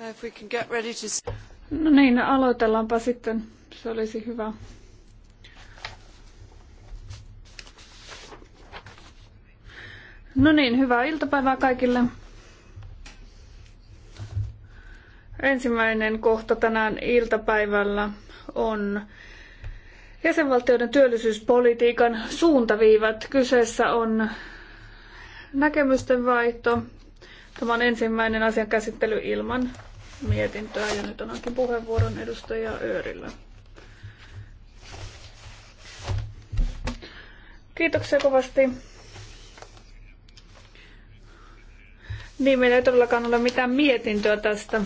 Uh, if we can get ready to... No niin, aloitellaanpa sitten. Se olisi hyvä. No niin, hyvää iltapäivää kaikille. Ensimmäinen kohta tänään iltapäivällä on jäsenvaltioiden työllisyyspolitiikan suuntaviivat. Kyseessä on näkemysten vaihto. Tämä on ensimmäinen asian käsittely ilman mietintöä ja nyt onkin puheenvuoron edustaja Öörillä. Kiitoksia kovasti. Niin, meillä ei todellakaan ole mitään mietintöä tästä.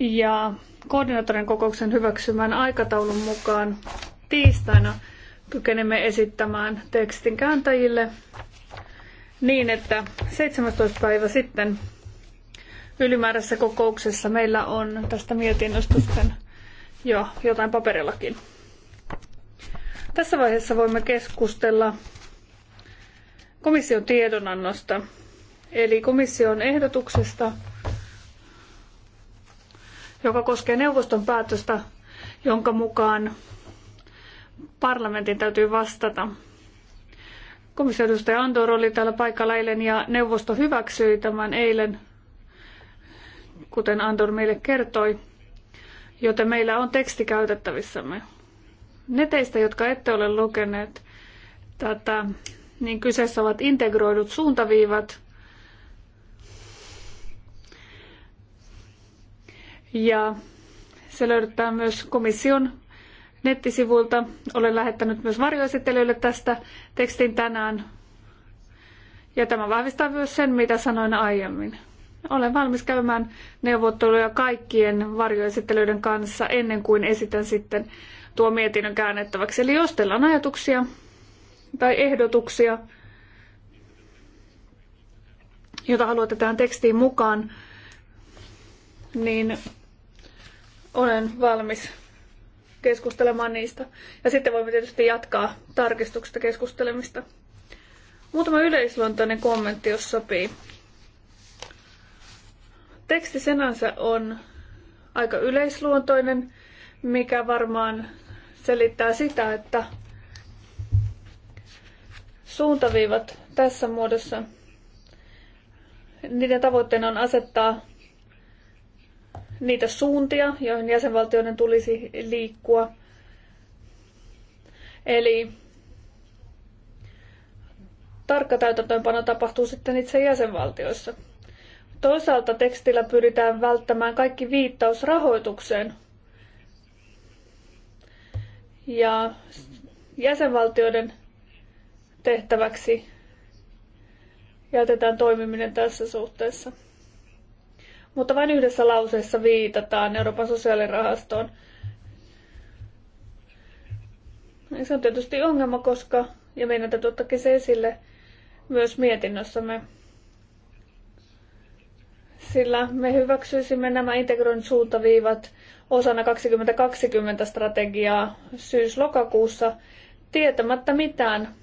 Ja koordinaattorin kokouksen hyväksymän aikataulun mukaan tiistaina kykenemme esittämään tekstin kääntäjille niin, että 17. päivä sitten ylimääräisessä kokouksessa meillä on tästä mietinnöstä sitten jo jotain paperillakin. Tässä vaiheessa voimme keskustella komission tiedonannosta, eli komission ehdotuksesta, joka koskee neuvoston päätöstä, jonka mukaan parlamentin täytyy vastata. Komission edustaja Andor oli täällä paikalla eilen ja neuvosto hyväksyi tämän eilen kuten Andor meille kertoi, joten meillä on teksti käytettävissämme. Ne teistä, jotka ette ole lukeneet tätä, niin kyseessä ovat integroidut suuntaviivat ja se löydetään myös komission nettisivuilta. Olen lähettänyt myös varjoesittelijöille tästä tekstin tänään. Ja tämä vahvistaa myös sen, mitä sanoin aiemmin. Olen valmis käymään neuvotteluja kaikkien varjoesittelyiden kanssa ennen kuin esitän sitten tuo mietinnön käännettäväksi. Eli jos teillä on ajatuksia tai ehdotuksia, jota haluatte tähän tekstiin mukaan, niin olen valmis keskustelemaan niistä. Ja sitten voimme tietysti jatkaa tarkistuksesta keskustelemista. Muutama yleisluontoinen kommentti, jos sopii. Teksti senänsä on aika yleisluontoinen, mikä varmaan selittää sitä, että suuntaviivat tässä muodossa, niiden tavoitteena on asettaa niitä suuntia, joihin jäsenvaltioiden tulisi liikkua. Eli tarkka täytäntöönpano tapahtuu sitten itse jäsenvaltioissa. Toisaalta tekstillä pyritään välttämään kaikki viittaus rahoitukseen. Ja jäsenvaltioiden tehtäväksi jätetään toimiminen tässä suhteessa. Mutta vain yhdessä lauseessa viitataan Euroopan sosiaalirahastoon. Ja se on tietysti ongelma, koska, ja meidän täytyy ottaa se esille myös mietinnössämme, sillä me hyväksyisimme nämä integroinnin suuntaviivat osana 2020-strategiaa syys-lokakuussa tietämättä mitään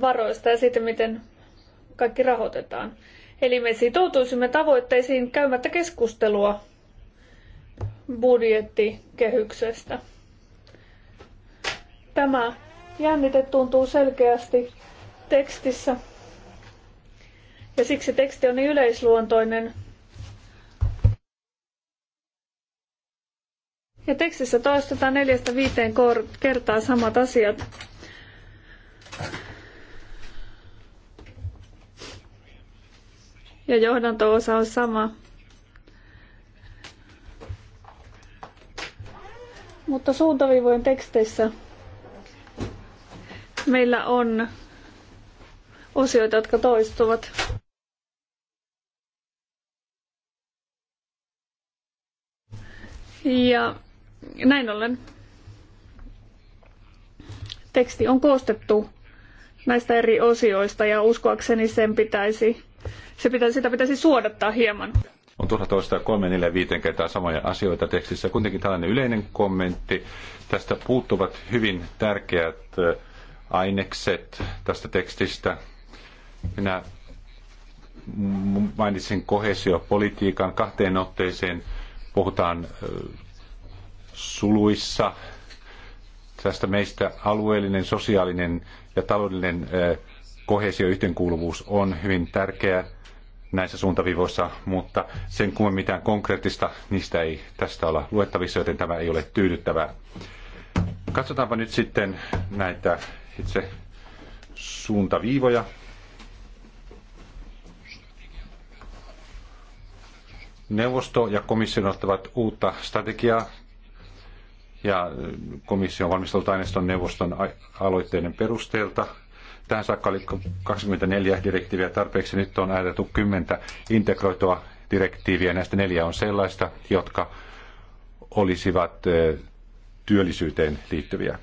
varoista ja siitä, miten kaikki rahoitetaan. Eli me sitoutuisimme tavoitteisiin käymättä keskustelua budjettikehyksestä. Tämä jännite tuntuu selkeästi tekstissä. Ja siksi teksti on niin yleisluontoinen. Ja tekstissä toistetaan neljästä viiteen kertaa samat asiat. Ja johdanto-osa on sama. Mutta suuntaviivojen teksteissä meillä on osioita, jotka toistuvat. Ja näin ollen teksti on koostettu näistä eri osioista ja uskoakseni sen pitäisi, se pitäisi, sitä pitäisi suodattaa hieman. On turha toistaa kolme, neljä, viiteen kertaa samoja asioita tekstissä. Kuitenkin tällainen yleinen kommentti. Tästä puuttuvat hyvin tärkeät ainekset tästä tekstistä. Minä mainitsin kohesiopolitiikan kahteen otteeseen puhutaan suluissa. Tästä meistä alueellinen, sosiaalinen ja taloudellinen kohesio yhteenkuuluvuus on hyvin tärkeä näissä suuntavivoissa, mutta sen kuin mitään konkreettista niistä ei tästä olla luettavissa, joten tämä ei ole tyydyttävää. Katsotaanpa nyt sitten näitä itse suuntaviivoja. Neuvosto ja komissio ottavat uutta strategiaa ja komissio on valmistellut aineiston neuvoston aloitteiden perusteelta. Tähän saakka oli 24 direktiiviä tarpeeksi, nyt on ajateltu 10 integroitua direktiiviä. Näistä neljä on sellaista, jotka olisivat työllisyyteen liittyviä.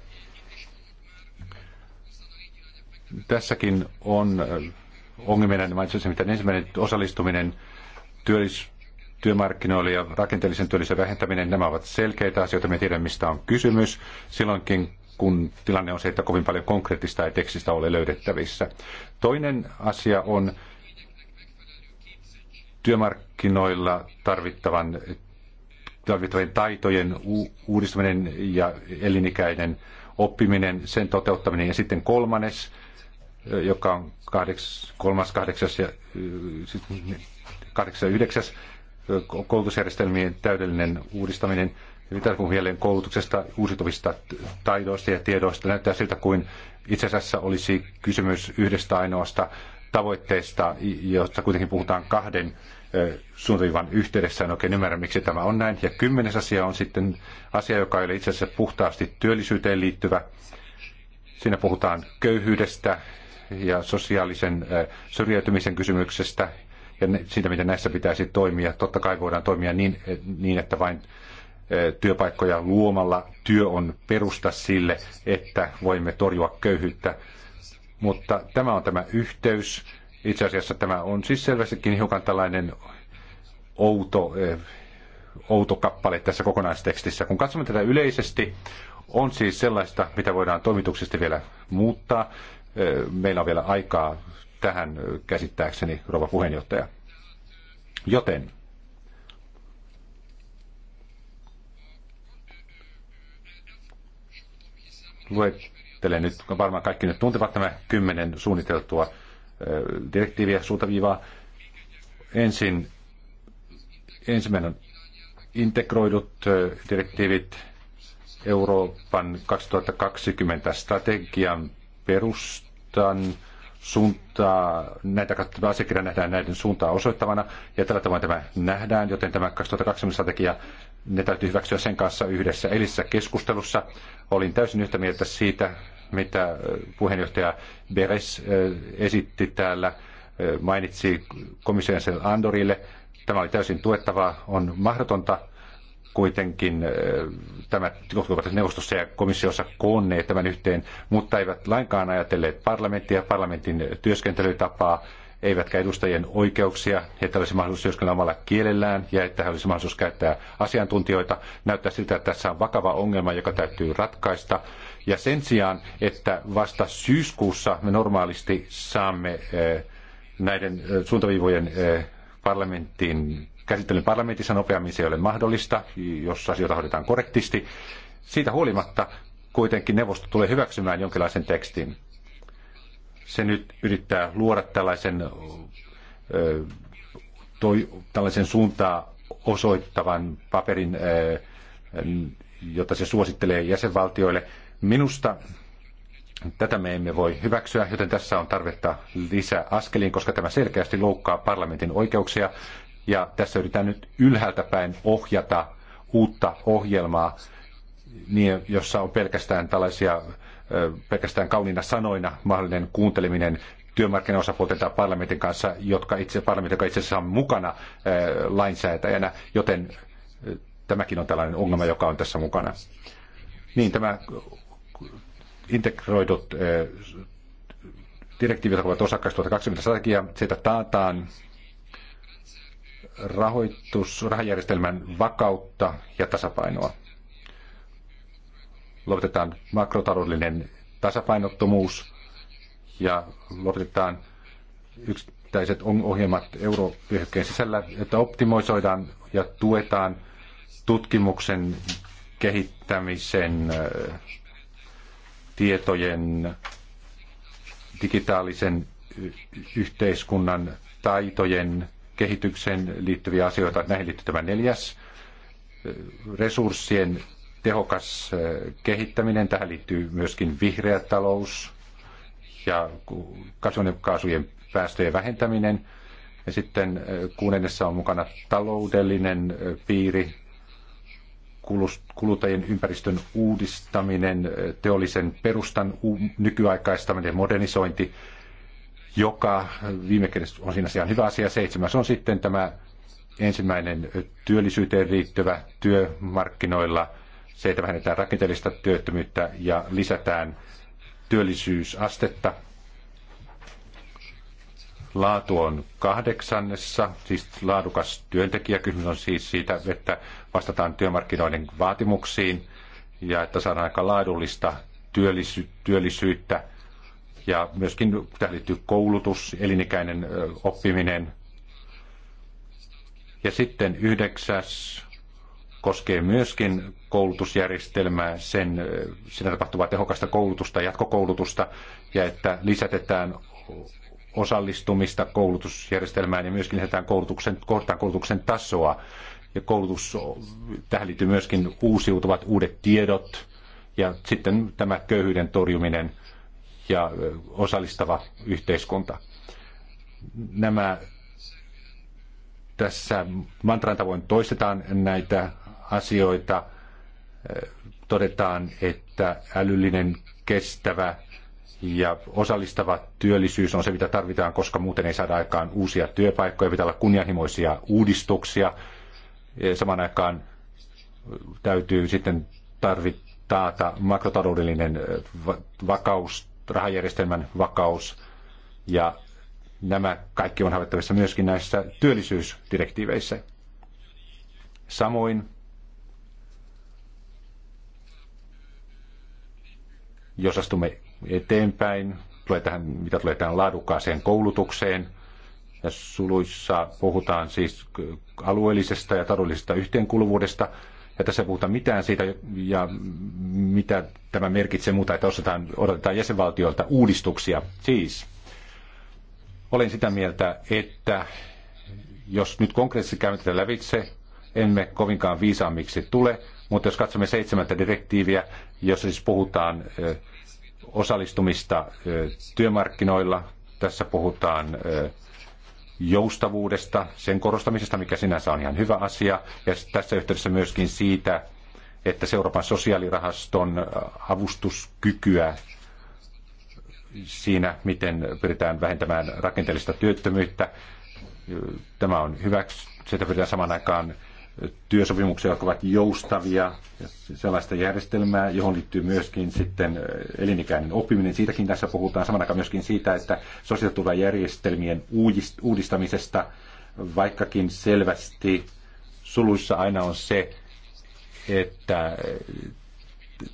Tässäkin on ongelmia, niin mitä ensimmäinen osallistuminen työllis, työmarkkinoille ja rakenteellisen työllisyyden vähentäminen, nämä ovat selkeitä asioita, me tiedämme mistä on kysymys. Silloinkin kun tilanne on se, että kovin paljon konkreettista ei tekstistä ole löydettävissä. Toinen asia on työmarkkinoilla tarvittavan, tarvittavien taitojen uudistaminen ja elinikäinen oppiminen, sen toteuttaminen ja sitten kolmannes, joka on kahdeks, kolmas, kahdeksas ja, siis kahdeksas ja yhdeksäs, koulutusjärjestelmien täydellinen uudistaminen, mitä kun mieleen koulutuksesta, uusituvista taidoista ja tiedoista, näyttää siltä kuin itse asiassa olisi kysymys yhdestä ainoasta tavoitteesta, josta kuitenkin puhutaan kahden suuntaviivan yhteydessä. En oikein ymmärrä, miksi tämä on näin. Ja kymmenes asia on sitten asia, joka ei ole itse asiassa puhtaasti työllisyyteen liittyvä. Siinä puhutaan köyhyydestä ja sosiaalisen syrjäytymisen kysymyksestä ja siitä, miten näissä pitäisi toimia. Totta kai voidaan toimia niin, niin että vain e, työpaikkoja luomalla työ on perusta sille, että voimme torjua köyhyyttä. Mutta tämä on tämä yhteys. Itse asiassa tämä on siis selvästikin hiukan tällainen outo, e, outo kappale tässä kokonaistekstissä. Kun katsomme tätä yleisesti, on siis sellaista, mitä voidaan toimituksesti vielä muuttaa. E, meillä on vielä aikaa tähän käsittääkseni, rouva puheenjohtaja. Joten luettelen nyt, varmaan kaikki nyt tuntevat nämä kymmenen suunniteltua direktiiviä, suuntaviivaa. Ensin, ensimmäinen on integroidut direktiivit Euroopan 2020 strategian perustan suuntaa, näitä tämä asiakirja nähdään näiden suuntaa osoittavana, ja tällä tavoin tämä nähdään, joten tämä 2020 strategia, ne täytyy hyväksyä sen kanssa yhdessä. elissä keskustelussa olin täysin yhtä mieltä siitä, mitä puheenjohtaja Beres esitti täällä, mainitsi komission Andorille. Tämä oli täysin tuettavaa, on mahdotonta kuitenkin äh, tämä johtuvat neuvostossa ja komissiossa koonneet tämän yhteen, mutta eivät lainkaan ajatelleet parlamenttia, parlamentin työskentelytapaa, eivätkä edustajien oikeuksia, että olisi mahdollisuus työskennellä omalla kielellään ja että olisi mahdollisuus käyttää asiantuntijoita. Näyttää siltä, että tässä on vakava ongelma, joka täytyy ratkaista. Ja sen sijaan, että vasta syyskuussa me normaalisti saamme äh, näiden äh, suuntaviivojen parlamenttiin käsittelyn parlamentissa nopeammin se ei ole mahdollista, jos asioita hoidetaan korrektisti. Siitä huolimatta kuitenkin neuvosto tulee hyväksymään jonkinlaisen tekstin. Se nyt yrittää luoda tällaisen, toi, tällaisen suuntaa osoittavan paperin, jota se suosittelee jäsenvaltioille. Minusta Tätä me emme voi hyväksyä, joten tässä on tarvetta lisää askeliin, koska tämä selkeästi loukkaa parlamentin oikeuksia ja tässä yritetään nyt ylhäältä päin ohjata uutta ohjelmaa, niin, jossa on pelkästään tällaisia pelkästään kauniina sanoina mahdollinen kuunteleminen työmarkkinaosapuolten tai parlamentin kanssa, jotka itse, parlamentin, joka itse asiassa on mukana lainsäätäjänä, joten tämäkin on tällainen ongelma, joka on tässä mukana. Niin, tämä integroidut direktiivit ovat osakkaista 2020 strategia, sitä taataan rahoitus, rahajärjestelmän vakautta ja tasapainoa. Lopetetaan makrotaloudellinen tasapainottomuus ja lopetetaan yksittäiset ohjelmat eurovyöhykkeen sisällä, että optimoisoidaan ja tuetaan tutkimuksen kehittämisen, tietojen, digitaalisen yhteiskunnan taitojen kehitykseen liittyviä asioita. Näihin liittyy tämä neljäs eh, resurssien tehokas eh, kehittäminen. Tähän liittyy myöskin vihreä talous ja kasvihuonekaasujen päästöjen vähentäminen. Ja sitten eh, kuudennessa on mukana taloudellinen piiri, kuluttajien ympäristön uudistaminen, teollisen perustan nykyaikaistaminen, modernisointi joka viime kädessä on siinä ihan hyvä asia. Seitsemäs on sitten tämä ensimmäinen työllisyyteen liittyvä työmarkkinoilla. Se, että vähennetään rakenteellista työttömyyttä ja lisätään työllisyysastetta. Laatu on kahdeksannessa, siis laadukas työntekijä. Kysymys on siis siitä, että vastataan työmarkkinoiden vaatimuksiin ja että saadaan aika laadullista työllisy- työllisyyttä – ja myöskin tähän liittyy koulutus, elinikäinen oppiminen. Ja sitten yhdeksäs koskee myöskin koulutusjärjestelmää, sen, siinä tapahtuvaa tehokasta koulutusta, jatkokoulutusta ja että lisätetään osallistumista koulutusjärjestelmään ja myöskin lisätään koulutuksen, kohtaan koulutuksen tasoa. Ja koulutus, tähän liittyy myöskin uusiutuvat uudet tiedot ja sitten tämä köyhyyden torjuminen – ja osallistava yhteiskunta. Nämä tässä mantran tavoin toistetaan näitä asioita. Todetaan, että älyllinen, kestävä ja osallistava työllisyys on se, mitä tarvitaan, koska muuten ei saada aikaan uusia työpaikkoja. Pitää olla kunnianhimoisia uudistuksia. Samaan aikaan täytyy sitten tarvittaa taata makrotaloudellinen vakaus rahajärjestelmän vakaus ja nämä kaikki on havaittavissa myöskin näissä työllisyysdirektiiveissä. Samoin, jos astumme eteenpäin, tulee tähän, mitä tulee tähän laadukkaaseen koulutukseen, ja suluissa puhutaan siis alueellisesta ja taloudellisesta yhteenkuuluvuudesta – ja tässä ei puhuta mitään siitä ja mitä tämä merkitsee muuta, että osataan, odotetaan jäsenvaltioilta uudistuksia. Siis olen sitä mieltä, että jos nyt konkreettisesti käymme tätä lävitse, emme kovinkaan viisaammiksi tule, mutta jos katsomme seitsemättä direktiiviä, jossa siis puhutaan osallistumista työmarkkinoilla, tässä puhutaan joustavuudesta, sen korostamisesta, mikä sinänsä on ihan hyvä asia, ja tässä yhteydessä myöskin siitä, että Euroopan sosiaalirahaston äh, avustuskykyä siinä, miten pyritään vähentämään rakenteellista työttömyyttä. Äh, tämä on hyväksi, sitä pyritään saman aikaan työsopimuksia, jotka ovat joustavia, sellaista järjestelmää, johon liittyy myöskin sitten elinikäinen oppiminen. Siitäkin tässä puhutaan saman aikaan myöskin siitä, että sosiaaliturvajärjestelmien uudistamisesta, vaikkakin selvästi suluissa aina on se, että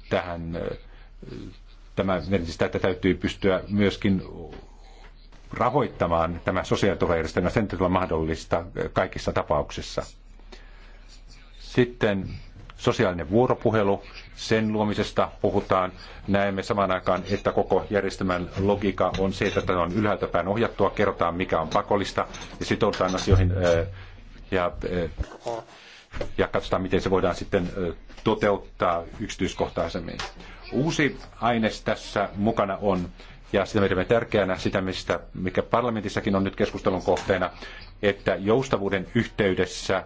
tähän tämä merkitsee sitä, että täytyy pystyä myöskin rahoittamaan tämä sosiaaliturvajärjestelmä, sen täytyy olla mahdollista kaikissa tapauksissa. Sitten sosiaalinen vuoropuhelu, sen luomisesta puhutaan. Näemme samaan aikaan, että koko järjestelmän logiikka on se, että tämä on ylhäältä päin ohjattua, kerrotaan mikä on pakollista ja sitoutetaan asioihin ja, ja katsotaan, miten se voidaan sitten toteuttaa yksityiskohtaisemmin. Uusi aines tässä mukana on, ja sitä me tärkeänä, sitä mistä, mikä parlamentissakin on nyt keskustelun kohteena, että joustavuuden yhteydessä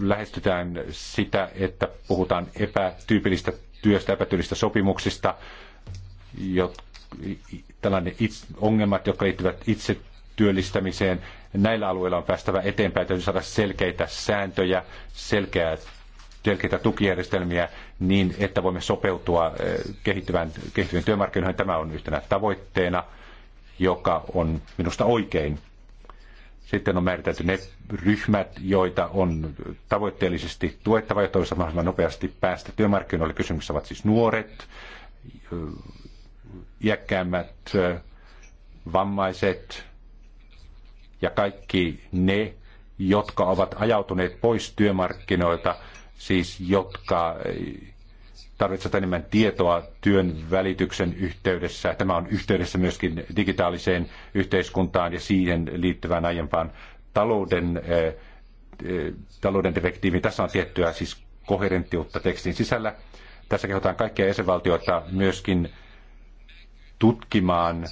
lähestytään sitä, että puhutaan epätyypillistä työstä, epätyypillistä sopimuksista, jo, tällainen itse, ongelmat, jotka liittyvät itse työllistämiseen. Näillä alueilla on päästävä eteenpäin, täytyy saada selkeitä sääntöjä, selkeää selkeitä tukijärjestelmiä niin, että voimme sopeutua eh, kehittyvän, kehittyvän työmarkkinoihin. Tämä on yhtenä tavoitteena, joka on minusta oikein. Sitten on määritelty ne ryhmät, joita on tavoitteellisesti tuettava, jotta voisi mahdollisimman nopeasti päästä työmarkkinoille. Kysymyksessä ovat siis nuoret, iäkkäämmät, vammaiset ja kaikki ne, jotka ovat ajautuneet pois työmarkkinoilta, siis jotka tarvitset enemmän tietoa työn välityksen yhteydessä. Tämä on yhteydessä myöskin digitaaliseen yhteiskuntaan ja siihen liittyvään aiempaan talouden, eh, eh, talouden defektiiviin. Tässä on tiettyä siis koherenttiutta tekstin sisällä. Tässä kehotaan kaikkia jäsenvaltioita myöskin tutkimaan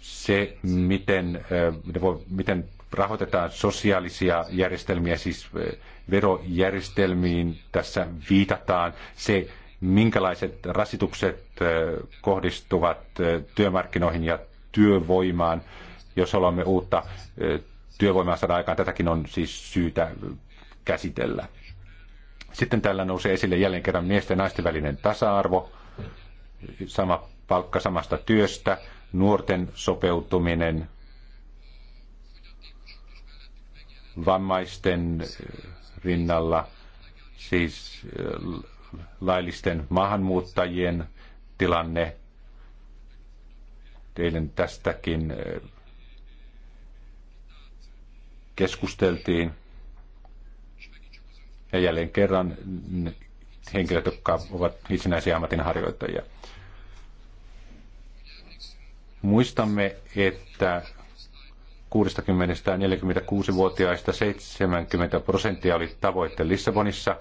se, miten, eh, miten rahoitetaan sosiaalisia järjestelmiä, siis eh, verojärjestelmiin tässä viitataan. Se, minkälaiset rasitukset eh, kohdistuvat eh, työmarkkinoihin ja työvoimaan, jos haluamme uutta työvoimaa saada aikaan. Tätäkin on siis syytä käsitellä. Sitten täällä nousee esille jälleen kerran miesten ja naisten välinen tasa-arvo, sama palkka samasta työstä, nuorten sopeutuminen vammaisten rinnalla, siis äh, laillisten maahanmuuttajien tilanne. teidän tästäkin äh, keskusteltiin. Ja jälleen kerran henkilöt, jotka ovat itsenäisiä ammatinharjoittajia. Muistamme, että 60-46-vuotiaista 70 prosenttia oli tavoitte Lissabonissa.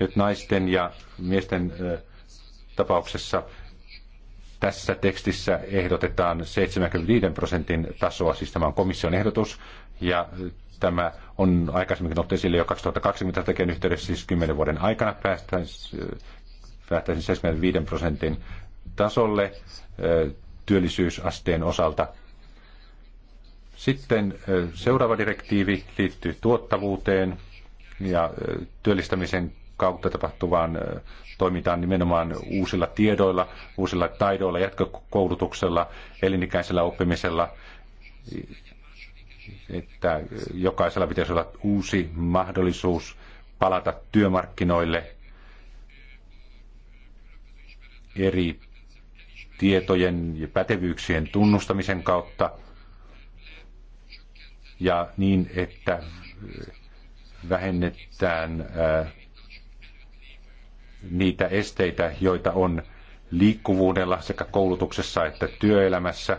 Nyt naisten ja miesten tapauksessa tässä tekstissä ehdotetaan 75 prosentin tasoa, siis tämä on komission ehdotus, ja tämä on aikaisemminkin ollut esille jo 2020 tekijän yhteydessä, siis 10 vuoden aikana päästäisiin päästäisi 75 prosentin tasolle työllisyysasteen osalta – sitten seuraava direktiivi liittyy tuottavuuteen ja työllistämisen kautta tapahtuvaan toimintaan nimenomaan uusilla tiedoilla, uusilla taidoilla, jatkokoulutuksella, elinikäisellä oppimisella, että jokaisella pitäisi olla uusi mahdollisuus palata työmarkkinoille eri tietojen ja pätevyyksien tunnustamisen kautta – ja niin, että äh, vähennetään äh, niitä esteitä, joita on liikkuvuudella sekä koulutuksessa että työelämässä.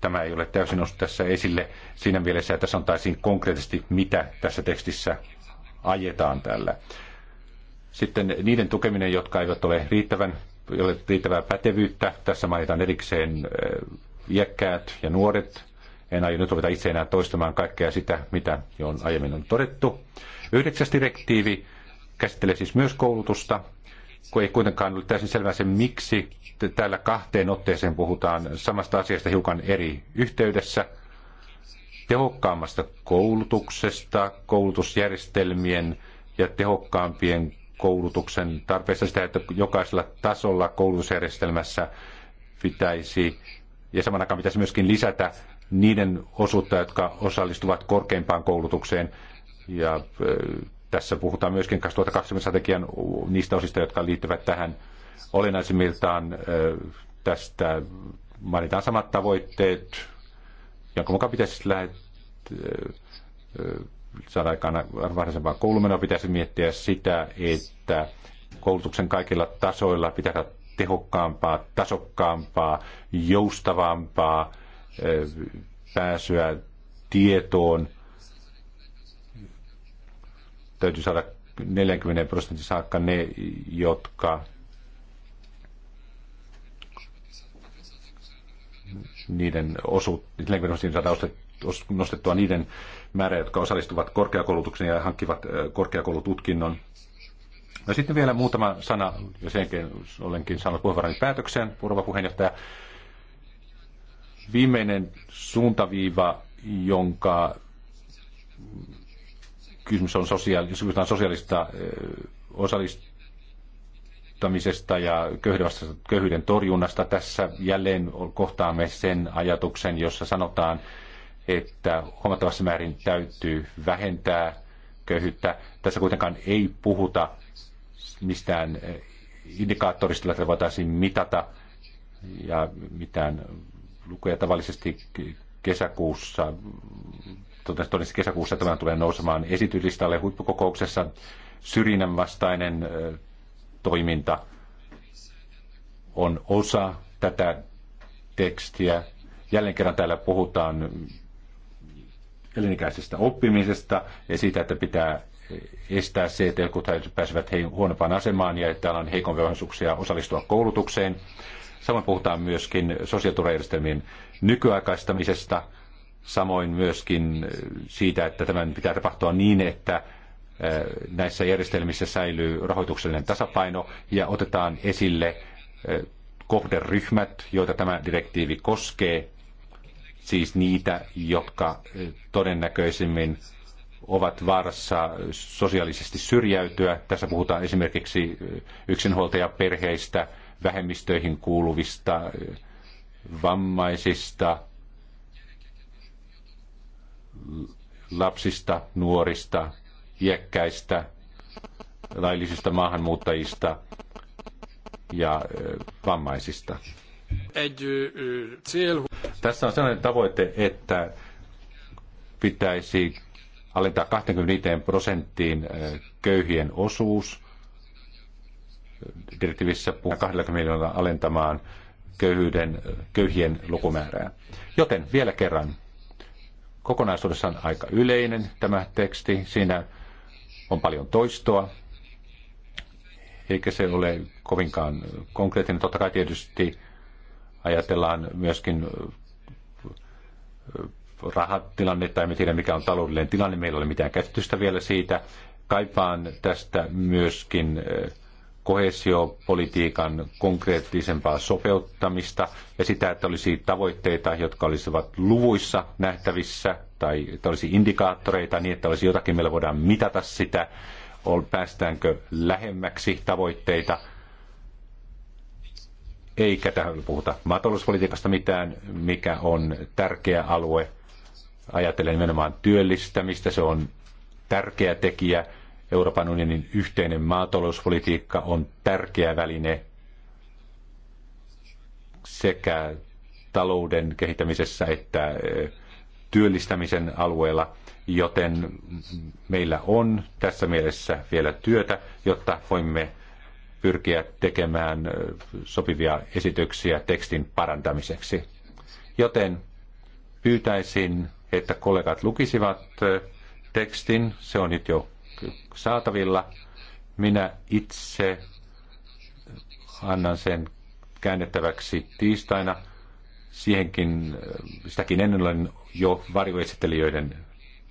Tämä ei ole täysin noussut tässä esille siinä mielessä, että sanotaisiin konkreettisesti, mitä tässä tekstissä ajetaan tällä. Sitten niiden tukeminen, jotka eivät ole riittävän, ole riittävää pätevyyttä. Tässä mainitaan erikseen äh, iäkkäät ja nuoret en aio nyt ruveta itse enää toistamaan kaikkea sitä, mitä jo on aiemmin on todettu. Yhdeksäs direktiivi käsittelee siis myös koulutusta, kun ei kuitenkaan ole täysin selvää se, miksi täällä kahteen otteeseen puhutaan samasta asiasta hiukan eri yhteydessä. Tehokkaammasta koulutuksesta, koulutusjärjestelmien ja tehokkaampien koulutuksen tarpeesta sitä, että jokaisella tasolla koulutusjärjestelmässä pitäisi, ja saman aikaan pitäisi myöskin lisätä niiden osuutta, jotka osallistuvat korkeimpaan koulutukseen. Ja tässä puhutaan myöskin 2020 strategian niistä osista, jotka liittyvät tähän olennaisimmiltaan tästä mainitaan samat tavoitteet, jonka mukaan pitäisi lähet- saada aikaan varhaisempaa koulumenoa, pitäisi miettiä sitä, että koulutuksen kaikilla tasoilla pitää tehokkaampaa, tasokkaampaa, joustavampaa pääsyä tietoon. Täytyy saada 40 prosentin saakka ne, jotka niiden osuut, 40 prosentin saada nostettua niiden määrä, jotka osallistuvat korkeakoulutuksen ja hankkivat korkeakoulututkinnon. No sitten vielä muutama sana, jos senkin olenkin saanut puheenvuoroni päätökseen, puheenjohtaja viimeinen suuntaviiva, jonka kysymys on sosiaali, sosiaalista osallistamisesta ja köyhyyden torjunnasta, tässä jälleen kohtaamme sen ajatuksen, jossa sanotaan, että huomattavassa määrin täytyy vähentää köyhyyttä. Tässä kuitenkaan ei puhuta mistään indikaattorista, jota voitaisiin mitata ja mitään lukuja tavallisesti kesäkuussa, todennäköisesti kesäkuussa tämä tulee nousemaan esityslistalle huippukokouksessa syrjinnän vastainen toiminta on osa tätä tekstiä. Jälleen kerran täällä puhutaan elinikäisestä oppimisesta ja siitä, että pitää estää se, että jotkut pääsevät huonompaan asemaan ja että on heikon osallistua koulutukseen. Samoin puhutaan myöskin sosiaaliturvajärjestelmien nykyaikaistamisesta, samoin myöskin siitä, että tämän pitää tapahtua niin, että näissä järjestelmissä säilyy rahoituksellinen tasapaino ja otetaan esille kohderyhmät, joita tämä direktiivi koskee, siis niitä, jotka todennäköisimmin ovat vaarassa sosiaalisesti syrjäytyä. Tässä puhutaan esimerkiksi yksinhuoltajaperheistä, vähemmistöihin kuuluvista, vammaisista, lapsista, nuorista, iäkkäistä, laillisista maahanmuuttajista ja vammaisista. Tässä on sellainen tavoite, että pitäisi alentaa 25 prosenttiin köyhien osuus direktiivissä puhutaan 20 miljoonalla alentamaan köyhyyden, köyhien lukumäärää. Joten vielä kerran, kokonaisuudessaan aika yleinen tämä teksti. Siinä on paljon toistoa, eikä se ole kovinkaan konkreettinen. Totta kai tietysti ajatellaan myöskin äh, rahatilannetta, emme tiedä mikä on taloudellinen tilanne, meillä ei ole mitään käsitystä vielä siitä. Kaipaan tästä myöskin äh, kohesiopolitiikan konkreettisempaa sopeuttamista ja sitä, että olisi tavoitteita, jotka olisivat luvuissa nähtävissä tai että olisi indikaattoreita niin, että olisi jotakin, millä voidaan mitata sitä, päästäänkö lähemmäksi tavoitteita. Eikä tähän puhuta maatalouspolitiikasta mitään, mikä on tärkeä alue. Ajatellen nimenomaan työllistämistä, se on tärkeä tekijä – Euroopan unionin yhteinen maatalouspolitiikka on tärkeä väline sekä talouden kehittämisessä että työllistämisen alueella, joten meillä on tässä mielessä vielä työtä, jotta voimme pyrkiä tekemään sopivia esityksiä tekstin parantamiseksi. Joten pyytäisin, että kollegat lukisivat tekstin, se on nyt jo saatavilla. Minä itse annan sen käännettäväksi tiistaina. Siihenkin, sitäkin ennen olen jo varjoesittelijöiden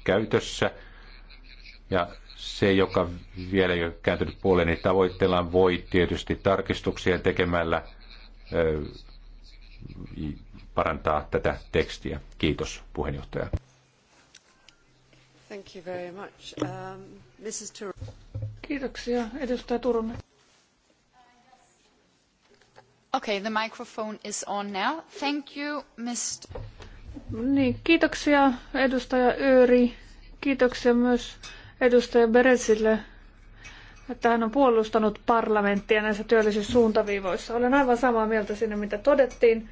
käytössä. Ja se, joka vielä ei ole kääntynyt puoleen, niin tavoitteellaan voi tietysti tarkistuksia tekemällä parantaa tätä tekstiä. Kiitos puheenjohtaja. Thank you very much. Um... Kiitoksia, edustaja Turunen. Okay, the microphone is on now. Thank you, Mr. Niin, kiitoksia edustaja Öri. Kiitoksia myös edustaja Beresille, että hän on puolustanut parlamenttia näissä työllisyyssuuntaviivoissa. Olen aivan samaa mieltä siinä, mitä todettiin.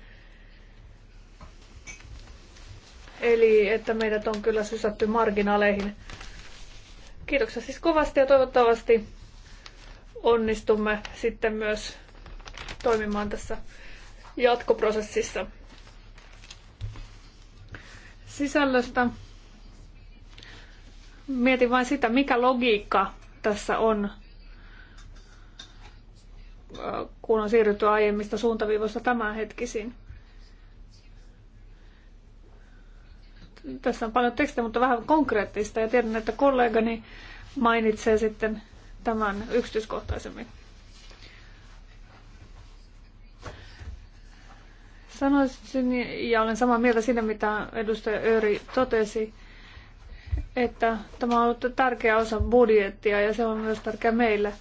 Eli että meidät on kyllä sysätty marginaaleihin Kiitoksia siis kovasti ja toivottavasti onnistumme sitten myös toimimaan tässä jatkoprosessissa. Sisällöstä mietin vain sitä, mikä logiikka tässä on, äh, kun on siirrytty aiemmista suuntaviivoista tämänhetkisiin. tässä on paljon tekstiä, mutta vähän konkreettista ja tiedän, että kollegani mainitsee sitten tämän yksityiskohtaisemmin. Sanoisin, ja olen samaa mieltä siinä, mitä edustaja Öri totesi, että tämä on ollut tärkeä osa budjettia ja se on myös tärkeä meille.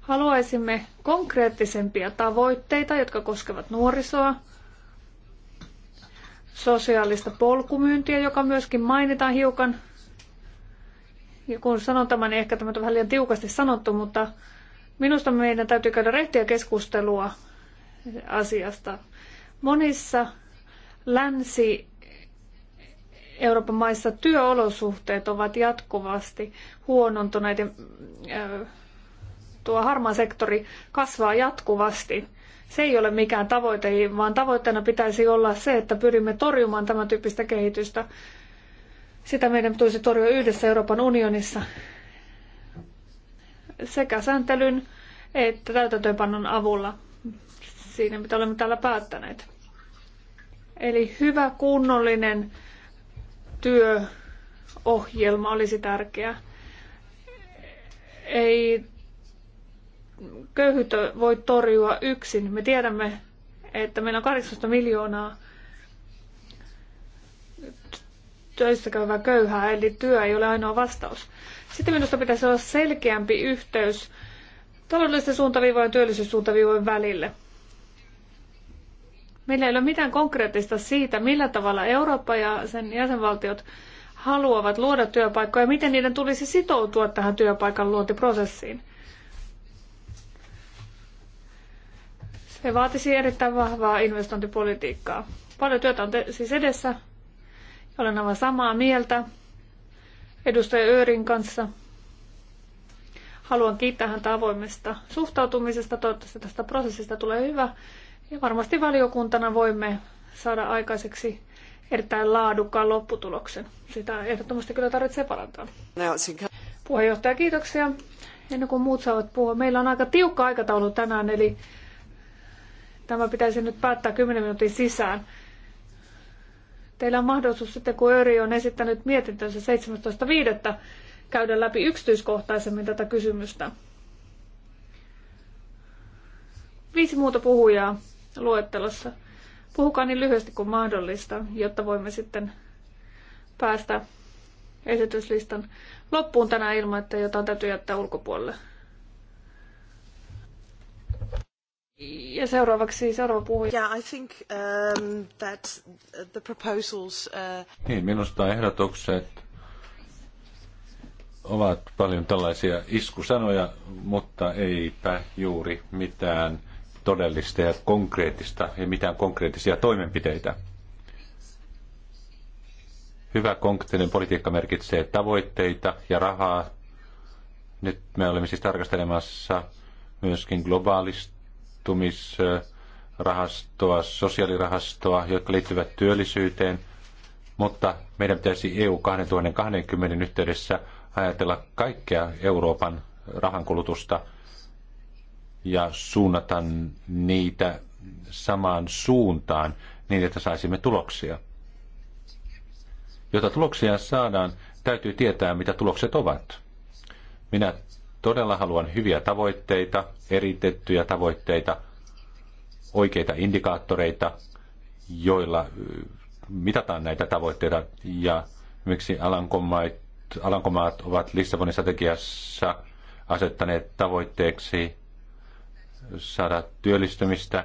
Haluaisimme konkreettisempia tavoitteita, jotka koskevat nuorisoa, sosiaalista polkumyyntiä, joka myöskin mainitaan hiukan. Ja kun sanon tämän, niin ehkä tämä on vähän liian tiukasti sanottu, mutta minusta meidän täytyy käydä rehtiä keskustelua asiasta. Monissa länsi Euroopan maissa työolosuhteet ovat jatkuvasti huonontuneet ja tuo harmaa sektori kasvaa jatkuvasti. Se ei ole mikään tavoite, vaan tavoitteena pitäisi olla se, että pyrimme torjumaan tämän tyyppistä kehitystä. Sitä meidän tulisi torjua yhdessä Euroopan unionissa sekä sääntelyn että täytäntöönpannon avulla siinä, mitä olemme täällä päättäneet. Eli hyvä kunnollinen työohjelma olisi tärkeä. Ei köyhyyttä voi torjua yksin. Me tiedämme, että meillä on 18 miljoonaa töissä käyvää köyhää, eli työ ei ole ainoa vastaus. Sitten minusta pitäisi olla selkeämpi yhteys taloudellisten suuntaviivojen ja työllisyyssuuntaviivojen välille. Meillä ei ole mitään konkreettista siitä, millä tavalla Eurooppa ja sen jäsenvaltiot haluavat luoda työpaikkoja ja miten niiden tulisi sitoutua tähän työpaikan luontiprosessiin. Se vaatisi erittäin vahvaa investointipolitiikkaa. Paljon työtä on siis edessä. Olen aivan samaa mieltä edustaja Öörin kanssa. Haluan kiittää häntä avoimesta suhtautumisesta. Toivottavasti tästä prosessista tulee hyvä. Ja varmasti valiokuntana voimme saada aikaiseksi erittäin laadukkaan lopputuloksen. Sitä ehdottomasti kyllä tarvitsee parantaa. Puheenjohtaja, kiitoksia. Ennen kuin muut saavat puhua, meillä on aika tiukka aikataulu tänään, eli Tämä pitäisi nyt päättää 10 minuutin sisään. Teillä on mahdollisuus sitten, kun Öri on esittänyt mietintönsä 17.5. käydä läpi yksityiskohtaisemmin tätä kysymystä. Viisi muuta puhujaa luettelossa. Puhukaa niin lyhyesti kuin mahdollista, jotta voimme sitten päästä esityslistan loppuun tänään ilman, että jotain täytyy jättää ulkopuolelle. Ja seuraavaksi seuraava puhuja. Yeah, I think um, that the proposals... Uh... Niin, minusta ehdotukset ovat paljon tällaisia iskusanoja, mutta eipä juuri mitään todellista ja konkreettista, ei mitään konkreettisia toimenpiteitä. Hyvä konkreettinen politiikka merkitsee tavoitteita ja rahaa. Nyt me olemme siis tarkastelemassa myöskin globaalista sopeutumisrahastoa, sosiaalirahastoa, jotka liittyvät työllisyyteen, mutta meidän pitäisi EU 2020 yhteydessä ajatella kaikkea Euroopan rahankulutusta ja suunnata niitä samaan suuntaan niin, että saisimme tuloksia. Jotta tuloksia saadaan, täytyy tietää, mitä tulokset ovat. Minä todella haluan hyviä tavoitteita, eritettyjä tavoitteita, oikeita indikaattoreita, joilla mitataan näitä tavoitteita ja miksi Alankomaat, ovat Lissabonin strategiassa asettaneet tavoitteeksi saada työllistymistä,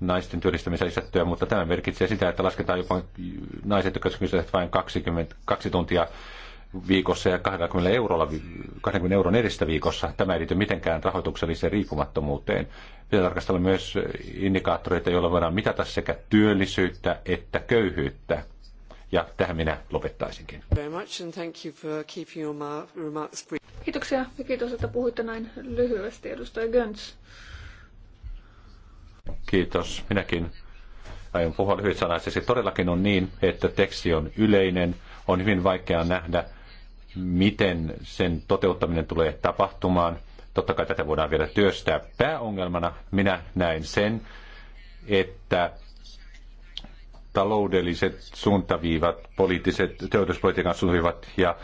naisten työllistämistä lisättyä, mutta tämä merkitsee sitä, että lasketaan jopa naiset, jotka vain 20, kaksi tuntia viikossa ja 20 eurolla, 20 euron edestä viikossa. Tämä ei liity mitenkään rahoitukselliseen riippumattomuuteen. Pitää tarkastella myös indikaattoreita, joilla voidaan mitata sekä työllisyyttä että köyhyyttä. Ja tähän minä lopettaisinkin. Kiitoksia ja kiitos, että puhuitte näin lyhyesti, edustaja Göns. Kiitos. Minäkin aion puhua sanaisesti. Todellakin on niin, että teksti on yleinen, on hyvin vaikea nähdä, miten sen toteuttaminen tulee tapahtumaan. Totta kai tätä voidaan vielä työstää. Pääongelmana minä näen sen, että taloudelliset suuntaviivat, poliittiset, teollisuuspolitiikan suuntaviivat ja,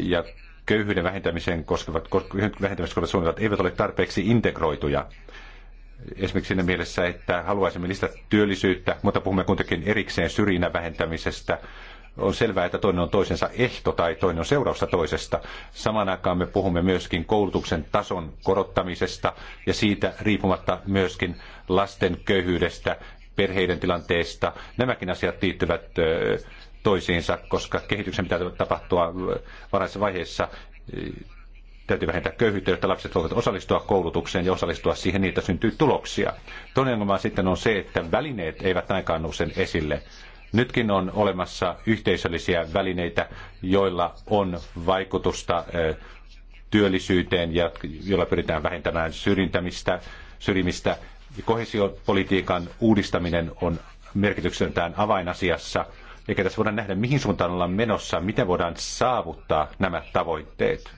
ja köyhyyden vähentämisen koskevat, vähentämisen koskevat suunnitelmat eivät ole tarpeeksi integroituja. Esimerkiksi siinä mielessä, että haluaisimme lisätä työllisyyttä, mutta puhumme kuitenkin erikseen syrjinnän vähentämisestä, on selvää, että toinen on toisensa ehto tai toinen on seurausta toisesta. Samaan aikaan me puhumme myöskin koulutuksen tason korottamisesta ja siitä riippumatta myöskin lasten köyhyydestä, perheiden tilanteesta. Nämäkin asiat liittyvät toisiinsa, koska kehityksen pitää tapahtua varhaisessa vaiheessa täytyy vähentää köyhyyttä, jotta lapset voivat osallistua koulutukseen ja osallistua siihen, niitä syntyy tuloksia. Toinen ongelma sitten on se, että välineet eivät ainakaan sen esille. Nytkin on olemassa yhteisöllisiä välineitä, joilla on vaikutusta eh, työllisyyteen ja joilla pyritään vähentämään syrjintämistä, syrjimistä. Kohesiopolitiikan uudistaminen on merkitykseltään avainasiassa. Eikä tässä voidaan nähdä, mihin suuntaan ollaan menossa, miten voidaan saavuttaa nämä tavoitteet.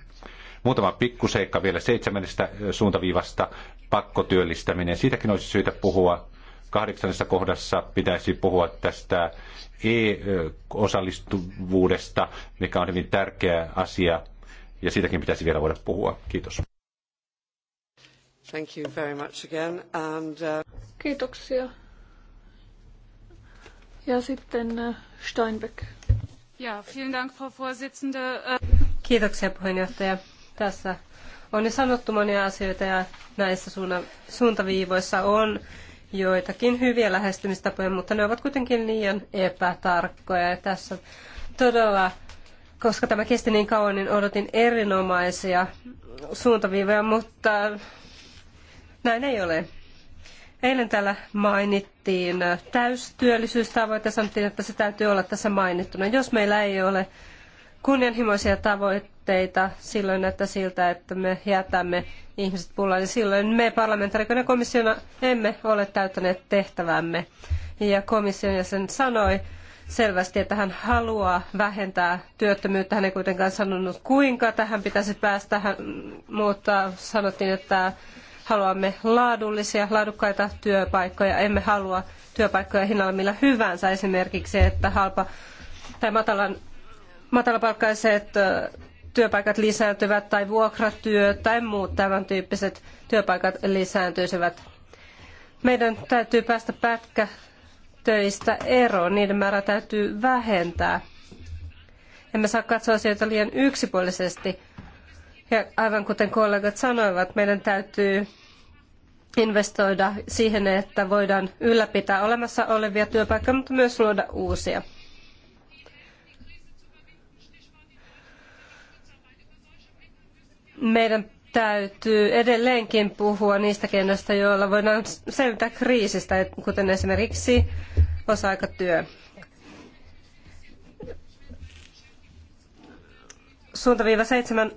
Muutama pikkuseikka vielä seitsemännestä eh, suuntaviivasta, pakkotyöllistäminen. Siitäkin olisi syytä puhua. Kahdeksannessa kohdassa pitäisi puhua tästä e-osallistuvuudesta, mikä on hyvin tärkeä asia, ja siitäkin pitäisi vielä voida puhua. Kiitos. Thank you very much again. And, uh... Kiitoksia. Ja sitten uh, Steinbeck. Ja, vielen Dank, Frau Vorsitzende. Kiitoksia puheenjohtaja. Tässä on jo sanottu monia asioita ja näissä suuntaviivoissa on joitakin hyviä lähestymistapoja, mutta ne ovat kuitenkin liian epätarkkoja. Ja tässä todella, koska tämä kesti niin kauan, niin odotin erinomaisia suuntaviivoja, mutta näin ei ole. Eilen täällä mainittiin täystyöllisyystavoite, sanottiin, että se täytyy olla tässä mainittuna. Jos meillä ei ole kunnianhimoisia tavoitteita, aloitteita silloin näyttää siltä, että me jätämme ihmiset pullaan, niin silloin me parlamentaarikon ja komissiona emme ole täyttäneet tehtävämme. Ja komission jäsen sanoi selvästi, että hän haluaa vähentää työttömyyttä. Hän ei kuitenkaan sanonut, kuinka tähän pitäisi päästä, hän, mutta sanottiin, että haluamme laadullisia, laadukkaita työpaikkoja. Emme halua työpaikkoja hinnalla millä hyvänsä, esimerkiksi että halpa tai matalan matalapalkkaiset työpaikat lisääntyvät tai vuokratyö tai muut tämän tyyppiset työpaikat lisääntyisivät. Meidän täytyy päästä pätkätöistä eroon, niiden määrä täytyy vähentää. Emme saa katsoa asioita liian yksipuolisesti. Ja aivan kuten kollegat sanoivat, meidän täytyy investoida siihen, että voidaan ylläpitää olemassa olevia työpaikkoja, mutta myös luoda uusia. meidän täytyy edelleenkin puhua niistä keinoista, joilla voidaan selvitä kriisistä, kuten esimerkiksi osa-aikatyö. Suuntaviiva seitsemän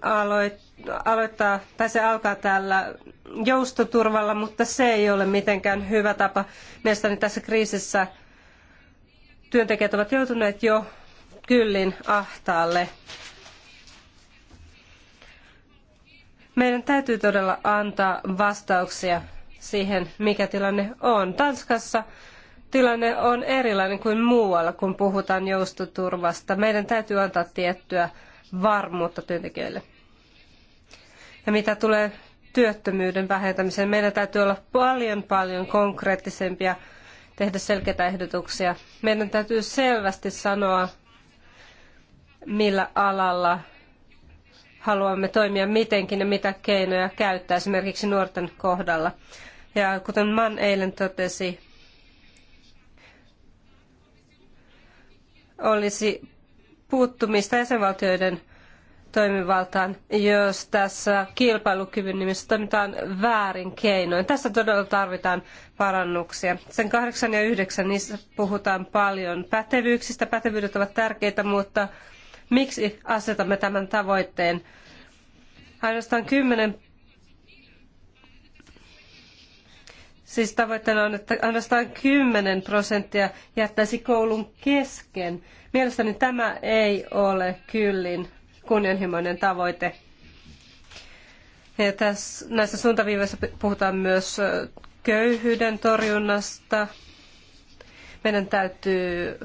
aloittaa, tai se alkaa täällä joustoturvalla, mutta se ei ole mitenkään hyvä tapa. Mielestäni tässä kriisissä työntekijät ovat joutuneet jo kyllin ahtaalle Meidän täytyy todella antaa vastauksia siihen, mikä tilanne on. Tanskassa tilanne on erilainen kuin muualla, kun puhutaan joustoturvasta. Meidän täytyy antaa tiettyä varmuutta työntekijöille. Ja mitä tulee työttömyyden vähentämiseen, meidän täytyy olla paljon paljon konkreettisempia, tehdä selkeitä ehdotuksia. Meidän täytyy selvästi sanoa, millä alalla haluamme toimia mitenkin ja mitä keinoja käyttää esimerkiksi nuorten kohdalla. Ja kuten Mann eilen totesi, olisi puuttumista jäsenvaltioiden toimivaltaan, jos tässä kilpailukyvyn nimissä toimitaan väärin keinoin. Tässä todella tarvitaan parannuksia. Sen kahdeksan ja yhdeksän niissä puhutaan paljon pätevyyksistä. Pätevyydet ovat tärkeitä, mutta Miksi asetamme tämän tavoitteen? Ainoastaan kymmenen, Siis tavoitteena on, että ainoastaan 10 prosenttia jättäisi koulun kesken. Mielestäni tämä ei ole kyllin kunnianhimoinen tavoite. Ja tässä, näissä suuntaviiveissä puhutaan myös köyhyyden torjunnasta. Meidän täytyy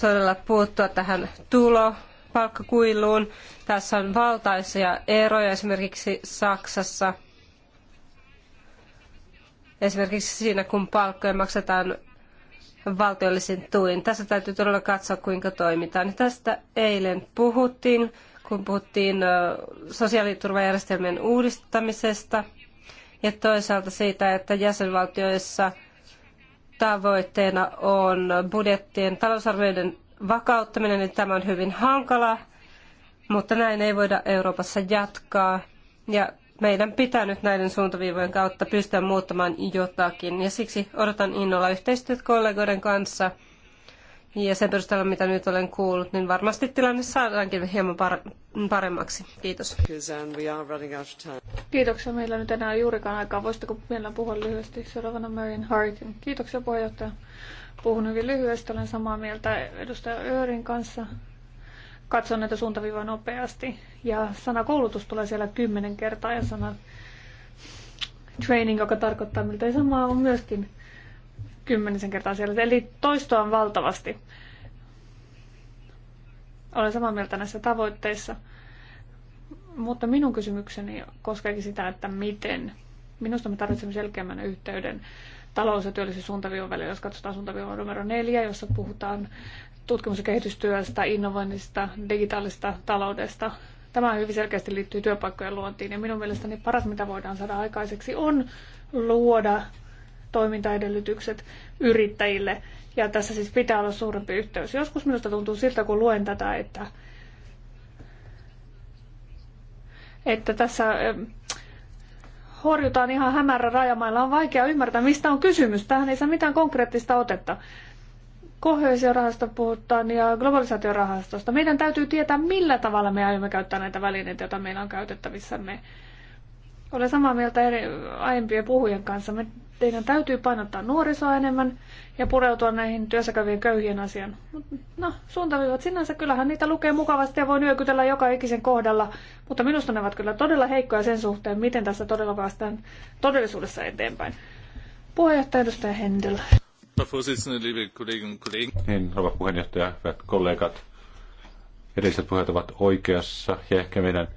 todella puuttua tähän tulo palkkakuiluun. Tässä on valtaisia eroja esimerkiksi Saksassa. Esimerkiksi siinä, kun palkkoja maksetaan valtiollisin tuin. Tässä täytyy todella katsoa, kuinka toimitaan. tästä eilen puhuttiin, kun puhuttiin sosiaaliturvajärjestelmien uudistamisesta ja toisaalta siitä, että jäsenvaltioissa – tavoitteena on budjettien talousarvioiden vakauttaminen, niin tämä on hyvin hankala, mutta näin ei voida Euroopassa jatkaa. Ja meidän pitää nyt näiden suuntaviivojen kautta pystyä muuttamaan jotakin. Ja siksi odotan innolla yhteistyötä kollegoiden kanssa – ja sen perusteella, mitä nyt olen kuullut, niin varmasti tilanne saadaankin hieman paremmaksi. Kiitos. Kiitoksia. Meillä nyt enää juurikaan aikaa. Voisitteko vielä puhua lyhyesti? Seuraavana Marian Harkin. Kiitoksia puheenjohtaja. Puhun hyvin lyhyesti. Olen samaa mieltä edustaja Öörin kanssa. Katson näitä suuntaviivoja nopeasti. Ja sana koulutus tulee siellä kymmenen kertaa ja sana training, joka tarkoittaa miltei samaa, on myöskin kymmenisen kertaa siellä. Eli toistoa on valtavasti. Olen samaa mieltä näissä tavoitteissa. Mutta minun kysymykseni koskeekin sitä, että miten. Minusta me tarvitsemme selkeämmän yhteyden talous- ja työllisyyssuuntaviivan välillä, jos katsotaan suuntaviivan numero neljä, jossa puhutaan tutkimus- ja kehitystyöstä, innovoinnista, digitaalista taloudesta. Tämä hyvin selkeästi liittyy työpaikkojen luontiin ja minun mielestäni paras, mitä voidaan saada aikaiseksi, on luoda toimintaedellytykset yrittäjille. Ja tässä siis pitää olla suurempi yhteys. Joskus minusta tuntuu siltä, kun luen tätä, että, että tässä horjutaan ihan hämärä rajamailla. On vaikea ymmärtää, mistä on kysymys. Tähän ei saa mitään konkreettista otetta. Koheesiorahasta puhutaan ja globalisaatiorahastosta. Meidän täytyy tietää, millä tavalla me aiomme käyttää näitä välineitä, joita meillä on käytettävissämme. Olen samaa mieltä eri, aiempien puhujien kanssa. Me, teidän täytyy painottaa nuorisoa enemmän ja pureutua näihin työssäkävien köyhien asian. Mut, no, suuntaviivat sinänsä, kyllähän niitä lukee mukavasti ja voi nyökytellä joka ikisen kohdalla, mutta minusta ne ovat kyllä todella heikkoja sen suhteen, miten tässä todella päästään todellisuudessa eteenpäin. Puheenjohtaja edustaja Hendel. Niin, rouva puheenjohtaja, hyvät kollegat. Edelliset puheet ovat oikeassa ja ehkä meidän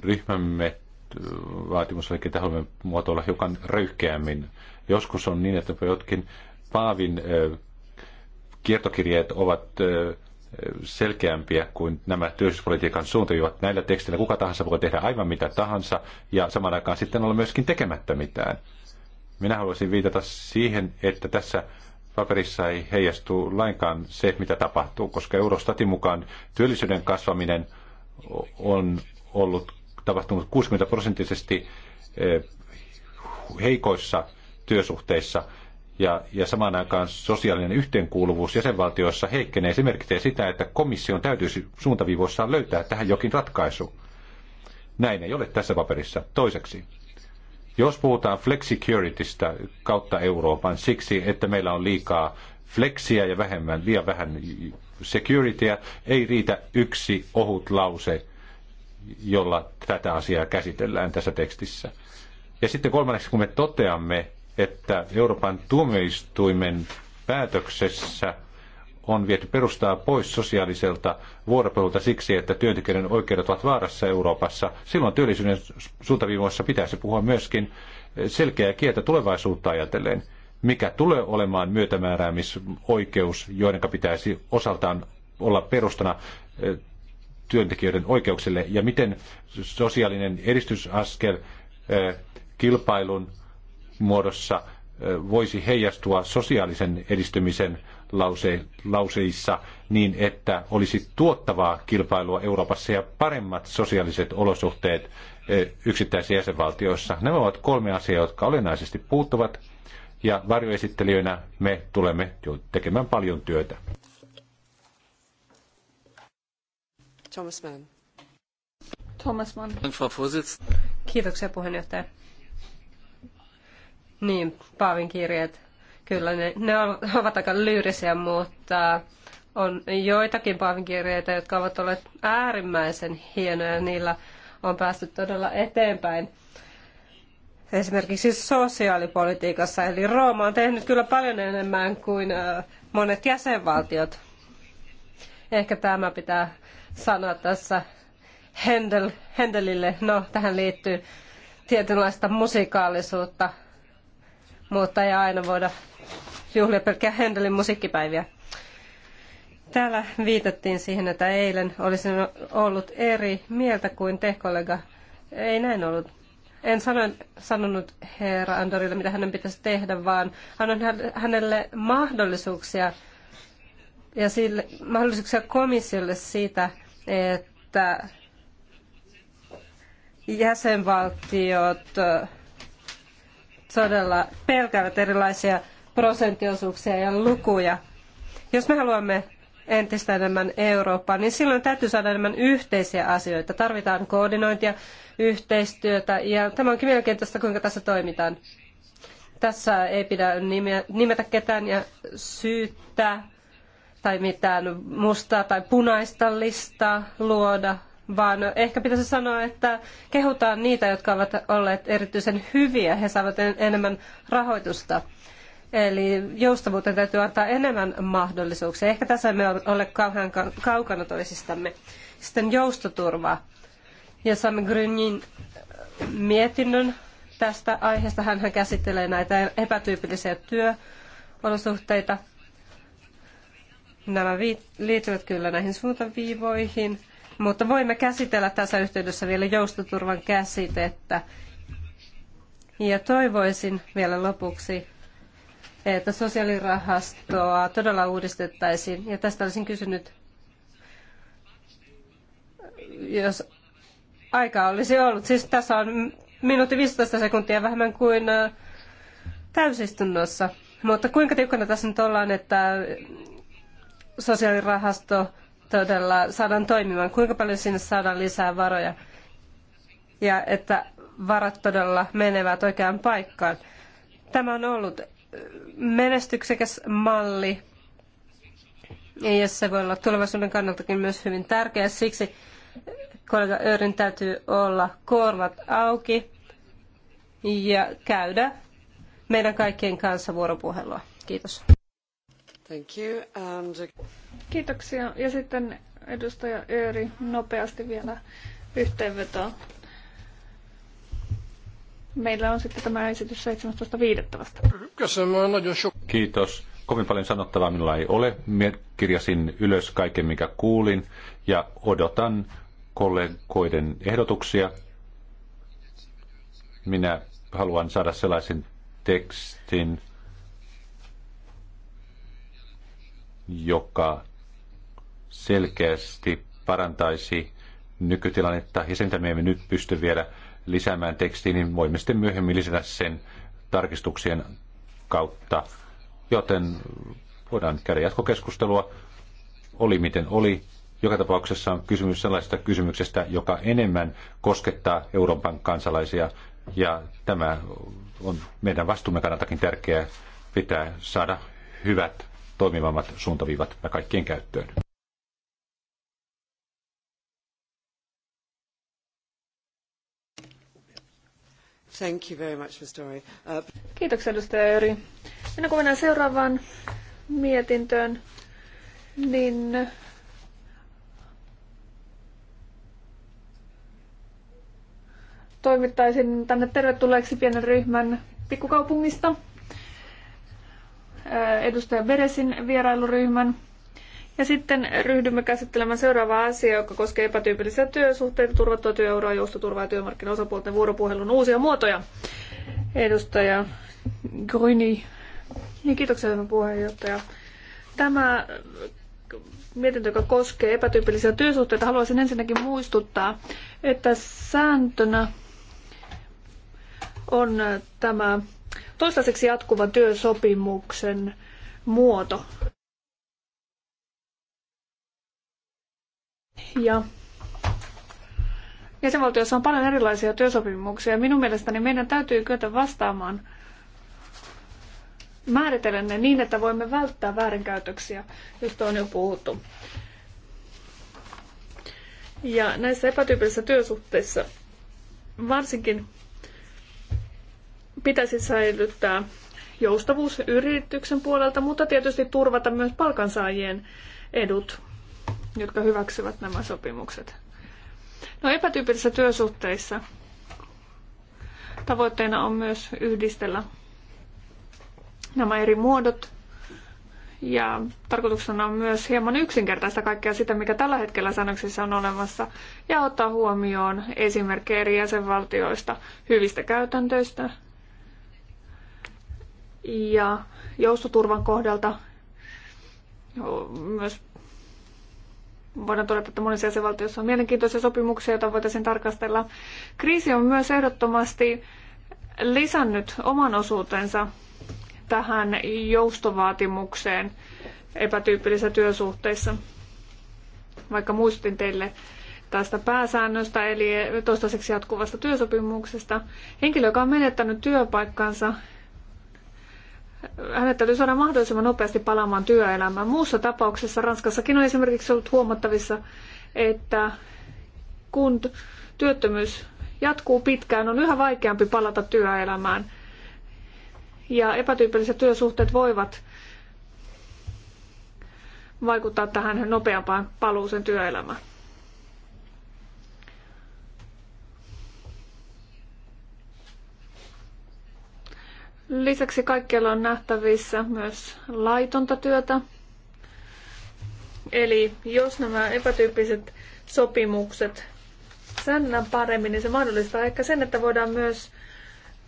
ryhmämme vaatimus, eli että haluamme muotoilla hiukan röyhkeämmin. Joskus on niin, että jotkin Paavin kiertokirjeet ovat selkeämpiä kuin nämä työllisyyspolitiikan suuntajuvat. Näillä teksteillä kuka tahansa voi tehdä aivan mitä tahansa ja samaan aikaan sitten olla myöskin tekemättä mitään. Minä haluaisin viitata siihen, että tässä paperissa ei heijastu lainkaan se, mitä tapahtuu, koska Eurostatin mukaan työllisyyden kasvaminen on ollut tapahtunut 60 prosenttisesti eh, heikoissa työsuhteissa ja, ja samaan aikaan sosiaalinen yhteenkuuluvuus jäsenvaltioissa heikkenee. Se merkitsee sitä, että komission täytyisi suuntaviivoissaan löytää tähän jokin ratkaisu. Näin ei ole tässä paperissa. Toiseksi, jos puhutaan flexicuritystä kautta Euroopan siksi, että meillä on liikaa flexia ja vähemmän, liian vähän securityä, ei riitä yksi ohut lause jolla tätä asiaa käsitellään tässä tekstissä. Ja sitten kolmanneksi, kun me toteamme, että Euroopan tuomioistuimen päätöksessä on viety perustaa pois sosiaaliselta vuoropuhelulta siksi, että työntekijöiden oikeudet ovat vaarassa Euroopassa. Silloin työllisyyden suuntaviivoissa pitäisi puhua myöskin selkeää kieltä tulevaisuutta ajatellen, mikä tulee olemaan myötämääräämisoikeus, joiden pitäisi osaltaan olla perustana eh, työntekijöiden oikeuksille ja miten sosiaalinen edistysaskel kilpailun muodossa voisi heijastua sosiaalisen edistymisen lause, lauseissa niin, että olisi tuottavaa kilpailua Euroopassa ja paremmat sosiaaliset olosuhteet yksittäisissä jäsenvaltioissa. Nämä ovat kolme asiaa, jotka olennaisesti puuttuvat ja varjoesittelijöinä me tulemme tekemään paljon työtä. Thomas Mann. Thomas Mann. Kiitoksia puheenjohtaja. Niin, Paavin kirjeet. Kyllä ne, ne ovat aika lyyrisiä, mutta on joitakin Paavin kirjeitä, jotka ovat olleet äärimmäisen hienoja. Niillä on päästy todella eteenpäin esimerkiksi sosiaalipolitiikassa. Eli Rooma on tehnyt kyllä paljon enemmän kuin monet jäsenvaltiot. Ehkä tämä pitää sana tässä Händel, Händelille. No, tähän liittyy tietynlaista musikaalisuutta, mutta ei aina voida juhlia pelkkää Händelin musiikkipäiviä. Täällä viitattiin siihen, että eilen olisin ollut eri mieltä kuin te, kollega. Ei näin ollut. En sanon, sanonut herra Andorille, mitä hänen pitäisi tehdä, vaan annan hänelle mahdollisuuksia ja sille, mahdollisuuksia komissiolle siitä, että jäsenvaltiot todella pelkäävät erilaisia prosenttiosuuksia ja lukuja. Jos me haluamme entistä enemmän Eurooppaa, niin silloin täytyy saada enemmän yhteisiä asioita. Tarvitaan koordinointia, yhteistyötä ja tämä onkin mielenkiintoista, kuinka tässä toimitaan. Tässä ei pidä nimetä ketään ja syyttää tai mitään mustaa tai punaista listaa luoda, vaan ehkä pitäisi sanoa, että kehutaan niitä, jotka ovat olleet erityisen hyviä, he saavat enemmän rahoitusta. Eli joustavuuteen täytyy antaa enemmän mahdollisuuksia. Ehkä tässä emme ole kauhean kaukana toisistamme. Sitten joustoturva. Ja Sam Grynin äh, mietinnön tästä aiheesta. Hän käsittelee näitä epätyypillisiä työolosuhteita. Nämä liittyvät kyllä näihin suuntaviivoihin, mutta voimme käsitellä tässä yhteydessä vielä joustoturvan käsitettä. Ja toivoisin vielä lopuksi, että sosiaalirahastoa todella uudistettaisiin. Ja tästä olisin kysynyt, jos aikaa olisi ollut. Siis tässä on minuutti 15 sekuntia vähemmän kuin äh, täysistunnossa. Mutta kuinka tiukkana tässä nyt ollaan, että sosiaalirahasto todella saadaan toimimaan, kuinka paljon sinne saadaan lisää varoja ja että varat todella menevät oikeaan paikkaan. Tämä on ollut menestyksekäs malli ja se voi olla tulevaisuuden kannaltakin myös hyvin tärkeä. Siksi kollega Örin täytyy olla korvat auki ja käydä meidän kaikkien kanssa vuoropuhelua. Kiitos. Thank you. And... Uh, Kiitoksia. Ja sitten edustaja Ööri nopeasti vielä yhteenvetoa. Meillä on sitten tämä esitys 17.5. Kiitos. Kovin paljon sanottavaa minulla ei ole. Minä kirjasin ylös kaiken, mikä kuulin, ja odotan kollegoiden ehdotuksia. Minä haluan saada sellaisen tekstin, joka selkeästi parantaisi nykytilannetta ja sen, mitä me emme nyt pysty vielä lisäämään tekstiin, niin voimme sitten myöhemmin lisätä sen tarkistuksien kautta. Joten voidaan käydä jatkokeskustelua. Oli miten oli. Joka tapauksessa on kysymys sellaisesta kysymyksestä, joka enemmän koskettaa Euroopan kansalaisia. Ja tämä on meidän vastuumme kannaltakin tärkeää pitää saada hyvät toimivammat suuntaviivat kaikkien käyttöön. Thank you very much, Mr. Uh... Kiitoksia, edustaja Öri. Ennen kuin mennään seuraavaan mietintöön, niin äh, toimittaisin tänne tervetulleeksi pienen ryhmän pikkukaupungista. Äh, edustaja Beresin vierailuryhmän. Ja sitten ryhdymme käsittelemään seuraavaa asiaa, joka koskee epätyypillisiä työsuhteita, turvattua työuraa, joustoturvaa ja työmarkkinaosapuolten vuoropuhelun uusia muotoja. Edustaja Gryni. Niin, kiitoksia hyvä puheenjohtaja. Tämä mietintö, joka koskee epätyypillisiä työsuhteita, haluaisin ensinnäkin muistuttaa, että sääntönä on tämä toistaiseksi jatkuvan työsopimuksen muoto. Ja jäsenvaltioissa on paljon erilaisia työsopimuksia. Minun mielestäni meidän täytyy kyetä vastaamaan määritellen ne niin, että voimme välttää väärinkäytöksiä, josta on jo puhuttu. Ja näissä epätyypillisissä työsuhteissa varsinkin pitäisi säilyttää joustavuus yrityksen puolelta, mutta tietysti turvata myös palkansaajien edut, jotka hyväksyvät nämä sopimukset. No epätyypillisissä työsuhteissa tavoitteena on myös yhdistellä nämä eri muodot ja tarkoituksena on myös hieman yksinkertaista kaikkea sitä, mikä tällä hetkellä säännöksissä on olemassa, ja ottaa huomioon esimerkkejä eri jäsenvaltioista, hyvistä käytäntöistä ja joustoturvan kohdalta myös voidaan todeta, että monissa jäsenvaltioissa on mielenkiintoisia sopimuksia, joita voitaisiin tarkastella. Kriisi on myös ehdottomasti lisännyt oman osuutensa tähän joustovaatimukseen epätyypillisissä työsuhteissa. Vaikka muistin teille tästä pääsäännöstä, eli toistaiseksi jatkuvasta työsopimuksesta. Henkilö, joka on menettänyt työpaikkansa, hänet täytyy saada mahdollisimman nopeasti palaamaan työelämään. Muussa tapauksessa Ranskassakin on esimerkiksi ollut huomattavissa, että kun työttömyys jatkuu pitkään, on yhä vaikeampi palata työelämään. Ja epätyypilliset työsuhteet voivat vaikuttaa tähän nopeampaan paluuseen työelämään. Lisäksi kaikkialla on nähtävissä myös laitonta työtä. Eli jos nämä epätyyppiset sopimukset sännän paremmin, niin se mahdollistaa ehkä sen, että voidaan myös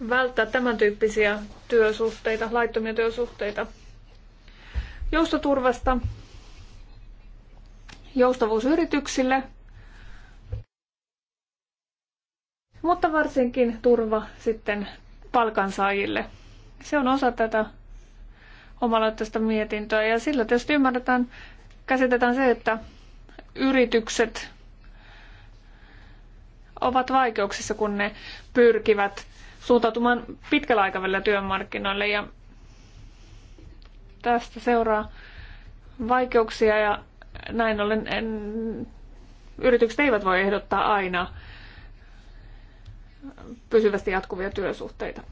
välttää tämän tyyppisiä työsuhteita, laittomia työsuhteita. Joustoturvasta, joustavuus yrityksille, mutta varsinkin turva sitten palkansaajille. Se on osa tätä omalaittaista mietintöä ja sillä tietysti ymmärretään, käsitetään se, että yritykset ovat vaikeuksissa, kun ne pyrkivät suuntautumaan pitkällä aikavälillä työmarkkinoille ja tästä seuraa vaikeuksia ja näin ollen en, yritykset eivät voi ehdottaa aina pysyvästi jatkuvia työsuhteita.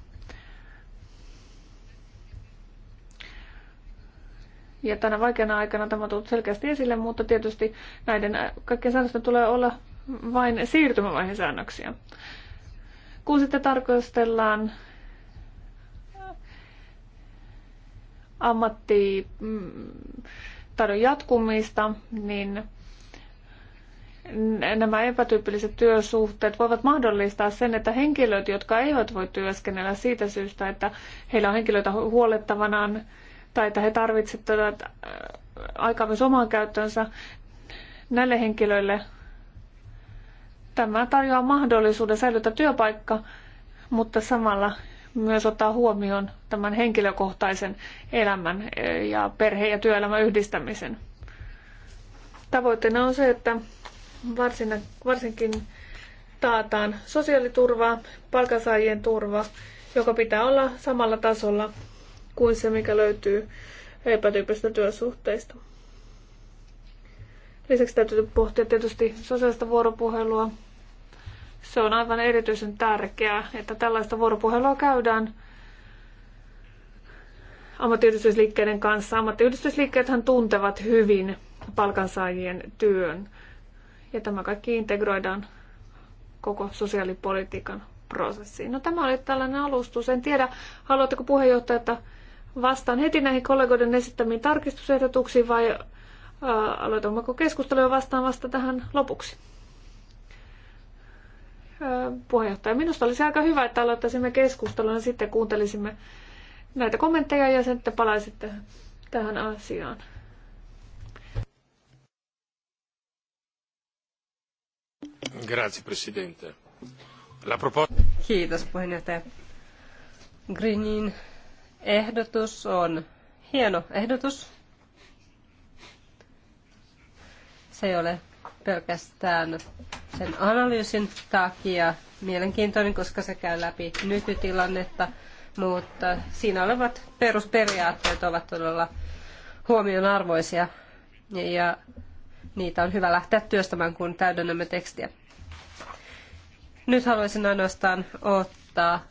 Ja tänä vaikeana aikana tämä on tullut selkeästi esille, mutta tietysti näiden äh, kaikkien säännösten tulee olla vain siirtymävaiheen säännöksiä. Kun sitten tarkastellaan äh, ammattitaidon mm, jatkumista, niin nämä epätyypilliset työsuhteet voivat mahdollistaa sen, että henkilöt, jotka eivät voi työskennellä siitä syystä, että heillä on henkilöitä huolettavanaan, tai että he tarvitsevat äh, aikaa myös omaan käyttöönsä, näille henkilöille tämä tarjoaa mahdollisuuden säilyttää työpaikka, mutta samalla myös ottaa huomioon tämän henkilökohtaisen elämän äh, ja perhe- ja työelämän yhdistämisen. Tavoitteena on se, että varsinkin taataan sosiaaliturva, palkansaajien turva, joka pitää olla samalla tasolla kuin se, mikä löytyy epätyypistä työsuhteista. Lisäksi täytyy pohtia tietysti sosiaalista vuoropuhelua. Se on aivan erityisen tärkeää, että tällaista vuoropuhelua käydään ammattiyhdistysliikkeiden kanssa. Ammattiyhdistysliikkeethän tuntevat hyvin palkansaajien työn ja tämä kaikki integroidaan koko sosiaalipolitiikan prosessiin. No tämä oli tällainen alustus. En tiedä, haluatteko puheenjohtaja, että Vastaan heti näihin kollegoiden esittämiin tarkistusehdotuksiin vai äh, aloitammeko keskustelua vastaan vasta tähän lopuksi? Äh, puheenjohtaja. Minusta olisi aika hyvä, että aloittaisimme keskustelun ja sitten kuuntelisimme näitä kommentteja ja sitten palaisitte tähän asiaan. Grazie, Presidente. La Kiitos puheenjohtaja. Greenin ehdotus on hieno ehdotus. Se ei ole pelkästään sen analyysin takia mielenkiintoinen, koska se käy läpi nykytilannetta, mutta siinä olevat perusperiaatteet ovat todella huomionarvoisia ja niitä on hyvä lähteä työstämään, kun täydennämme tekstiä. Nyt haluaisin ainoastaan ottaa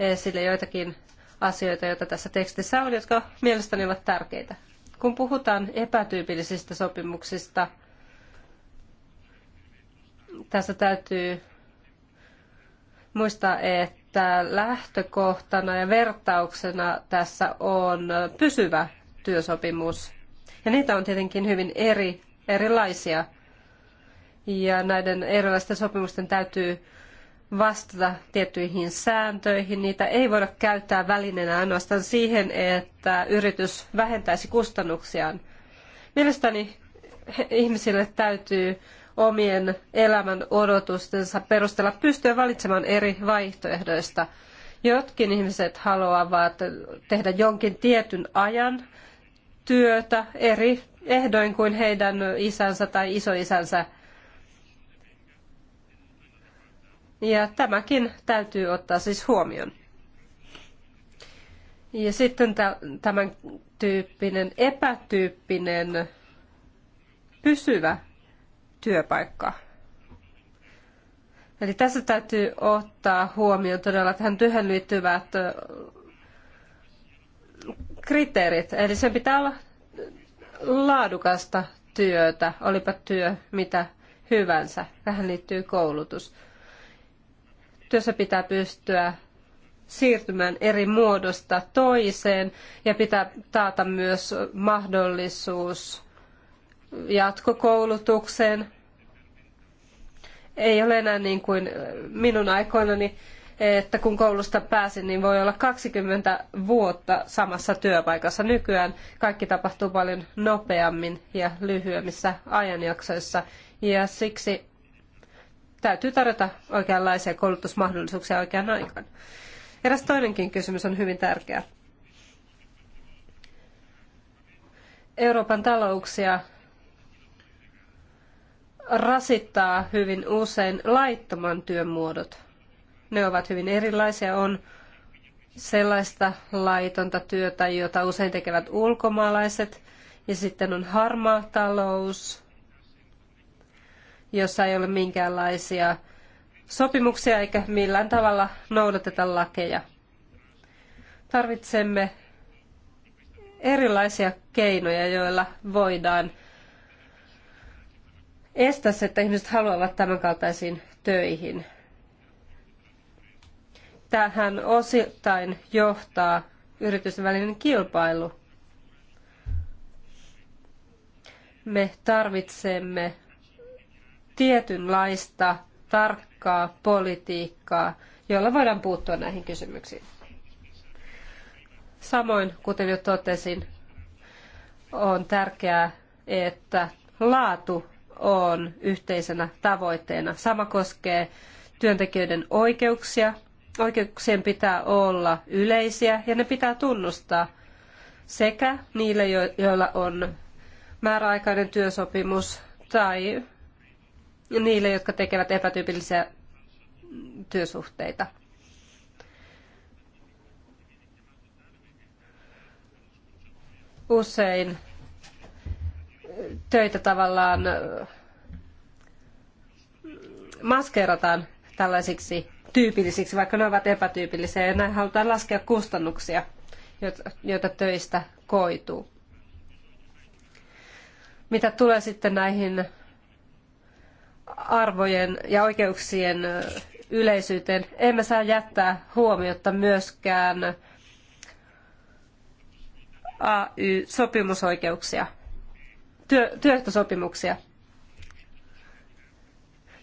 esille joitakin asioita, joita tässä tekstissä on, jotka mielestäni ovat tärkeitä. Kun puhutaan epätyypillisistä sopimuksista, tässä täytyy muistaa, että lähtökohtana ja vertauksena tässä on pysyvä työsopimus. Ja niitä on tietenkin hyvin eri, erilaisia. Ja näiden erilaisten sopimusten täytyy vastata tiettyihin sääntöihin. Niitä ei voida käyttää välineenä ainoastaan siihen, että yritys vähentäisi kustannuksiaan. Mielestäni ihmisille täytyy omien elämän odotustensa perusteella pystyä valitsemaan eri vaihtoehdoista. Jotkin ihmiset haluavat tehdä jonkin tietyn ajan työtä eri ehdoin kuin heidän isänsä tai isoisänsä Ja tämäkin täytyy ottaa siis huomioon. Ja sitten tämän tyyppinen epätyyppinen pysyvä työpaikka. Eli tässä täytyy ottaa huomioon todella tähän työhön liittyvät kriteerit. Eli sen pitää olla laadukasta työtä, olipa työ mitä hyvänsä. Tähän liittyy koulutus. Työssä pitää pystyä siirtymään eri muodosta toiseen ja pitää taata myös mahdollisuus jatkokoulutukseen. Ei ole enää niin kuin minun aikoinani, että kun koulusta pääsin, niin voi olla 20 vuotta samassa työpaikassa. Nykyään kaikki tapahtuu paljon nopeammin ja lyhyemmissä ajanjaksoissa ja siksi täytyy tarjota oikeanlaisia koulutusmahdollisuuksia oikeaan aikaan. Eräs toinenkin kysymys on hyvin tärkeä. Euroopan talouksia rasittaa hyvin usein laittoman työn muodot. Ne ovat hyvin erilaisia. On sellaista laitonta työtä, jota usein tekevät ulkomaalaiset, ja sitten on harmaa talous, jossa ei ole minkäänlaisia sopimuksia eikä millään tavalla noudateta lakeja. Tarvitsemme erilaisia keinoja, joilla voidaan estää se, että ihmiset haluavat tämän töihin. Tähän osittain johtaa yritysten välinen kilpailu. Me tarvitsemme tietynlaista tarkkaa politiikkaa, jolla voidaan puuttua näihin kysymyksiin. Samoin, kuten jo totesin, on tärkeää, että laatu on yhteisenä tavoitteena. Sama koskee työntekijöiden oikeuksia. Oikeuksien pitää olla yleisiä ja ne pitää tunnustaa sekä niille, joilla on määräaikainen työsopimus tai niille, jotka tekevät epätyypillisiä työsuhteita. Usein töitä tavallaan maskerataan tällaisiksi tyypillisiksi, vaikka ne ovat epätyypillisiä, ja näin halutaan laskea kustannuksia, joita töistä koituu. Mitä tulee sitten näihin arvojen ja oikeuksien yleisyyteen emme saa jättää huomiota myöskään AY-sopimusoikeuksia, työ, työehtosopimuksia.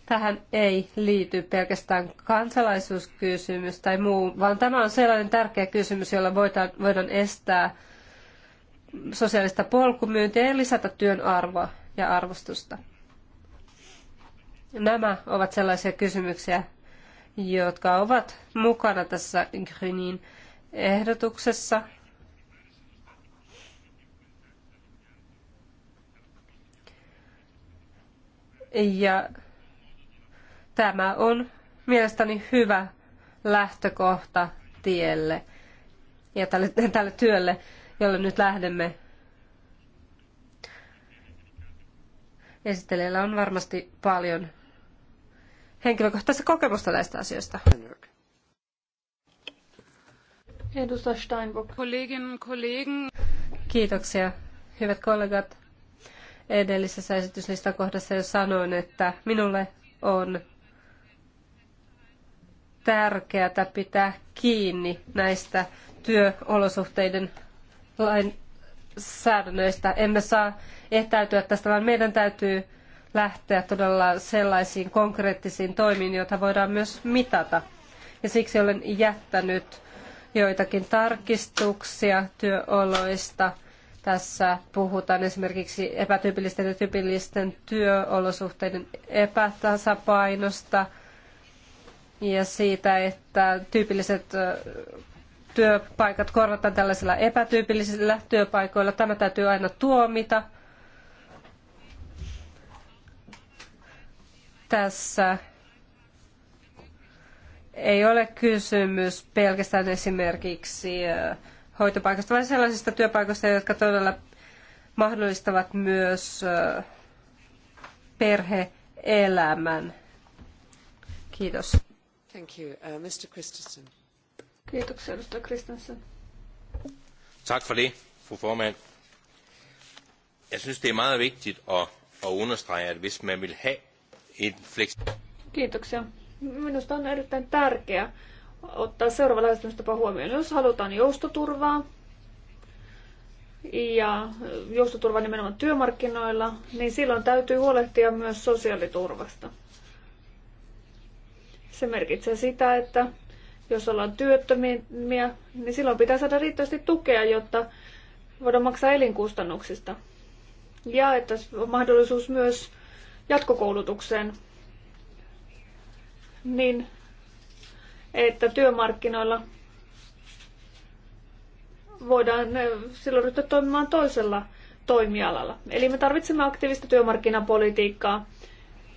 Tähän ei liity pelkästään kansalaisuuskysymys tai muu, vaan tämä on sellainen tärkeä kysymys, jolla voidaan, voidaan estää sosiaalista polkumyyntiä ja lisätä työn arvoa ja arvostusta. Nämä ovat sellaisia kysymyksiä, jotka ovat mukana tässä Grynin ehdotuksessa. Ja tämä on mielestäni hyvä lähtökohta tielle ja tälle, tälle työlle, jolle nyt lähdemme. Esittelijällä on varmasti paljon henkilökohtaista kokemusta näistä asioista. Edustaja Steinbock. Kollegin, kollegen. Kiitoksia, hyvät kollegat. Edellisessä esityslistan kohdassa jo sanoin, että minulle on tärkeää pitää kiinni näistä työolosuhteiden lainsäädännöistä. Emme saa ehtäytyä tästä, vaan meidän täytyy lähteä todella sellaisiin konkreettisiin toimiin, joita voidaan myös mitata. Ja siksi olen jättänyt joitakin tarkistuksia työoloista. Tässä puhutaan esimerkiksi epätyypillisten ja tyypillisten työolosuhteiden epätasapainosta ja siitä, että tyypilliset työpaikat korvataan tällaisilla epätyypillisillä työpaikoilla. Tämä täytyy aina tuomita Tässä ei ole kysymys pelkästään esimerkiksi hoitopaikasta, vaan sellaisista työpaikoista, jotka todella mahdollistavat myös perheelämän. Kiitos. Thank you. Uh, Mr. Christensen. Kiitoksia, edustaja Christensen. Tak for det, fru formand. Jeg synes, det er meget vigtigt at, at understrege, at hvis man vil have Kiitoksia. Minusta on erittäin tärkeää ottaa seuraava lähestymistapa huomioon. Jos halutaan joustoturvaa, ja joustoturva nimenomaan työmarkkinoilla, niin silloin täytyy huolehtia myös sosiaaliturvasta. Se merkitsee sitä, että jos ollaan työttömiä, niin silloin pitää saada riittävästi tukea, jotta voidaan maksaa elinkustannuksista. Ja että on mahdollisuus myös jatkokoulutukseen, niin että työmarkkinoilla voidaan silloin ryhtyä toimimaan toisella toimialalla. Eli me tarvitsemme aktiivista työmarkkinapolitiikkaa,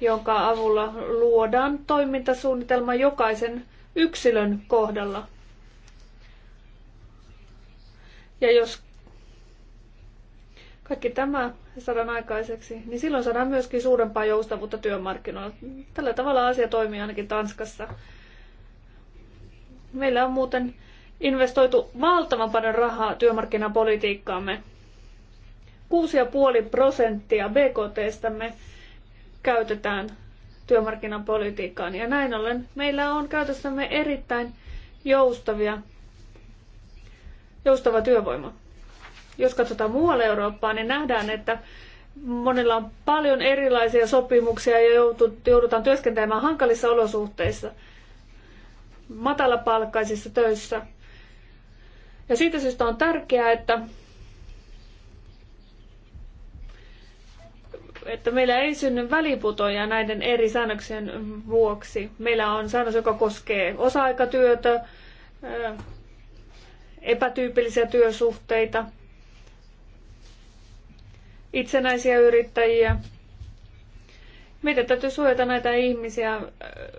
jonka avulla luodaan toimintasuunnitelma jokaisen yksilön kohdalla. Ja jos kaikki tämä saadaan aikaiseksi, niin silloin saadaan myöskin suurempaa joustavuutta työmarkkinoilla. Tällä tavalla asia toimii ainakin Tanskassa. Meillä on muuten investoitu valtavan paljon rahaa työmarkkinapolitiikkaamme. 6,5 prosenttia BKTstämme käytetään työmarkkinapolitiikkaan. Ja näin ollen meillä on käytössämme erittäin joustavia, joustava työvoima. Jos katsotaan muualle Eurooppaa, niin nähdään, että monilla on paljon erilaisia sopimuksia ja joudutaan työskentelemään hankalissa olosuhteissa, matalapalkkaisissa töissä. Ja siitä syystä on tärkeää, että, että meillä ei synny väliputoja näiden eri säännöksien vuoksi. Meillä on säännös, joka koskee osa-aikatyötä, epätyypillisiä työsuhteita – itsenäisiä yrittäjiä. Meidän täytyy suojata näitä ihmisiä äh,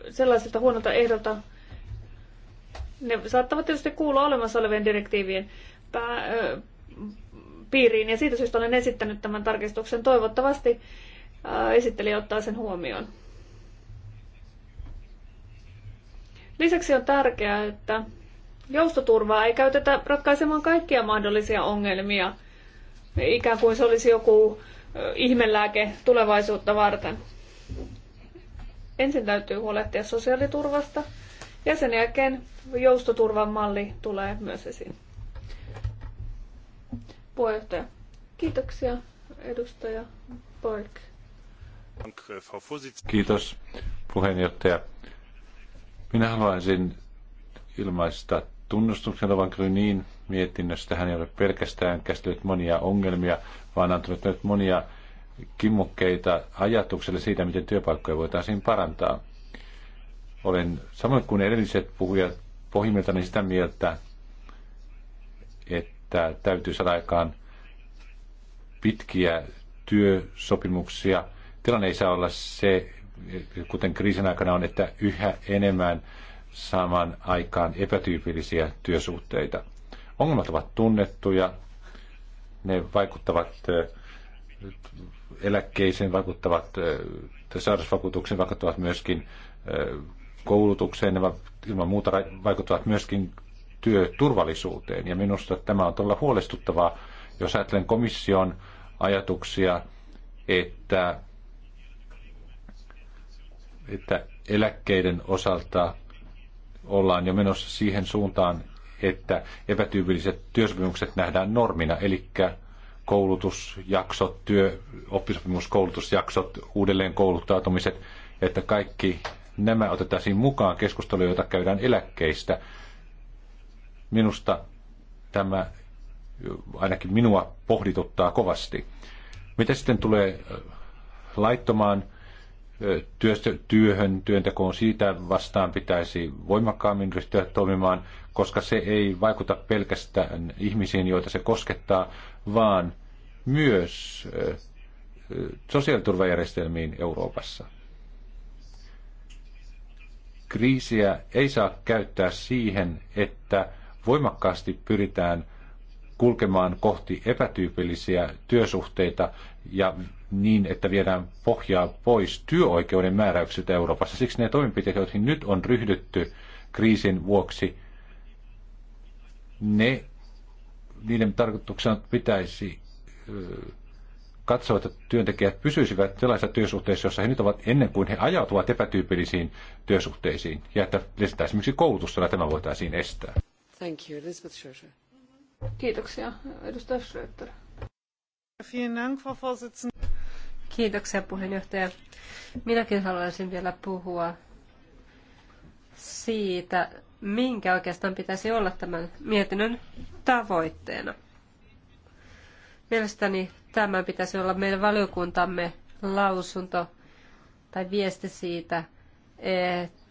sellaisilta huonolta ehdolta. Ne saattavat tietysti kuulua olemassa olevien direktiivien pää, ö, äh, piiriin ja siitä syystä olen esittänyt tämän tarkistuksen. Toivottavasti ö, äh, esittelijä ottaa sen huomioon. Lisäksi on tärkeää, että joustoturvaa ei käytetä ratkaisemaan kaikkia mahdollisia ongelmia – ikään kuin se olisi joku ihmelääke tulevaisuutta varten. Ensin täytyy huolehtia sosiaaliturvasta ja sen jälkeen joustoturvan malli tulee myös esiin. Puheenjohtaja. Kiitoksia, edustaja Poik. Kiitos, puheenjohtaja. Minä haluaisin ilmaista tunnustuksen Ovan Grynin mietinnöstä. Hän ei ole pelkästään käsitellyt monia ongelmia, vaan antanut nyt monia kimmukkeita ajatukselle siitä, miten työpaikkoja voitaisiin parantaa. Olen samoin kuin edelliset puhujat pohjimmiltani sitä mieltä, että täytyy saada aikaan pitkiä työsopimuksia. Tilanne ei saa olla se, kuten kriisin aikana on, että yhä enemmän saamaan aikaan epätyypillisiä työsuhteita. Ongelmat ovat tunnettuja, ne vaikuttavat eläkkeisiin, vaikuttavat sairausvakuutuksiin, vaikuttavat myöskin koulutukseen, ne ilman muuta vaikuttavat myöskin työturvallisuuteen. Ja minusta tämä on todella huolestuttavaa, jos ajattelen komission ajatuksia, että, että eläkkeiden osalta ollaan jo menossa siihen suuntaan, että epätyypilliset työsopimukset nähdään normina, eli koulutusjaksot, työ, oppisopimuskoulutusjaksot, uudelleen kouluttautumiset, että kaikki nämä otettaisiin mukaan keskusteluja, joita käydään eläkkeistä. Minusta tämä ainakin minua pohdituttaa kovasti. Mitä sitten tulee laittomaan työhön, työntekoon, siitä vastaan pitäisi voimakkaammin ryhtyä toimimaan koska se ei vaikuta pelkästään ihmisiin, joita se koskettaa, vaan myös eh, sosiaaliturvajärjestelmiin Euroopassa. Kriisiä ei saa käyttää siihen, että voimakkaasti pyritään kulkemaan kohti epätyypillisiä työsuhteita ja niin, että viedään pohjaa pois työoikeuden määräyksiltä Euroopassa. Siksi ne toimenpiteet, joihin nyt on ryhdytty kriisin vuoksi, ne, niiden tarkoituksena pitäisi katsoa, että työntekijät pysyisivät sellaisissa työsuhteissa, joissa he nyt ovat ennen kuin he ajautuvat epätyypillisiin työsuhteisiin, ja että lisätään esimerkiksi koulutusta, tämä voitaisiin estää. Thank you, Elizabeth Schroeder. Kiitoksia, edustaja Schröter. Kiitoksia puheenjohtaja. Minäkin haluaisin vielä puhua siitä, minkä oikeastaan pitäisi olla tämän mietinnön tavoitteena. Mielestäni tämä pitäisi olla meidän valiokuntamme lausunto tai viesti siitä,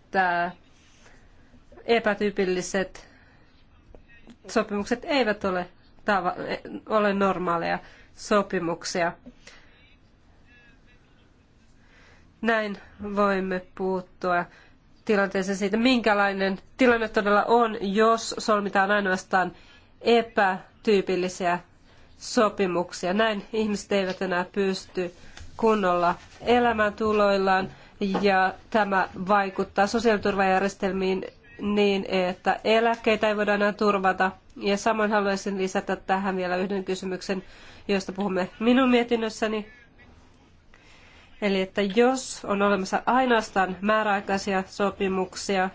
että epätyypilliset sopimukset eivät ole, ole normaaleja sopimuksia. Näin voimme puuttua tilanteeseen siitä, minkälainen tilanne todella on, jos solmitaan ainoastaan epätyypillisiä sopimuksia. Näin ihmiset eivät enää pysty kunnolla elämäntuloillaan ja tämä vaikuttaa sosiaaliturvajärjestelmiin niin, että eläkkeitä ei voida enää turvata. Ja samoin haluaisin lisätä tähän vielä yhden kysymyksen, josta puhumme minun mietinnössäni Eli että jos on olemassa ainoastaan määräaikaisia sopimuksia,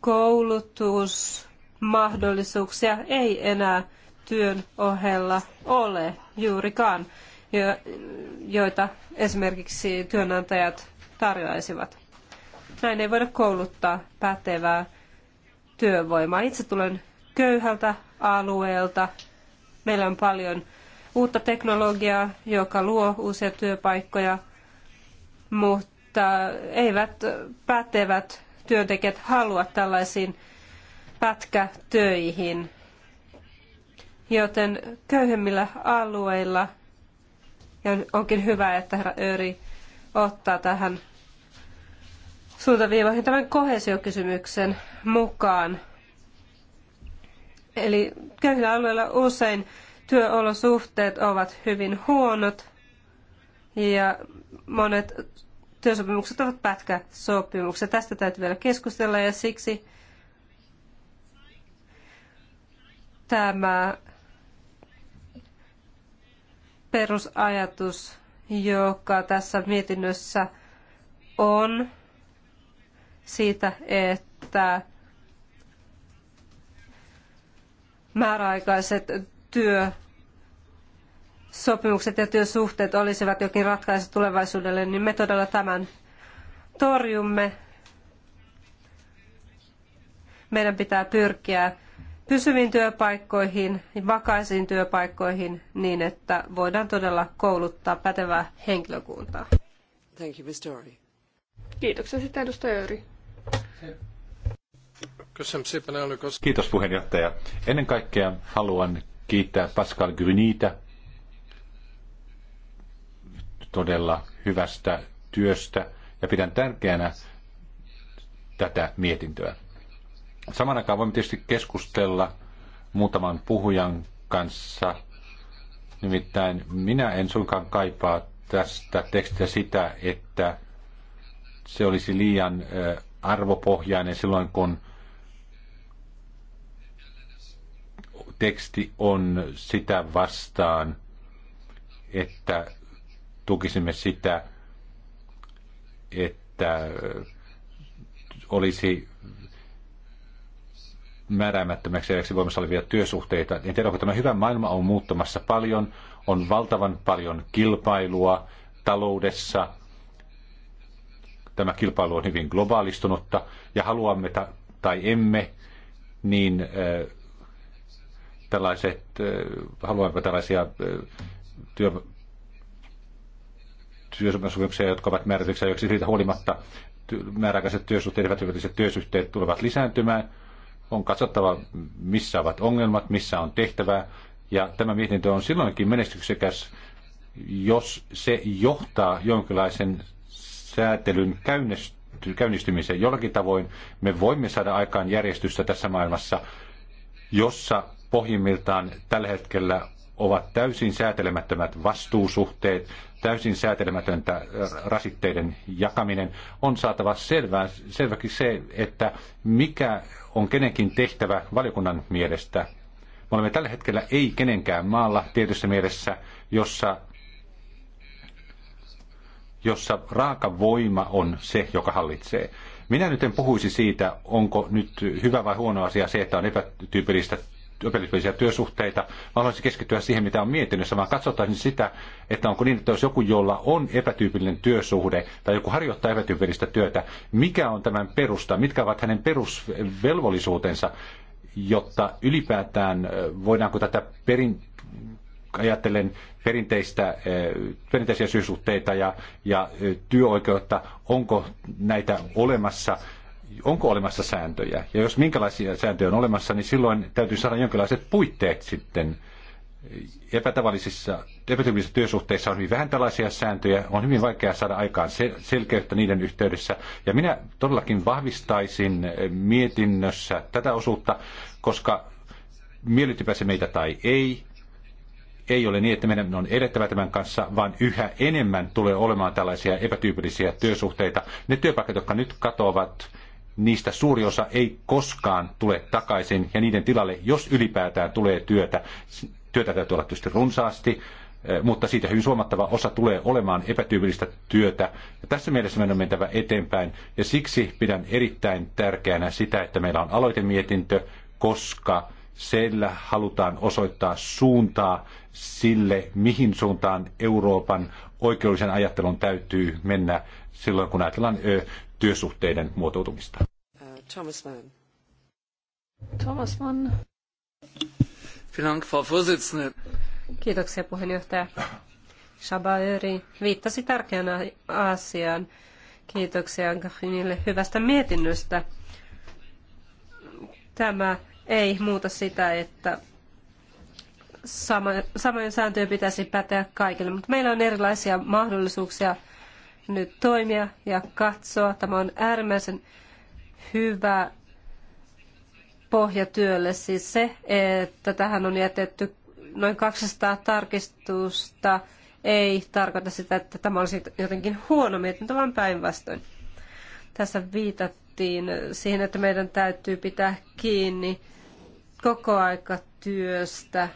koulutusmahdollisuuksia ei enää työn ohella ole juurikaan, joita esimerkiksi työnantajat tarjoaisivat. Näin ei voida kouluttaa pätevää työvoimaa. Itse tulen köyhältä alueelta. Meillä on paljon uutta teknologiaa, joka luo uusia työpaikkoja, mutta eivät pätevät työntekijät halua tällaisiin pätkätöihin. Joten köyhemmillä alueilla ja onkin hyvä, että herra Öri ottaa tähän suuntaviivoihin tämän kohesiokysymyksen mukaan. Eli köyhillä alueilla usein Työolosuhteet ovat hyvin huonot ja monet työsopimukset ovat pätkäsopimuksia. Tästä täytyy vielä keskustella ja siksi tämä perusajatus, joka tässä mietinnössä on siitä, että määräaikaiset työ sopimukset ja työsuhteet olisivat jokin ratkaisu tulevaisuudelle, niin me todella tämän torjumme. Meidän pitää pyrkiä pysyviin työpaikkoihin, vakaisiin työpaikkoihin niin, että voidaan todella kouluttaa pätevää henkilökuntaa. Thank you, Mr. Dory. Kiitoksia sitten edustaja Öri. Kiitos puheenjohtaja. Ennen kaikkea haluan kiittää Pascal Grynitä todella hyvästä työstä ja pidän tärkeänä tätä mietintöä. Saman aikaan voimme tietysti keskustella muutaman puhujan kanssa. Nimittäin minä en suinkaan kaipaa tästä tekstistä sitä, että se olisi liian arvopohjainen silloin, kun teksti on sitä vastaan, että tukisimme sitä, että olisi määräämättömäksi eläksi voimassa olevia työsuhteita. En tiedä, onko tämä hyvä maailma on muuttumassa paljon, on valtavan paljon kilpailua taloudessa. Tämä kilpailu on hyvin globaalistunutta ja haluamme ta- tai emme, niin äh, tällaiset, äh, haluamme tällaisia äh, työ, työsopimuksia, jotka ovat määrätyksiä, ajoiksi siitä huolimatta määräaikaiset työsuhteet, epätyypilliset työsuhteet tulevat lisääntymään. On katsottava, missä ovat ongelmat, missä on tehtävää. Ja tämä mietintö on silloinkin menestyksekäs, jos se johtaa jonkinlaisen säätelyn käynnistymiseen jollakin tavoin. Me voimme saada aikaan järjestystä tässä maailmassa, jossa pohjimmiltaan tällä hetkellä ovat täysin säätelemättömät vastuusuhteet, täysin säätelemätöntä rasitteiden jakaminen, on saatava selvää, selväksi se, että mikä on kenenkin tehtävä valiokunnan mielestä. Me olemme tällä hetkellä ei kenenkään maalla tietyssä mielessä, jossa jossa raaka voima on se, joka hallitsee. Minä nyt en puhuisi siitä, onko nyt hyvä vai huono asia se, että on epätyypillistä opetusvälisiä työsuhteita, vaan haluaisin keskittyä siihen, mitä on mietinnössä, vaan katsotaan sitä, että onko niin, että jos joku, jolla on epätyypillinen työsuhde tai joku harjoittaa epätyypillistä työtä, mikä on tämän perusta, mitkä ovat hänen perusvelvollisuutensa, jotta ylipäätään voidaanko tätä perin, ajattelen perinteistä, perinteisiä syysuhteita ja, ja työoikeutta, onko näitä olemassa – onko olemassa sääntöjä. Ja jos minkälaisia sääntöjä on olemassa, niin silloin täytyy saada jonkinlaiset puitteet sitten. Epätavallisissa, epätyypillisissä työsuhteissa on hyvin vähän tällaisia sääntöjä. On hyvin vaikea saada aikaan selkeyttä niiden yhteydessä. Ja minä todellakin vahvistaisin eh, mietinnössä tätä osuutta, koska miellyttipä se meitä tai ei, ei ole niin, että meidän on edettävä tämän kanssa, vaan yhä enemmän tulee olemaan tällaisia epätyypillisiä työsuhteita. Ne työpaikat, jotka nyt katoavat, niistä suuri osa ei koskaan tule takaisin ja niiden tilalle, jos ylipäätään tulee työtä, työtä täytyy olla tietysti runsaasti, eh, mutta siitä hyvin suomattava osa tulee olemaan epätyypillistä työtä. Ja tässä mielessä meidän on mentävä eteenpäin ja siksi pidän erittäin tärkeänä sitä, että meillä on aloitemietintö, koska sillä halutaan osoittaa suuntaa sille, mihin suuntaan Euroopan oikeudellisen ajattelun täytyy mennä silloin, kun ajatellaan työsuhteiden muotoutumista. Äh, Thomas Mann. Thomas Mann. Dank, Frau Kiitoksia puheenjohtaja. Shabaeri viittasi tärkeään asiaan. Kiitoksia Gahinille hyvästä mietinnöstä. Tämä ei muuta sitä, että sama, samojen sääntöjen pitäisi päteä kaikille, mutta meillä on erilaisia mahdollisuuksia – nyt toimia ja katsoa. Tämä on äärimmäisen hyvä pohjatyölle siis se, että tähän on jätetty noin 200 tarkistusta, ei tarkoita sitä, että tämä olisi jotenkin huono mietintö, vaan päinvastoin. Tässä viitattiin siihen, että meidän täytyy pitää kiinni koko aika työstä,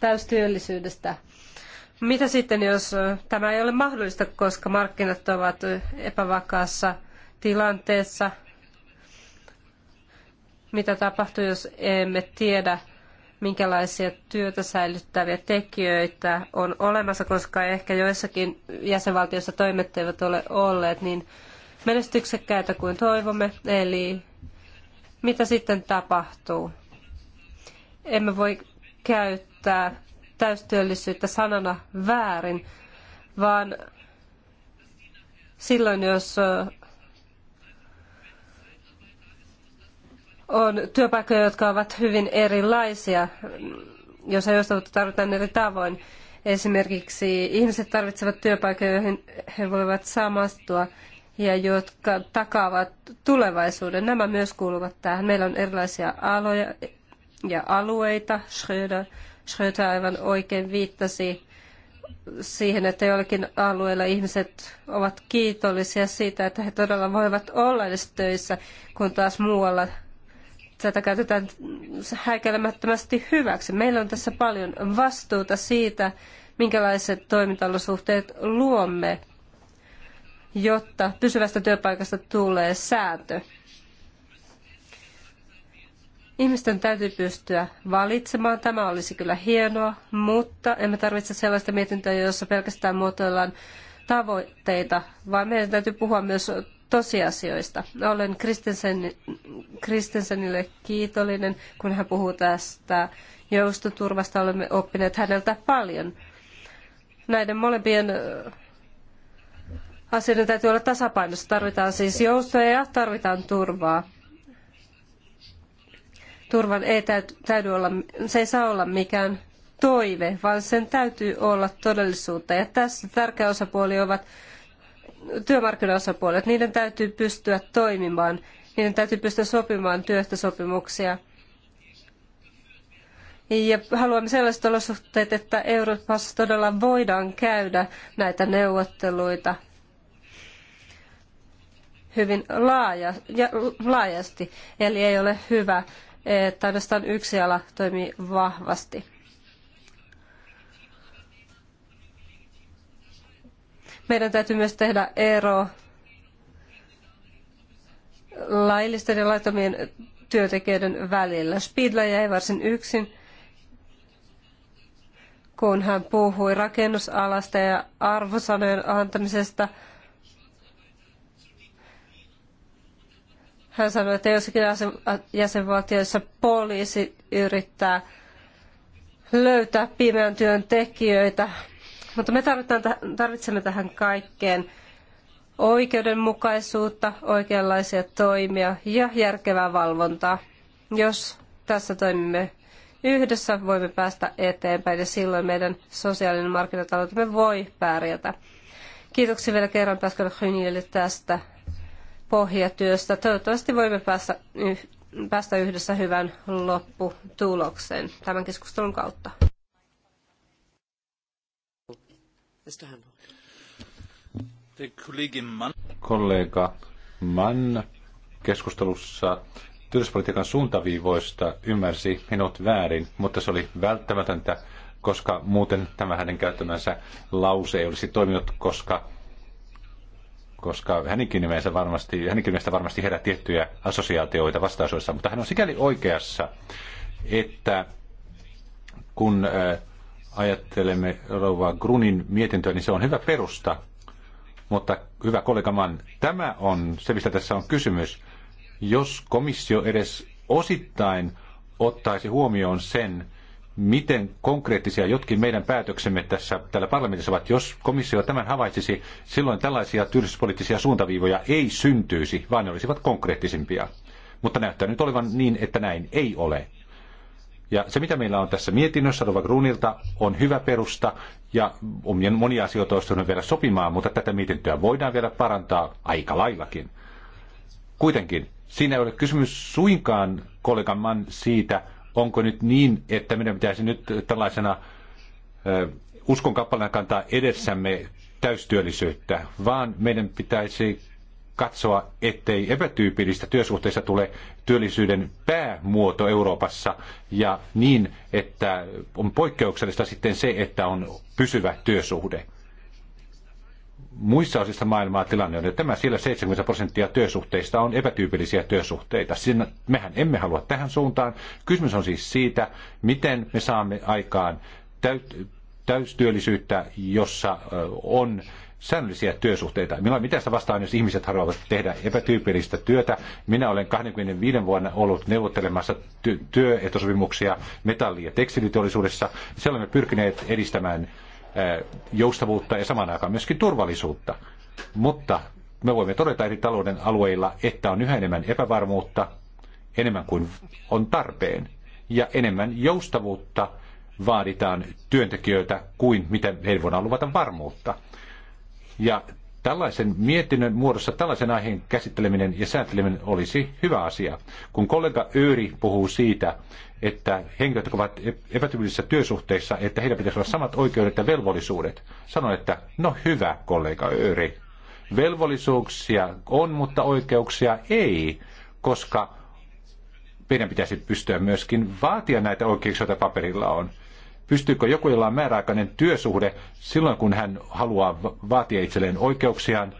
täystyöllisyydestä. Mitä sitten, jos tämä ei ole mahdollista, koska markkinat ovat epävakaassa tilanteessa? Mitä tapahtuu, jos emme tiedä, minkälaisia työtä säilyttäviä tekijöitä on olemassa, koska ehkä joissakin jäsenvaltioissa toimet eivät ole olleet niin menestyksekkäitä kuin toivomme. Eli mitä sitten tapahtuu? Emme voi käyttää täystyöllisyyttä sanana väärin, vaan silloin, jos on työpaikkoja, jotka ovat hyvin erilaisia, jos joustavuutta tarvitaan eri tavoin. Esimerkiksi ihmiset tarvitsevat työpaikkoja, joihin he voivat samastua ja jotka takaavat tulevaisuuden. Nämä myös kuuluvat tähän. Meillä on erilaisia aloja ja alueita. Schröder Schröter aivan oikein viittasi siihen, että joillakin alueilla ihmiset ovat kiitollisia siitä, että he todella voivat olla edes töissä, kun taas muualla tätä käytetään häikäilemättömästi hyväksi. Meillä on tässä paljon vastuuta siitä, minkälaiset toimintaolosuhteet luomme, jotta pysyvästä työpaikasta tulee sääntö. Ihmisten täytyy pystyä valitsemaan. Tämä olisi kyllä hienoa, mutta emme tarvitse sellaista mietintöä, jossa pelkästään muotoillaan tavoitteita, vaan meidän täytyy puhua myös tosiasioista. Olen Kristensen, Kristensenille kiitollinen, kun hän puhuu tästä joustoturvasta. Olemme oppineet häneltä paljon. Näiden molempien asioiden täytyy olla tasapainossa. Tarvitaan siis joustoja ja tarvitaan turvaa turvan ei täydy olla, se ei saa olla mikään toive, vaan sen täytyy olla todellisuutta. Ja tässä tärkeä osapuoli ovat työmarkkinaosapuolet. Niiden täytyy pystyä toimimaan, niiden täytyy pystyä sopimaan työehtosopimuksia. Ja haluamme sellaiset olosuhteet, että Euroopassa todella voidaan käydä näitä neuvotteluita hyvin laaja, ja, laajasti. Eli ei ole hyvä, että ainoastaan yksi ala toimii vahvasti. Meidän täytyy myös tehdä ero laillisten ja laitomien työntekijöiden välillä. Spidla jäi varsin yksin, kun hän puhui rakennusalasta ja arvosanojen antamisesta – Hän sanoi, että jossakin jäsenvaltioissa poliisi yrittää löytää pimeän työn tekijöitä, mutta me tarvitsemme tähän kaikkeen oikeudenmukaisuutta, oikeanlaisia toimia ja järkevää valvontaa. Jos tässä toimimme yhdessä, voimme päästä eteenpäin ja silloin meidän sosiaalinen markkinataloutemme voi pärjätä. Kiitoksia vielä kerran Pascal Hynille tästä pohjatyöstä. Toivottavasti voimme päästä, päästä yhdessä hyvän lopputulokseen tämän keskustelun kautta. Kollega Mann keskustelussa työllisyyspolitiikan suuntaviivoista ymmärsi minut väärin, mutta se oli välttämätöntä, koska muuten tämä hänen käyttämänsä lause ei olisi toiminut, koska koska hänenkin nimensä varmasti, hänenkin nimensä varmasti herää tiettyjä assosiaatioita vastaisuudessa, mutta hän on sikäli oikeassa, että kun ajattelemme rova Grunin mietintöä, niin se on hyvä perusta. Mutta hyvä kollega Mann, tämä on se, mistä tässä on kysymys. Jos komissio edes osittain ottaisi huomioon sen, miten konkreettisia jotkin meidän päätöksemme tässä täällä parlamentissa ovat. Jos komissio tämän havaitsisi, silloin tällaisia työllisyyspoliittisia suuntaviivoja ei syntyisi, vaan ne olisivat konkreettisimpia. Mutta näyttää nyt olevan niin, että näin ei ole. Ja se, mitä meillä on tässä mietinnössä Rova Grunilta, on hyvä perusta ja omien monia asioita olisi vielä sopimaan, mutta tätä mietintöä voidaan vielä parantaa aika laillakin. Kuitenkin siinä ei ole kysymys suinkaan kollegan siitä, onko nyt niin, että meidän pitäisi nyt tällaisena uskon kappaleena kantaa edessämme täystyöllisyyttä, vaan meidän pitäisi katsoa, ettei epätyypillistä työsuhteista tule työllisyyden päämuoto Euroopassa ja niin, että on poikkeuksellista sitten se, että on pysyvä työsuhde muissa osissa maailmaa tilanne on, että tämä siellä 70 prosenttia työsuhteista on epätyypillisiä työsuhteita. Siinä, mehän emme halua tähän suuntaan. Kysymys on siis siitä, miten me saamme aikaan täystyöllisyyttä, jossa on säännöllisiä työsuhteita. Minulla ei mitään sitä vastaan, jos ihmiset haluavat tehdä epätyypillistä työtä. Minä olen 25 vuonna ollut neuvottelemassa ty- työehtosopimuksia metalli- ja tekstiliteollisuudessa. Siellä olemme pyrkineet edistämään Eh, joustavuutta ja samaan aikaan myöskin turvallisuutta. Mutta me voimme todeta eri talouden alueilla, että on yhä enemmän epävarmuutta, enemmän kuin on tarpeen, ja enemmän joustavuutta vaaditaan työntekijöitä kuin mitä heidän voidaan luvata varmuutta. Ja tällaisen mietinnön muodossa tällaisen aiheen käsitteleminen ja sääteleminen olisi hyvä asia. Kun kollega Yyri puhuu siitä, että henkilöt, jotka ovat epätyypillisissä työsuhteissa, että heidän pitäisi olla samat oikeudet ja velvollisuudet. Sanoin, että no hyvä kollega Öri, velvollisuuksia on, mutta oikeuksia ei, koska meidän pitäisi pystyä myöskin vaatia näitä oikeuksia, joita paperilla on. Pystyykö joku, jolla on määräaikainen työsuhde, silloin kun hän haluaa vaatia itselleen oikeuksiaan,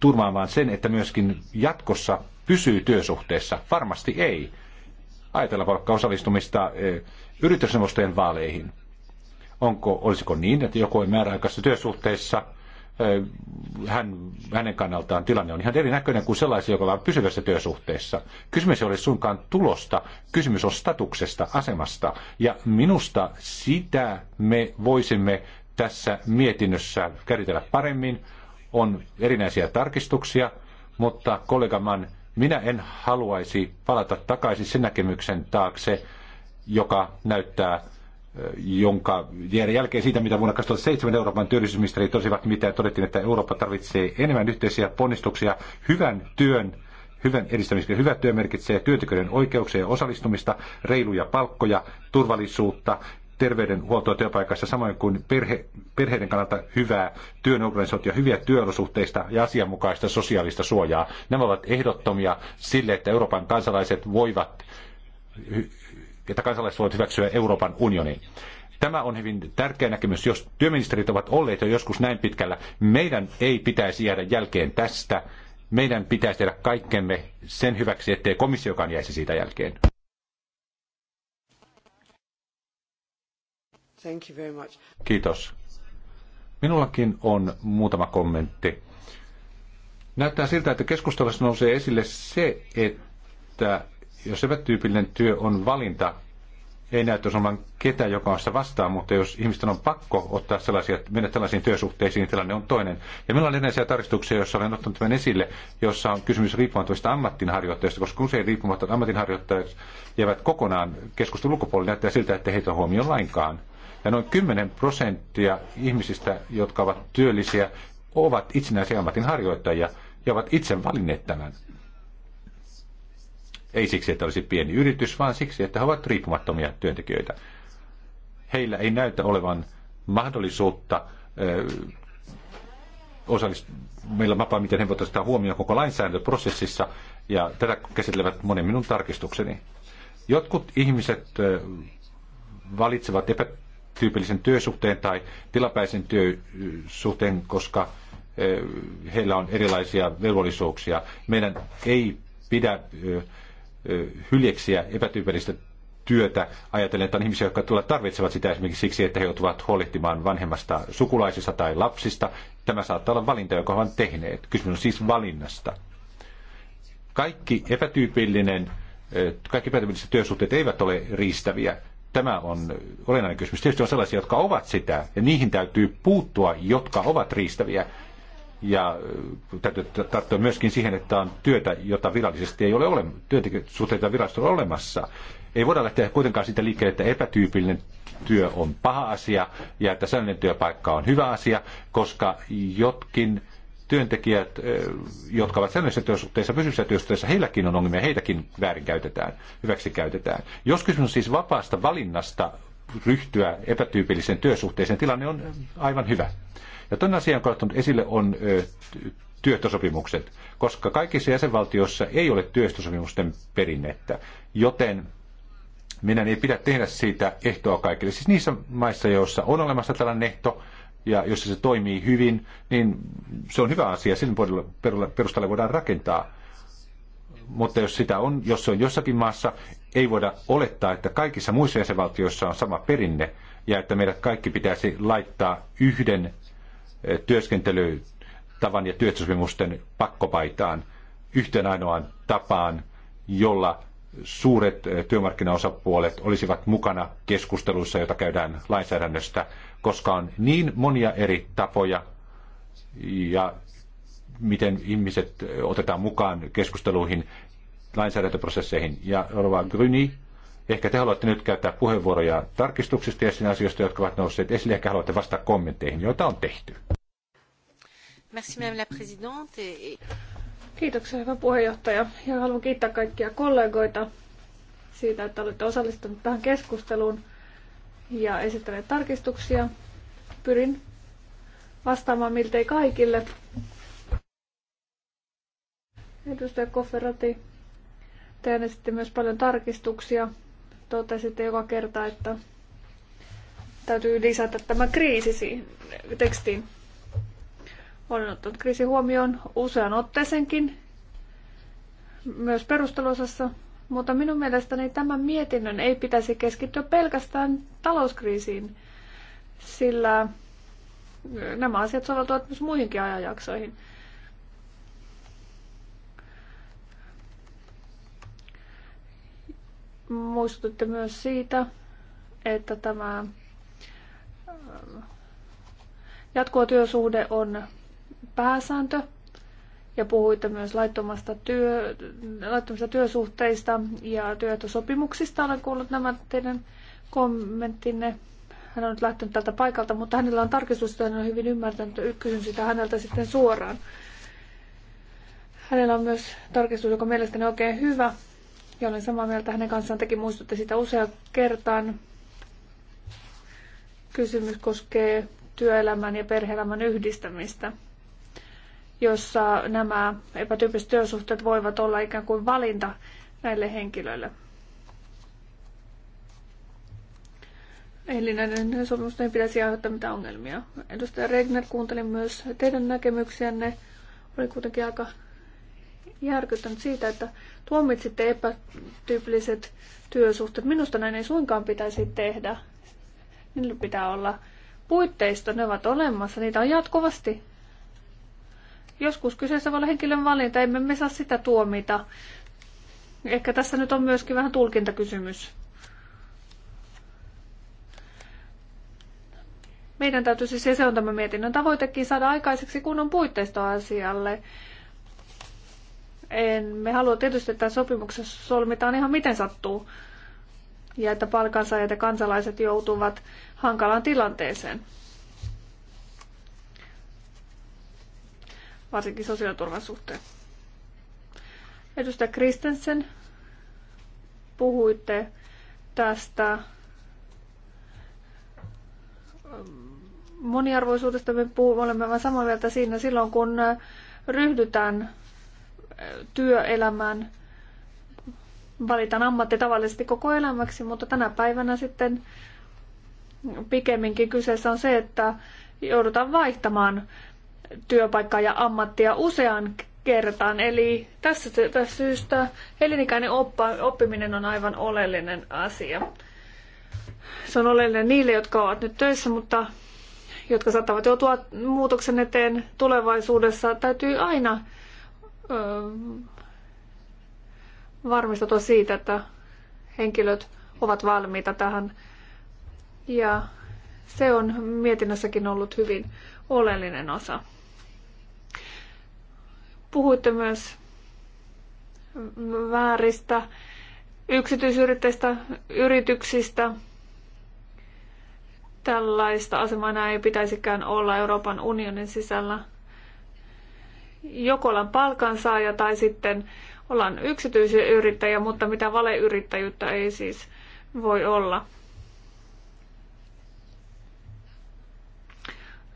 turvaamaan sen, että myöskin jatkossa pysyy työsuhteessa? Varmasti ei ajatella vaikka osallistumista eh, yritysneuvostojen vaaleihin. Onko, olisiko niin, että joku on määräaikaisessa työsuhteessa, eh, hän, hänen kannaltaan tilanne on ihan erinäköinen kuin sellaisia, joka on pysyvässä työsuhteessa. Kysymys ei ole suinkaan tulosta, kysymys on statuksesta, asemasta. Ja minusta sitä me voisimme tässä mietinnössä käsitellä paremmin. On erinäisiä tarkistuksia, mutta kollegaman minä en haluaisi palata takaisin sen näkemyksen taakse, joka näyttää jonka jälkeen siitä, mitä vuonna 2007 Euroopan työllisyysministeri tosivat, mitä todettiin, että Eurooppa tarvitsee enemmän yhteisiä ponnistuksia hyvän työn hyvän edistämistä. Hyvä työ merkitsee työntekijöiden oikeuksia ja osallistumista, reiluja palkkoja, turvallisuutta, terveydenhuoltoa työpaikassa, samoin kuin perhe, perheiden kannalta hyvää työn organisointia, hyviä työolosuhteista ja asianmukaista sosiaalista suojaa. Nämä ovat ehdottomia sille, että Euroopan kansalaiset voivat, että kansalaiset voivat hyväksyä Euroopan unionin. Tämä on hyvin tärkeä näkemys. Jos työministerit ovat olleet jo joskus näin pitkällä, meidän ei pitäisi jäädä jälkeen tästä. Meidän pitäisi tehdä kaikkemme sen hyväksi, ettei komissiokaan jäisi siitä jälkeen. Thank you very much. Kiitos. Minullakin on muutama kommentti. Näyttää siltä, että keskustelussa nousee esille se, että jos epätyypillinen työ on valinta, ei näyttäisi olevan ketään, joka on sitä vastaan, mutta jos ihmisten on pakko ottaa sellaisia, mennä tällaisiin työsuhteisiin, niin tilanne on toinen. Ja minulla on erilaisia tarkistuksia, joissa olen ottanut tämän esille, jossa on kysymys riippumattomista ammattinharjoittajista, koska usein riippumattomat ammattinharjoittajat jäävät kokonaan keskustelun ulkopuolelle, näyttää siltä, että heitä on huomioon lainkaan. Ja noin 10 prosenttia ihmisistä, jotka ovat työllisiä, ovat itsenäisiä ammatinharjoittajia ja ovat itse valinneet tämän. Ei siksi, että olisi pieni yritys, vaan siksi, että he ovat riippumattomia työntekijöitä. Heillä ei näytä olevan mahdollisuutta osallistua meillä vapaa, miten he voivat ottaa huomioon koko lainsäädäntöprosessissa, ja tätä käsittelevät monen minun tarkistukseni. Jotkut ihmiset valitsevat epä, tyypillisen työsuhteen tai tilapäisen työsuhteen, koska heillä on erilaisia velvollisuuksia. Meidän ei pidä hyljeksiä epätyypillistä työtä ajatellen, että on ihmisiä, jotka tulla tarvitsevat sitä esimerkiksi siksi, että he joutuvat huolehtimaan vanhemmasta sukulaisista tai lapsista. Tämä saattaa olla valinta, jonka he ovat tehneet. Kysymys on siis valinnasta. Kaikki epätyypillinen, kaikki epätyypilliset työsuhteet eivät ole riistäviä. Tämä on olennainen kysymys. Tietysti on sellaisia, jotka ovat sitä, ja niihin täytyy puuttua, jotka ovat riistäviä. Ja äh, täytyy tarttua myöskin siihen, että on työtä, jota virallisesti ei ole olemassa, työntekijäsuhteita virastolla olemassa. Ei voida lähteä kuitenkaan siitä liikkeelle, että epätyypillinen työ on paha asia ja että sellainen työpaikka on hyvä asia, koska jotkin työntekijät, jotka ovat säännöllisissä työsuhteissa, pysyvissä työsuhteissa, heilläkin on ongelmia, heitäkin väärinkäytetään, hyväksikäytetään. Jos kysymys on siis vapaasta valinnasta ryhtyä epätyypilliseen työsuhteeseen, tilanne on aivan hyvä. Ja toinen asia, jonka on esille, on työehtosopimukset, koska kaikissa jäsenvaltioissa ei ole työehtosopimusten perinnettä, joten meidän ei pidä tehdä siitä ehtoa kaikille. Siis niissä maissa, joissa on olemassa tällainen ehto, ja jos se toimii hyvin, niin se on hyvä asia. Sen perusteella voidaan rakentaa. Mutta jos, sitä on, jos se on jossakin maassa, ei voida olettaa, että kaikissa muissa jäsenvaltioissa on sama perinne ja että meidät kaikki pitäisi laittaa yhden eh, työskentelytavan ja työehtosopimusten pakkopaitaan yhteen ainoaan tapaan, jolla suuret eh, työmarkkinaosapuolet olisivat mukana keskusteluissa, jota käydään lainsäädännöstä koska on niin monia eri tapoja ja miten ihmiset otetaan mukaan keskusteluihin, lainsäädäntöprosesseihin. Ja Rova Gryni, ehkä te haluatte nyt käyttää puheenvuoroja tarkistuksista ja sen asioista, jotka ovat nousseet esille. Ehkä haluatte vastata kommentteihin, joita on tehty. Merci, Madame la Présidente. Kiitoksia, hyvä puheenjohtaja. Ja haluan kiittää kaikkia kollegoita siitä, että olette osallistuneet tähän keskusteluun ja esittäneet tarkistuksia. Pyrin vastaamaan miltei kaikille. Edustaja Kofferati, te sitten myös paljon tarkistuksia. Totesitte joka kerta, että täytyy lisätä tämä kriisi siihen tekstiin. Olen ottanut kriisi huomioon usean otteeseenkin, myös perusteluosassa mutta minun mielestäni tämän mietinnön ei pitäisi keskittyä pelkästään talouskriisiin, sillä nämä asiat soveltuvat myös muihinkin ajanjaksoihin. Muistutitte myös siitä, että tämä jatkuva työsuhde on pääsääntö ja puhuitte myös laittomasta työ, laittomista työsuhteista ja työtosopimuksista. Olen kuullut nämä teidän kommenttinne. Hän on nyt lähtenyt tältä paikalta, mutta hänellä on tarkistus, hän on hyvin ymmärtänyt. Kysyn sitä häneltä sitten suoraan. Hänellä on myös tarkistus, joka on oikein hyvä. Ja olen samaa mieltä hänen kanssaan, tekin muistutte sitä usean kertaan. Kysymys koskee työelämän ja perheelämän yhdistämistä jossa nämä epätyypilliset työsuhteet voivat olla ikään kuin valinta näille henkilöille. Eli näiden sopimusten ei pitäisi aiheuttaa mitään ongelmia. Edustaja Regner kuunteli myös teidän näkemyksiänne. Oli kuitenkin aika järkyttänyt siitä, että tuomitsitte epätyypilliset työsuhteet. Minusta näin ei suinkaan pitäisi tehdä. Niillä pitää olla puitteista, ne ovat olemassa, niitä on jatkuvasti Joskus kyseessä voi olla henkilön valinta, emme me saa sitä tuomita. Ehkä tässä nyt on myöskin vähän tulkintakysymys. Meidän täytyy siis, ja se on tämä mietinnön tavoitekin, saada aikaiseksi kunnon puitteisto asialle. En, me haluamme tietysti, että sopimuksessa solmitaan ihan miten sattuu ja että palkansaajat ja kansalaiset joutuvat hankalaan tilanteeseen. varsinkin sosiaaliturvan suhteen. Edustaja Kristensen, puhuitte tästä ähm, moniarvoisuudesta. Me puhu, olemme aivan samaa mieltä siinä silloin, kun äh, ryhdytään äh, työelämään, valitaan ammatti tavallisesti koko elämäksi, mutta tänä päivänä sitten pikemminkin kyseessä on se, että joudutaan vaihtamaan työpaikkaa ja ammattia useaan kertaan. Eli tässä syystä elinikäinen oppa, oppiminen on aivan oleellinen asia. Se on oleellinen niille, jotka ovat nyt töissä, mutta jotka saattavat joutua muutoksen eteen tulevaisuudessa, täytyy aina ö, varmistua siitä, että henkilöt ovat valmiita tähän. Ja se on mietinnässäkin ollut hyvin oleellinen osa. Puhuitte myös vääristä yksityisyrittäjistä, yrityksistä. Tällaista asemaa ei pitäisikään olla Euroopan unionin sisällä. Joko ollaan palkansaaja tai sitten ollaan yksityisiä mutta mitä valeyrittäjyyttä ei siis voi olla.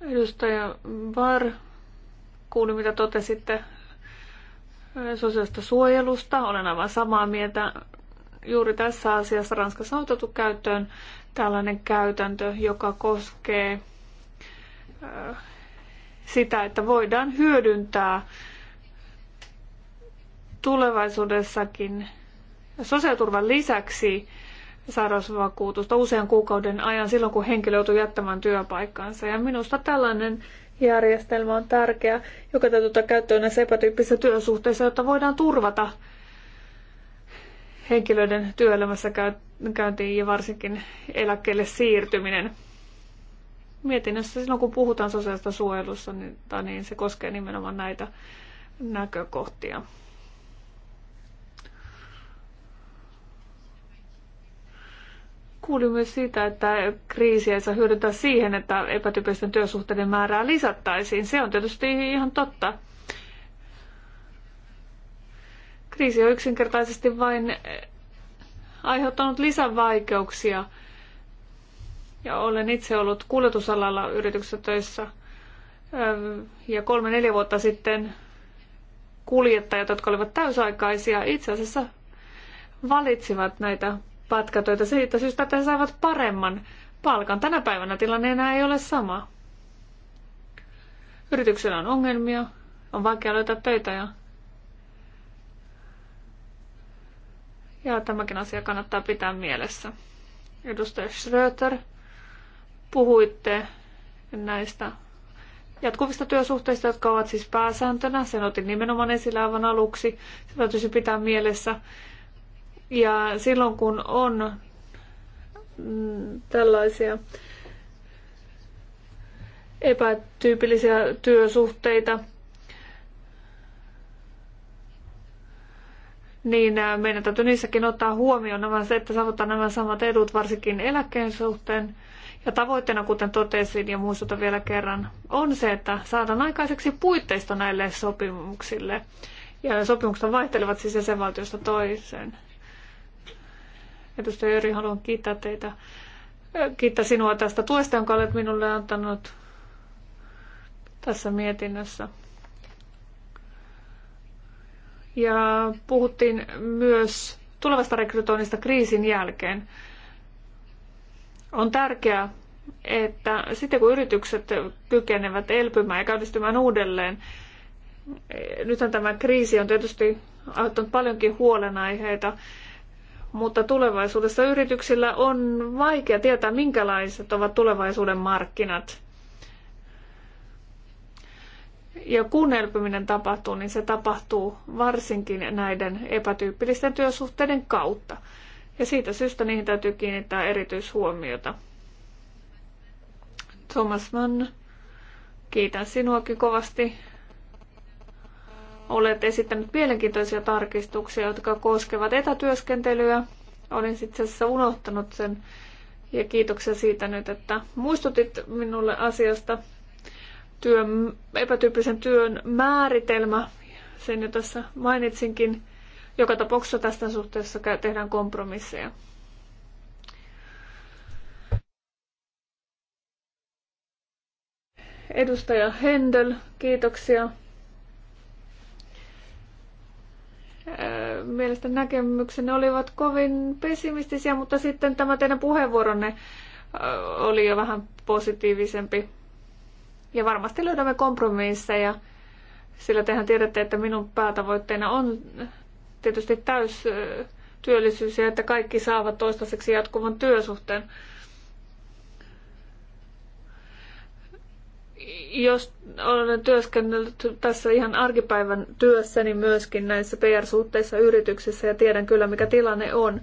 Edustaja Var, kuulin mitä totesitte sosiaalista suojelusta. Olen aivan samaa mieltä. Juuri tässä asiassa Ranskassa on otettu käyttöön tällainen käytäntö, joka koskee äh, sitä, että voidaan hyödyntää tulevaisuudessakin sosiaaliturvan lisäksi sairausvakuutusta usean kuukauden ajan silloin, kun henkilö joutuu jättämään työpaikkaansa. Ja minusta tällainen järjestelmä on tärkeä, joka täytyy ottaa käyttöön näissä epätyyppisissä työsuhteissa, jotta voidaan turvata henkilöiden työelämässä käyntiin ja varsinkin eläkkeelle siirtyminen. Mietinnössä silloin, kun puhutaan sosiaalista suojelusta, niin, niin se koskee nimenomaan näitä näkökohtia. Kuulin myös siitä, että kriisiä ei saa hyödyntää siihen, että epätyypillisten työsuhteiden määrää lisättäisiin. Se on tietysti ihan totta. Kriisi on yksinkertaisesti vain eh, aiheuttanut lisävaikeuksia. Ja olen itse ollut kuljetusalalla yrityksessä töissä. Eh, ja kolme-neljä vuotta sitten kuljettajat, jotka olivat täysaikaisia, itse asiassa valitsivat näitä pätkätöitä siitä syystä, että he saavat paremman palkan. Tänä päivänä tilanne enää ei ole sama. Yrityksellä on ongelmia, on vaikea löytää töitä ja Ja tämäkin asia kannattaa pitää mielessä. Edustaja Schröter, puhuitte näistä jatkuvista työsuhteista, jotka ovat siis pääsääntönä. Sen otin nimenomaan esillä aivan aluksi. Se täytyisi pitää mielessä. Ja silloin kun on mm, tällaisia epätyypillisiä työsuhteita, niin meidän täytyy niissäkin ottaa huomioon nämä, se, että saavuttaa nämä samat edut varsinkin eläkkeen suhteen. Ja tavoitteena, kuten totesin ja muistutan vielä kerran, on se, että saadaan aikaiseksi puitteista näille sopimuksille. Ja sopimukset vaihtelevat siis jäsenvaltiosta toiseen. Edustaja Jöri, haluan kiittää teitä, kiittää sinua tästä tuesta, jonka olet minulle antanut tässä mietinnössä. Ja puhuttiin myös tulevasta rekrytoinnista kriisin jälkeen. On tärkeää, että sitten kun yritykset kykenevät elpymään ja käynnistymään uudelleen, e, nythän tämä kriisi on tietysti aiheuttanut paljonkin huolenaiheita mutta tulevaisuudessa yrityksillä on vaikea tietää, minkälaiset ovat tulevaisuuden markkinat. Ja kun elpyminen tapahtuu, niin se tapahtuu varsinkin näiden epätyypillisten työsuhteiden kautta. Ja siitä syystä niihin täytyy kiinnittää erityishuomiota. Thomas Mann, kiitän sinuakin kovasti olet esittänyt mielenkiintoisia tarkistuksia, jotka koskevat etätyöskentelyä. Olin itse asiassa unohtanut sen ja kiitoksia siitä nyt, että muistutit minulle asiasta. Työn, epätyyppisen työn määritelmä, sen jo tässä mainitsinkin. Joka tapauksessa tästä suhteessa tehdään kompromisseja. Edustaja Hendel, kiitoksia Äh, mielestä näkemyksenne olivat kovin pessimistisiä, mutta sitten tämä teidän puheenvuoronne äh, oli jo vähän positiivisempi. Ja varmasti löydämme kompromisseja, sillä tehän tiedätte, että minun päätavoitteena on tietysti täys äh, työllisyys ja että kaikki saavat toistaiseksi jatkuvan työsuhteen. jos olen työskennellyt tässä ihan arkipäivän työssäni niin myöskin näissä PR-suhteissa yrityksissä ja tiedän kyllä mikä tilanne on.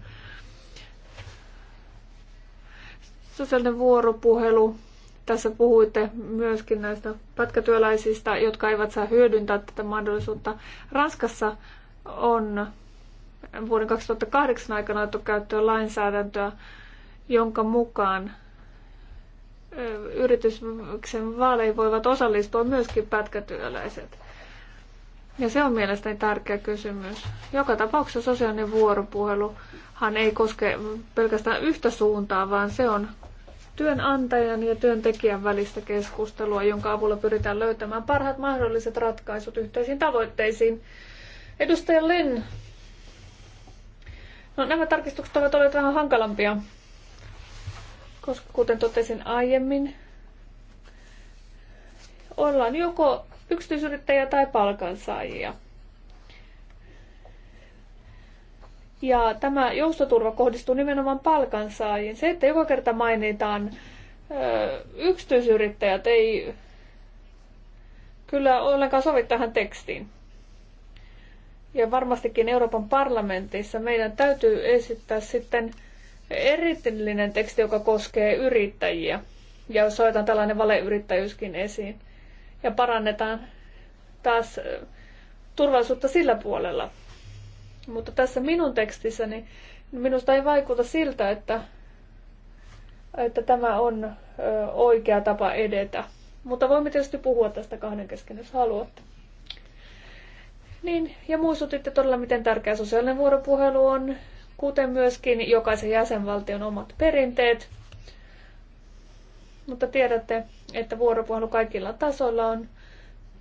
Sosiaalinen vuoropuhelu. Tässä puhuitte myöskin näistä pätkätyöläisistä, jotka eivät saa hyödyntää tätä mahdollisuutta. Ranskassa on vuoden 2008 aikana otettu käyttöön lainsäädäntöä, jonka mukaan yrityksen vaaleihin voivat osallistua myöskin pätkätyöläiset. Ja se on mielestäni tärkeä kysymys. Joka tapauksessa sosiaalinen vuoropuheluhan ei koske pelkästään yhtä suuntaa, vaan se on työnantajan ja työntekijän välistä keskustelua, jonka avulla pyritään löytämään parhaat mahdolliset ratkaisut yhteisiin tavoitteisiin. Edustaja Lynn, no nämä tarkistukset ovat olleet vähän hankalampia koska kuten totesin aiemmin, ollaan joko yksityisyrittäjä tai palkansaajia. Ja tämä joustoturva kohdistuu nimenomaan palkansaajiin. Se, että joka kerta mainitaan yksityisyrittäjät, ei kyllä ollenkaan sovi tähän tekstiin. Ja varmastikin Euroopan parlamentissa meidän täytyy esittää sitten erityinen teksti, joka koskee yrittäjiä. Ja jos soitan tällainen valeyrittäjyyskin esiin ja parannetaan taas turvallisuutta sillä puolella. Mutta tässä minun tekstissäni minusta ei vaikuta siltä, että, että tämä on oikea tapa edetä. Mutta voimme tietysti puhua tästä kahden kesken, jos haluatte. Niin, ja muistutitte todella, miten tärkeä sosiaalinen vuoropuhelu on kuten myöskin jokaisen jäsenvaltion omat perinteet. Mutta tiedätte, että vuoropuhelu kaikilla tasoilla on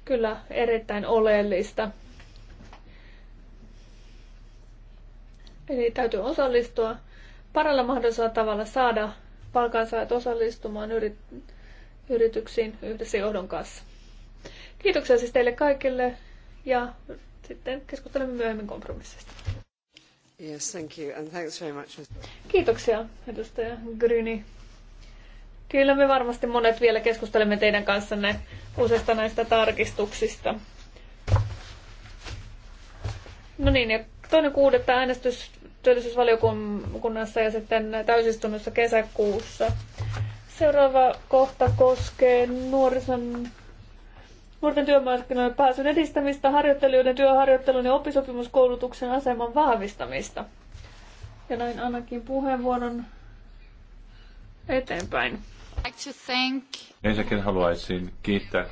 kyllä erittäin oleellista. Eli täytyy osallistua paralla mahdollisella tavalla saada palkansaajat osallistumaan yrit- yrityksiin yhdessä johdon kanssa. Kiitoksia siis teille kaikille ja sitten keskustelemme myöhemmin kompromissista. Yes, thank you, and thanks very much. Kiitoksia, edustaja Gryni. Kyllä me varmasti monet vielä keskustelemme teidän kanssanne useista näistä tarkistuksista. No niin, ja toinen kuudetta äänestys työllisyysvaliokunnassa ja sitten täysistunnossa kesäkuussa. Seuraava kohta koskee nuorison nuorten työmarkkinoiden pääsyn edistämistä, harjoittelijoiden työharjoittelun ja oppisopimuskoulutuksen aseman vahvistamista. Ja näin annakin puheenvuoron eteenpäin. Ensinnäkin haluaisin kiittää,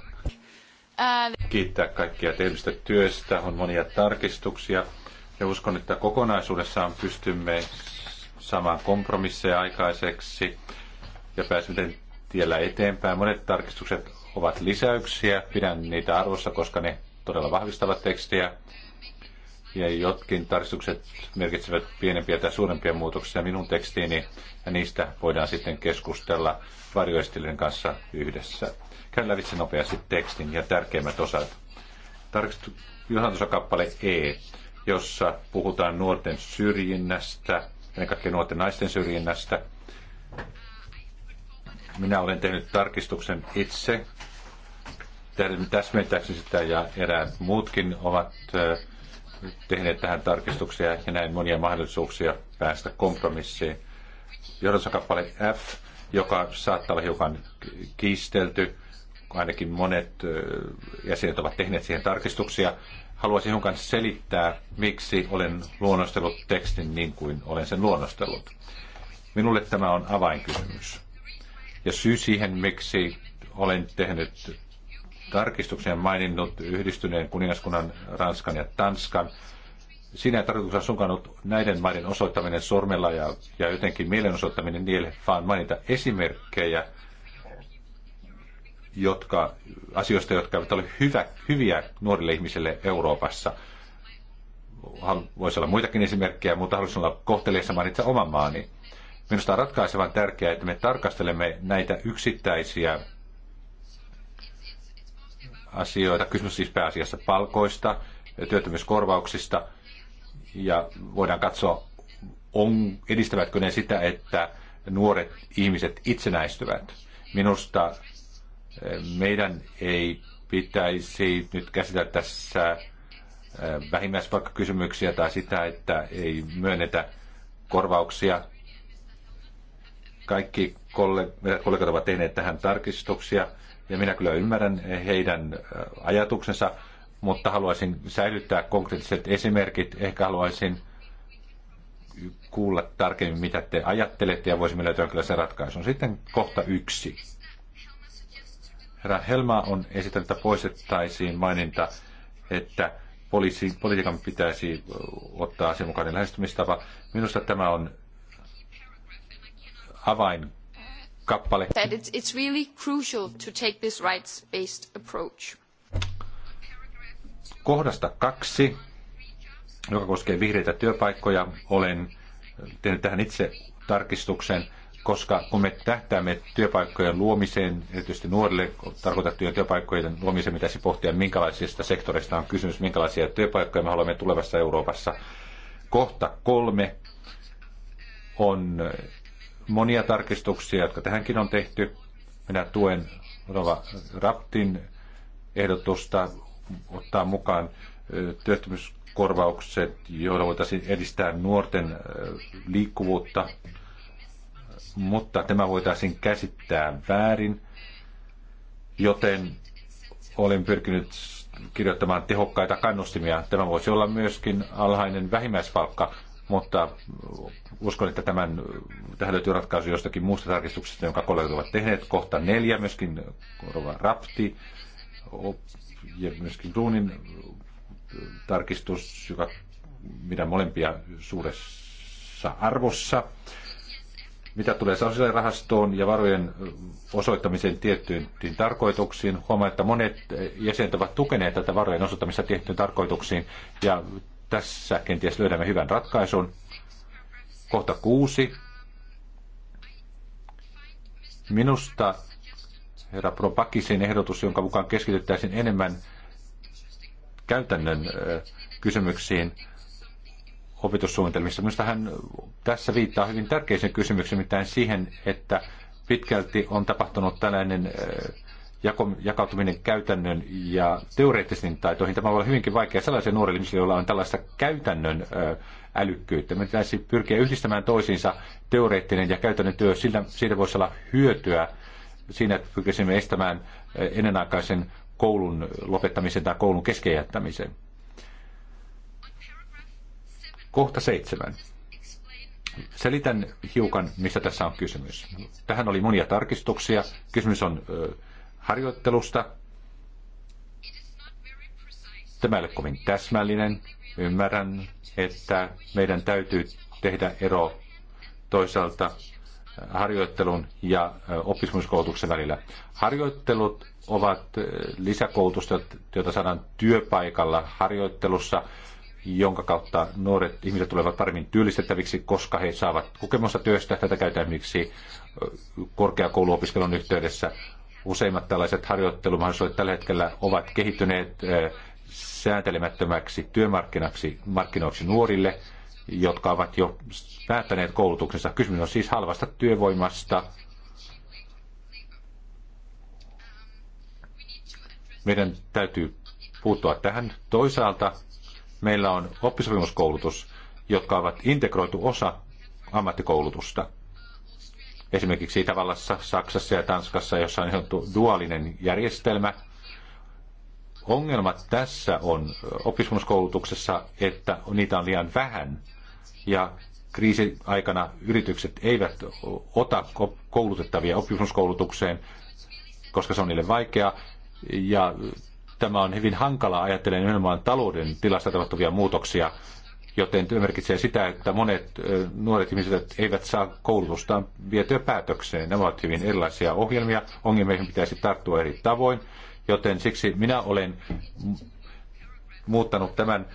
kiittää kaikkia tehdystä työstä. On monia tarkistuksia ja uskon, että kokonaisuudessaan pystymme saamaan kompromisseja aikaiseksi ja pääsemme tiellä eteenpäin. Monet tarkistukset ovat lisäyksiä. Pidän niitä arvossa, koska ne todella vahvistavat tekstiä. Ja jotkin tarkistukset merkitsevät pienempiä tai suurempia muutoksia minun tekstiini, ja niistä voidaan sitten keskustella varjoistilien kanssa yhdessä. Käyn lävitse nopeasti tekstin ja tärkeimmät osat. Tarkistus kappale E, jossa puhutaan nuorten syrjinnästä, ennen kaikkea nuorten naisten syrjinnästä – minä olen tehnyt tarkistuksen itse täsmentääkseni sitä ja eräät muutkin ovat tehneet tähän tarkistuksia ja näin monia mahdollisuuksia päästä kompromissiin. Johdossa kappale F, joka saattaa olla hiukan kiistelty, ainakin monet jäsenet ovat tehneet siihen tarkistuksia. Haluaisin hiukan selittää, miksi olen luonnostellut tekstin niin kuin olen sen luonnostellut. Minulle tämä on avainkysymys. Ja syy siihen, miksi olen tehnyt tarkistuksen ja maininnut yhdistyneen kuningaskunnan Ranskan ja Tanskan, siinä ei tarkoituksena sunkaan ollut näiden maiden osoittaminen sormella ja, ja jotenkin mielenosoittaminen niille, vaan mainita esimerkkejä jotka, asioista, jotka eivät ole hyvä, hyviä nuorille ihmisille Euroopassa. Voisi olla muitakin esimerkkejä, mutta haluaisin olla kohteliassa mainita oman maani. Minusta on ratkaisevan tärkeää, että me tarkastelemme näitä yksittäisiä asioita. Kysymys siis pääasiassa palkoista, työttömyyskorvauksista ja voidaan katsoa, on, edistävätkö ne sitä, että nuoret ihmiset itsenäistyvät. Minusta eh, meidän ei pitäisi nyt käsitellä tässä eh, vähimmäispalkkakysymyksiä tai sitä, että ei myönnetä korvauksia kaikki kollegat ovat tehneet tähän tarkistuksia ja minä kyllä ymmärrän heidän ajatuksensa, mutta haluaisin säilyttää konkreettiset esimerkit. Ehkä haluaisin kuulla tarkemmin, mitä te ajattelette ja voisimme löytää kyllä sen ratkaisun. Sitten kohta yksi. Herra Helma on esittänyt, että poistettaisiin maininta, että poliisi, politiikan pitäisi ottaa asianmukainen lähestymistapa. Minusta tämä on avainkappale. It's, it's really crucial to take this rights-based approach. Kohdasta kaksi, joka koskee vihreitä työpaikkoja, olen tehnyt tähän itse tarkistuksen, koska kun me tähtäämme työpaikkojen luomiseen, erityisesti nuorille tarkoitettujen työpaikkojen luomiseen, pitäisi pohtia, minkälaisista sektoreista on kysymys, minkälaisia työpaikkoja me haluamme tulevassa Euroopassa. Kohta kolme on monia tarkistuksia, jotka tähänkin on tehty. Minä tuen Rova Raptin ehdotusta ottaa mukaan työttömyyskorvaukset, joilla voitaisiin edistää nuorten liikkuvuutta, mutta tämä voitaisiin käsittää väärin, joten olen pyrkinyt kirjoittamaan tehokkaita kannustimia. Tämä voisi olla myöskin alhainen vähimmäispalkka, mutta uskon, että tämän, tähän löytyy ratkaisu jostakin muusta tarkistuksesta, jonka kollegat ovat tehneet. Kohta neljä, myöskin Rova Rapti ja myöskin Ruunin tarkistus, joka mitä molempia suuressa arvossa. Mitä tulee sosiaalirahastoon ja varojen osoittamiseen tiettyihin tarkoituksiin, huomaa, että monet jäsenet ovat tukeneet tätä varojen osoittamista tiettyihin tarkoituksiin ja tässä kenties löydämme hyvän ratkaisun. Kohta kuusi. Minusta herra Propakisin ehdotus, jonka mukaan keskityttäisiin enemmän käytännön kysymyksiin opetussuunnitelmissa. Minusta hän tässä viittaa hyvin tärkeisen kysymyksen, mitään siihen, että pitkälti on tapahtunut tällainen äh, jakautuminen käytännön ja teoreettisiin taitoihin. Tämä voi olla hyvinkin vaikea sellaisen nuorille ihmisille, joilla on tällaista käytännön älykkyyttä. Me pitäisi pyrkiä yhdistämään toisiinsa teoreettinen ja käytännön työ. Sillä, siitä voisi olla hyötyä siinä, että pyrkisimme estämään ennenaikaisen koulun lopettamisen tai koulun keskeyttämisen. Kohta seitsemän. Selitän hiukan, mistä tässä on kysymys. Tähän oli monia tarkistuksia. Kysymys on harjoittelusta. Tämä ei ole kovin täsmällinen. Ymmärrän, että meidän täytyy tehdä ero toisaalta äh, harjoittelun ja äh, oppisopimuskoulutuksen välillä. Harjoittelut ovat äh, lisäkoulutusta, joita saadaan työpaikalla harjoittelussa, jonka kautta nuoret ihmiset tulevat paremmin työllistettäviksi, koska he saavat kokemusta työstä. Tätä käytetään esimerkiksi korkeakouluopiskelun yhteydessä Useimmat tällaiset harjoittelumahdollisuudet tällä hetkellä ovat kehittyneet eh, sääntelemättömäksi työmarkkinaksi markkinoiksi nuorille, jotka ovat jo päättäneet koulutuksensa. Kysymys on siis halvasta työvoimasta. Meidän täytyy puuttua tähän. Toisaalta meillä on oppisopimuskoulutus, jotka ovat integroitu osa ammattikoulutusta. Esimerkiksi Itävallassa, Saksassa ja Tanskassa, jossa on sanottu duaalinen järjestelmä. Ongelmat tässä on oppisopimuskoulutuksessa, että niitä on liian vähän ja kriisi-aikana yritykset eivät ota koulutettavia oppisopimuskoulutukseen, koska se on niille vaikeaa. Ja tämä on hyvin hankalaa ajatellen nimenomaan talouden tilasta tapahtuvia muutoksia, joten se merkitsee sitä, että monet nuoret ihmiset eivät saa koulutustaan vietyä päätökseen. Nämä ovat hyvin erilaisia ohjelmia, ongelmiin pitäisi tarttua eri tavoin, joten siksi minä olen muuttanut tämän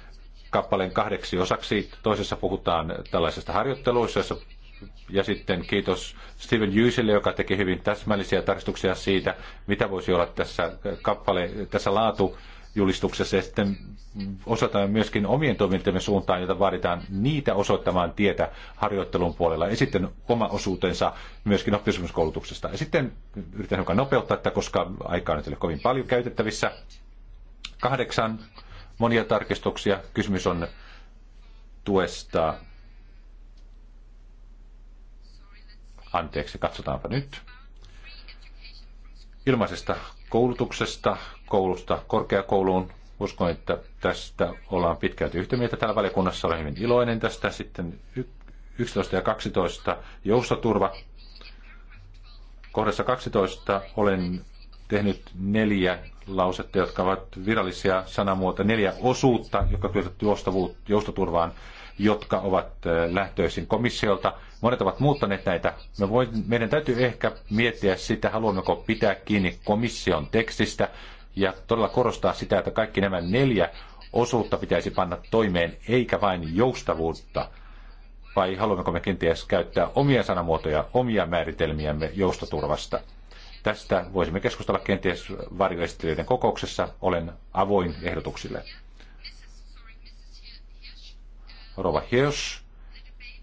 kappaleen kahdeksi osaksi. Toisessa puhutaan tällaisesta harjoitteluissa, ja sitten kiitos Steven Jysille, joka teki hyvin täsmällisiä tarkistuksia siitä, mitä voisi olla tässä kappale, tässä laatu julistuksessa ja sitten osoitamme myöskin omien toimintamme suuntaan, jota vaaditaan niitä osoittamaan tietä harjoittelun puolella ja sitten oma osuutensa myöskin oppisopimuskoulutuksesta. Ja sitten yritän hiukan nopeuttaa että koska aikaa nyt ei ole kovin paljon käytettävissä. Kahdeksan monia tarkistuksia. Kysymys on tuesta. Anteeksi, katsotaanpa nyt. Ilmaisesta koulutuksesta, koulusta korkeakouluun. Uskon, että tästä ollaan pitkälti yhtä mieltä täällä valiokunnassa. Olen hyvin iloinen tästä. Sitten 11 ja 12 joustoturva. Kohdassa 12 olen tehnyt neljä lausetta, jotka ovat virallisia sanamuotoja, neljä osuutta, jotka kyllä joustavuut, joustoturvaan jotka ovat lähtöisin komissiolta. Monet ovat muuttaneet näitä. Me voi, meidän täytyy ehkä miettiä sitä, haluammeko pitää kiinni komission tekstistä ja todella korostaa sitä, että kaikki nämä neljä osuutta pitäisi panna toimeen, eikä vain joustavuutta. Vai haluammeko me kenties käyttää omia sanamuotoja, omia määritelmiämme joustoturvasta? Tästä voisimme keskustella kenties varjoesittelijöiden kokouksessa. Olen avoin ehdotuksille. Rova Hirsch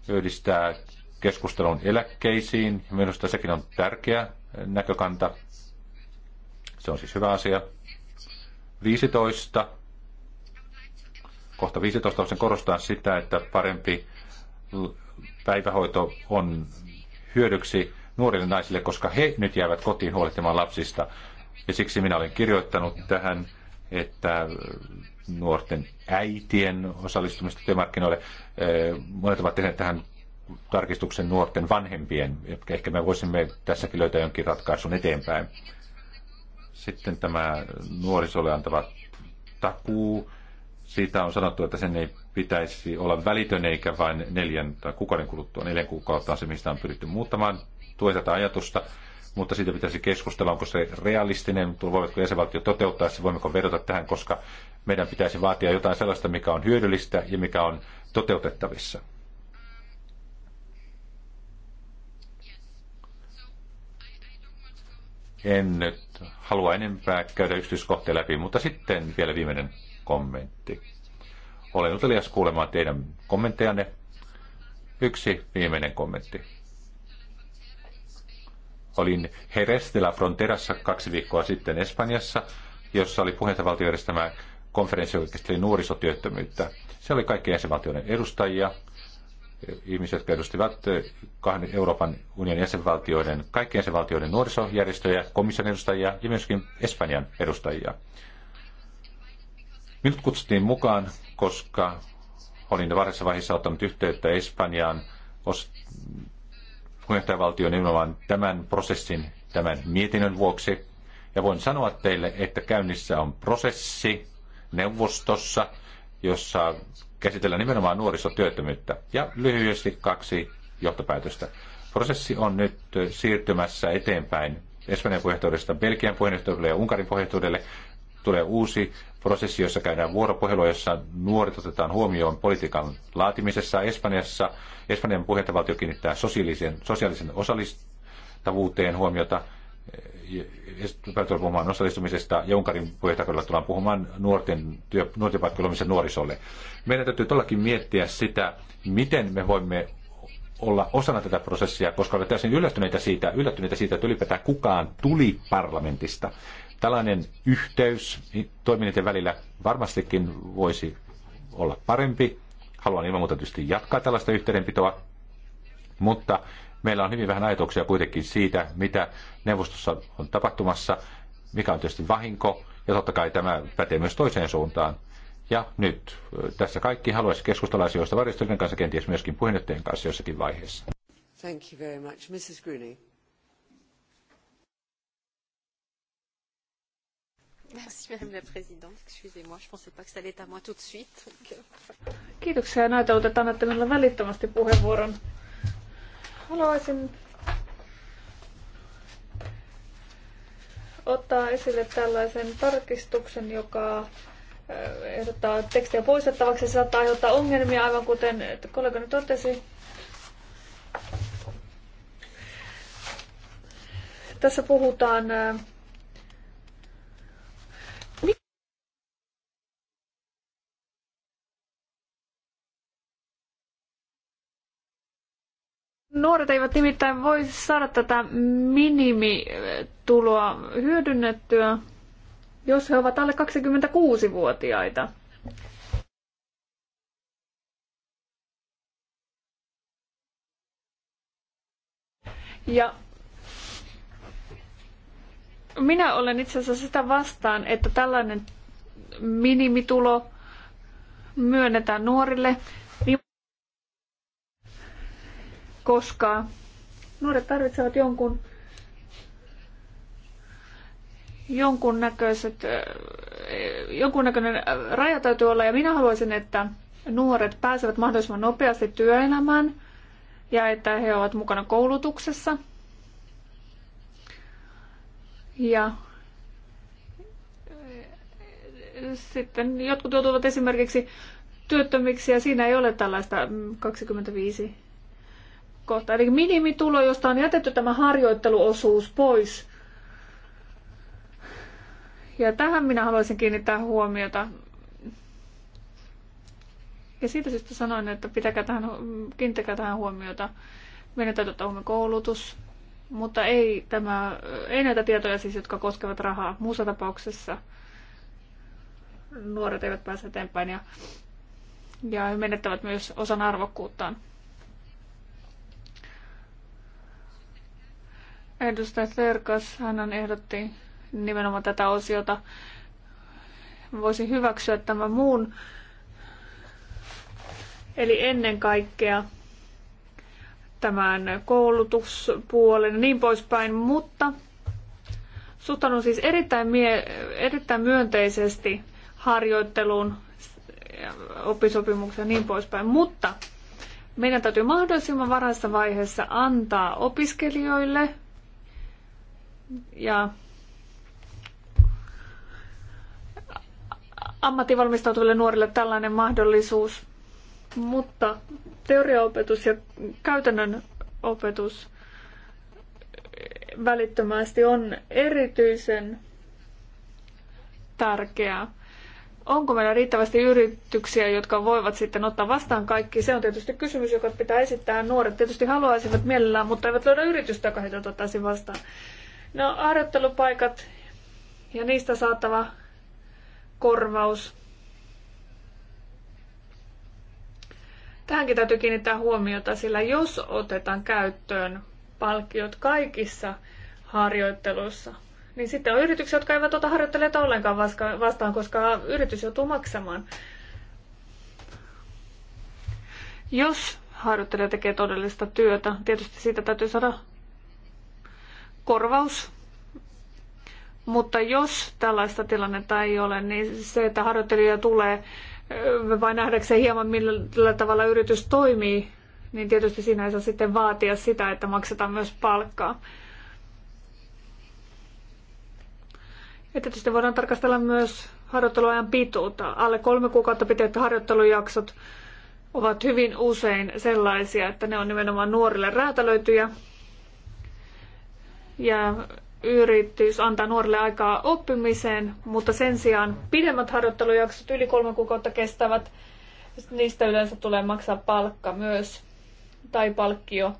yhdistää keskustelun eläkkeisiin. Minusta sekin on tärkeä näkökanta. Se on siis hyvä asia. 15. Kohta 15 sen korostaa sitä, että parempi päivähoito on hyödyksi nuorille naisille, koska he nyt jäävät kotiin huolehtimaan lapsista. Ja siksi minä olen kirjoittanut tähän, että nuorten äitien osallistumista työmarkkinoille. Monet ovat tehneet tähän tarkistuksen nuorten vanhempien. Ehkä me voisimme tässäkin löytää jonkin ratkaisun eteenpäin. Sitten tämä nuorisolle antava takuu. Siitä on sanottu, että sen ei pitäisi olla välitön eikä vain neljän tai kuukauden kuluttua. Neljän kuukautta on se, mistä on pyritty muuttamaan. Tuen tätä ajatusta mutta siitä pitäisi keskustella, onko se realistinen, voivatko jäsenvaltio toteuttaa se, voimmeko vedota tähän, koska meidän pitäisi vaatia jotain sellaista, mikä on hyödyllistä ja mikä on toteutettavissa. En nyt halua enempää käydä yksityiskohtia läpi, mutta sitten vielä viimeinen kommentti. Olen utelias kuulemaan teidän kommenttejanne. Yksi viimeinen kommentti. Olin Jerez de la Fronterassa kaksi viikkoa sitten Espanjassa, jossa oli puheenjohtajavaltio järjestämä konferenssi, joka käsitteli nuorisotyöttömyyttä. Se oli kaikkien jäsenvaltioiden edustajia, ihmisiä, jotka edustivat eh, kahden Euroopan unionin jäsenvaltioiden, kaikkien jäsenvaltioiden nuorisojärjestöjä, komission edustajia ja myöskin Espanjan edustajia. Minut kutsuttiin mukaan, koska olin varhaisessa vaiheessa ottanut yhteyttä Espanjaan puheenjohtajavaltioon nimenomaan tämän prosessin, tämän mietinnön vuoksi. Ja voin sanoa teille, että käynnissä on prosessi, neuvostossa, jossa käsitellään nimenomaan nuorisotyöttömyyttä. Ja lyhyesti kaksi johtopäätöstä. Prosessi on nyt siirtymässä eteenpäin Espanjan puheenjohtajuudesta Belgian puheenjohtajuudelle ja Unkarin puheenjohtajuudelle. Tulee uusi prosessi, jossa käydään vuoropuhelua, jossa nuoret otetaan huomioon politiikan laatimisessa Espanjassa. Espanjan puheenjohtajavaltio kiinnittää sosiaalisen, sosiaalisen osallistavuuteen huomiota – puhumaan osallistumisesta ja Unkarin puheenjohtajakaudella tullaan puhumaan nuorten, työ, nuorten nuorisolle. Meidän täytyy todellakin miettiä sitä, miten me voimme olla osana tätä prosessia, koska olen täysin yllättyneitä siitä, yllättyneitä siitä, että ylipäätään kukaan tuli parlamentista. Tällainen yhteys toiminnan välillä varmastikin voisi olla parempi. Haluan ilman muuta tietysti jatkaa tällaista yhteydenpitoa, mutta meillä on hyvin vähän ajatuksia kuitenkin siitä, mitä neuvostossa on tapahtumassa, mikä on tietysti vahinko, ja totta kai tämä pätee myös toiseen suuntaan. Ja nyt tässä kaikki haluaisi keskustella asioista varjostelijan kanssa, kenties myöskin puheenjohtajien kanssa jossakin vaiheessa. Thank you very much. Mrs. Gruny. Merci Madame la Présidente. Excusez-moi, je pensais pas que ça allait à moi tout de suite. Kiitoksia näytöltä, että annatte minulle välittömästi puheenvuoron. Haluaisin ottaa esille tällaisen tarkistuksen, joka äh, ehdottaa tekstiä poistettavaksi. ja saattaa aiheuttaa ongelmia, aivan kuten kollegani totesi. Tässä puhutaan äh, Nuoret eivät nimittäin voi saada tätä minimituloa hyödynnettyä, jos he ovat alle 26-vuotiaita. Ja minä olen itse asiassa sitä vastaan, että tällainen minimitulo myönnetään nuorille koska nuoret tarvitsevat jonkun jonkun jonkun näköinen raja täytyy olla ja minä haluaisin, että nuoret pääsevät mahdollisimman nopeasti työelämään ja että he ovat mukana koulutuksessa. Ja sitten jotkut joutuvat esimerkiksi työttömiksi ja siinä ei ole tällaista 25 mm, kohta. Eli minimitulo, josta on jätetty tämä harjoitteluosuus pois. Ja tähän minä haluaisin kiinnittää huomiota. Ja siitä syystä sanoin, että pitäkää tähän, kiinnittäkää tähän huomiota. Meidän täytyy ottaa huomioon koulutus, mutta ei, tämä, ei näitä tietoja siis, jotka koskevat rahaa. Muussa tapauksessa nuoret eivät pääse eteenpäin ja, ja menettävät myös osan arvokkuuttaan. Edustaja Serkas, hän on ehdotti nimenomaan tätä osiota. Voisi hyväksyä tämän muun. Eli ennen kaikkea tämän koulutuspuolen ja niin poispäin, mutta suhtaudun siis erittäin, mie- erittäin myönteisesti harjoitteluun, oppisopimukseen ja niin poispäin, mutta meidän täytyy mahdollisimman varhaisessa vaiheessa antaa opiskelijoille ammattivalmistautuville nuorille tällainen mahdollisuus. Mutta teoriaopetus ja käytännön opetus välittömästi on erityisen tärkeää. Onko meillä riittävästi yrityksiä, jotka voivat sitten ottaa vastaan kaikki? Se on tietysti kysymys, joka pitää esittää. Nuoret tietysti haluaisivat mielellään, mutta eivät löydä yritystä, joka heitä ottaisi vastaan. No, harjoittelupaikat ja niistä saatava korvaus. Tähänkin täytyy kiinnittää huomiota, sillä jos otetaan käyttöön palkkiot kaikissa harjoitteluissa, niin sitten on yrityksiä, jotka eivät ota harjoittelijoita ollenkaan vastaan, koska yritys joutuu maksamaan. Jos harjoittelija tekee todellista työtä, tietysti siitä täytyy saada korvaus. Mutta jos tällaista tilannetta ei ole, niin se, että harjoittelija tulee vain nähdäkseen hieman, millä tavalla yritys toimii, niin tietysti siinä ei saa sitten vaatia sitä, että maksetaan myös palkkaa. Ja tietysti voidaan tarkastella myös harjoitteluajan pituutta. Alle kolme kuukautta pitävät harjoittelujaksot ovat hyvin usein sellaisia, että ne on nimenomaan nuorille räätälöityjä ja yritys antaa nuorille aikaa oppimiseen, mutta sen sijaan pidemmät harjoittelujaksot, yli kolme kuukautta kestävät, niistä yleensä tulee maksaa palkka myös tai palkkio.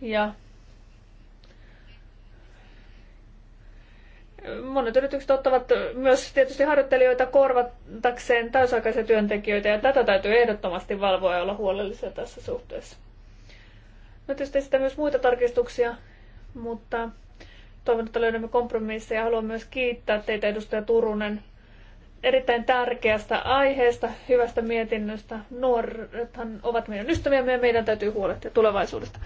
Ja monet yritykset ottavat myös tietysti harjoittelijoita korvatakseen täysaikaisia työntekijöitä, ja tätä täytyy ehdottomasti valvoa ja olla huolellisia tässä suhteessa. No tietysti sitä myös muita tarkistuksia, mutta toivon, että löydämme kompromisseja. Haluan myös kiittää teitä, edustaja Turunen, erittäin tärkeästä aiheesta, hyvästä mietinnöstä. Nuorethan ovat meidän ystäviämme ja meidän täytyy huolehtia tulevaisuudesta.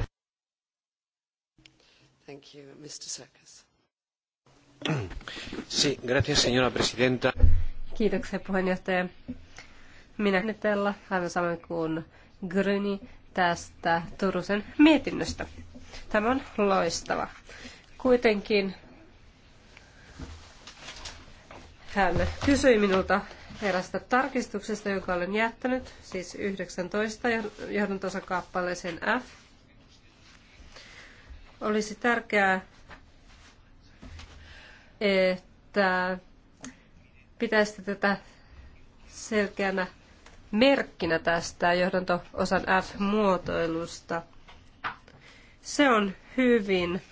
Thank you, Mr. Serkis. Sí, gracias, señora presidenta. Kiitoksia puheenjohtaja. Minä nyt aivan samoin kuin Gryni tästä Turusen mietinnöstä. Tämä on loistava. Kuitenkin hän kysyi minulta erästä tarkistuksesta, jonka olen jättänyt, siis 19 johdantosa F. Olisi tärkeää, että pitäisi tätä selkeänä merkkinä tästä johdanto-osan F-muotoilusta – se on hyvin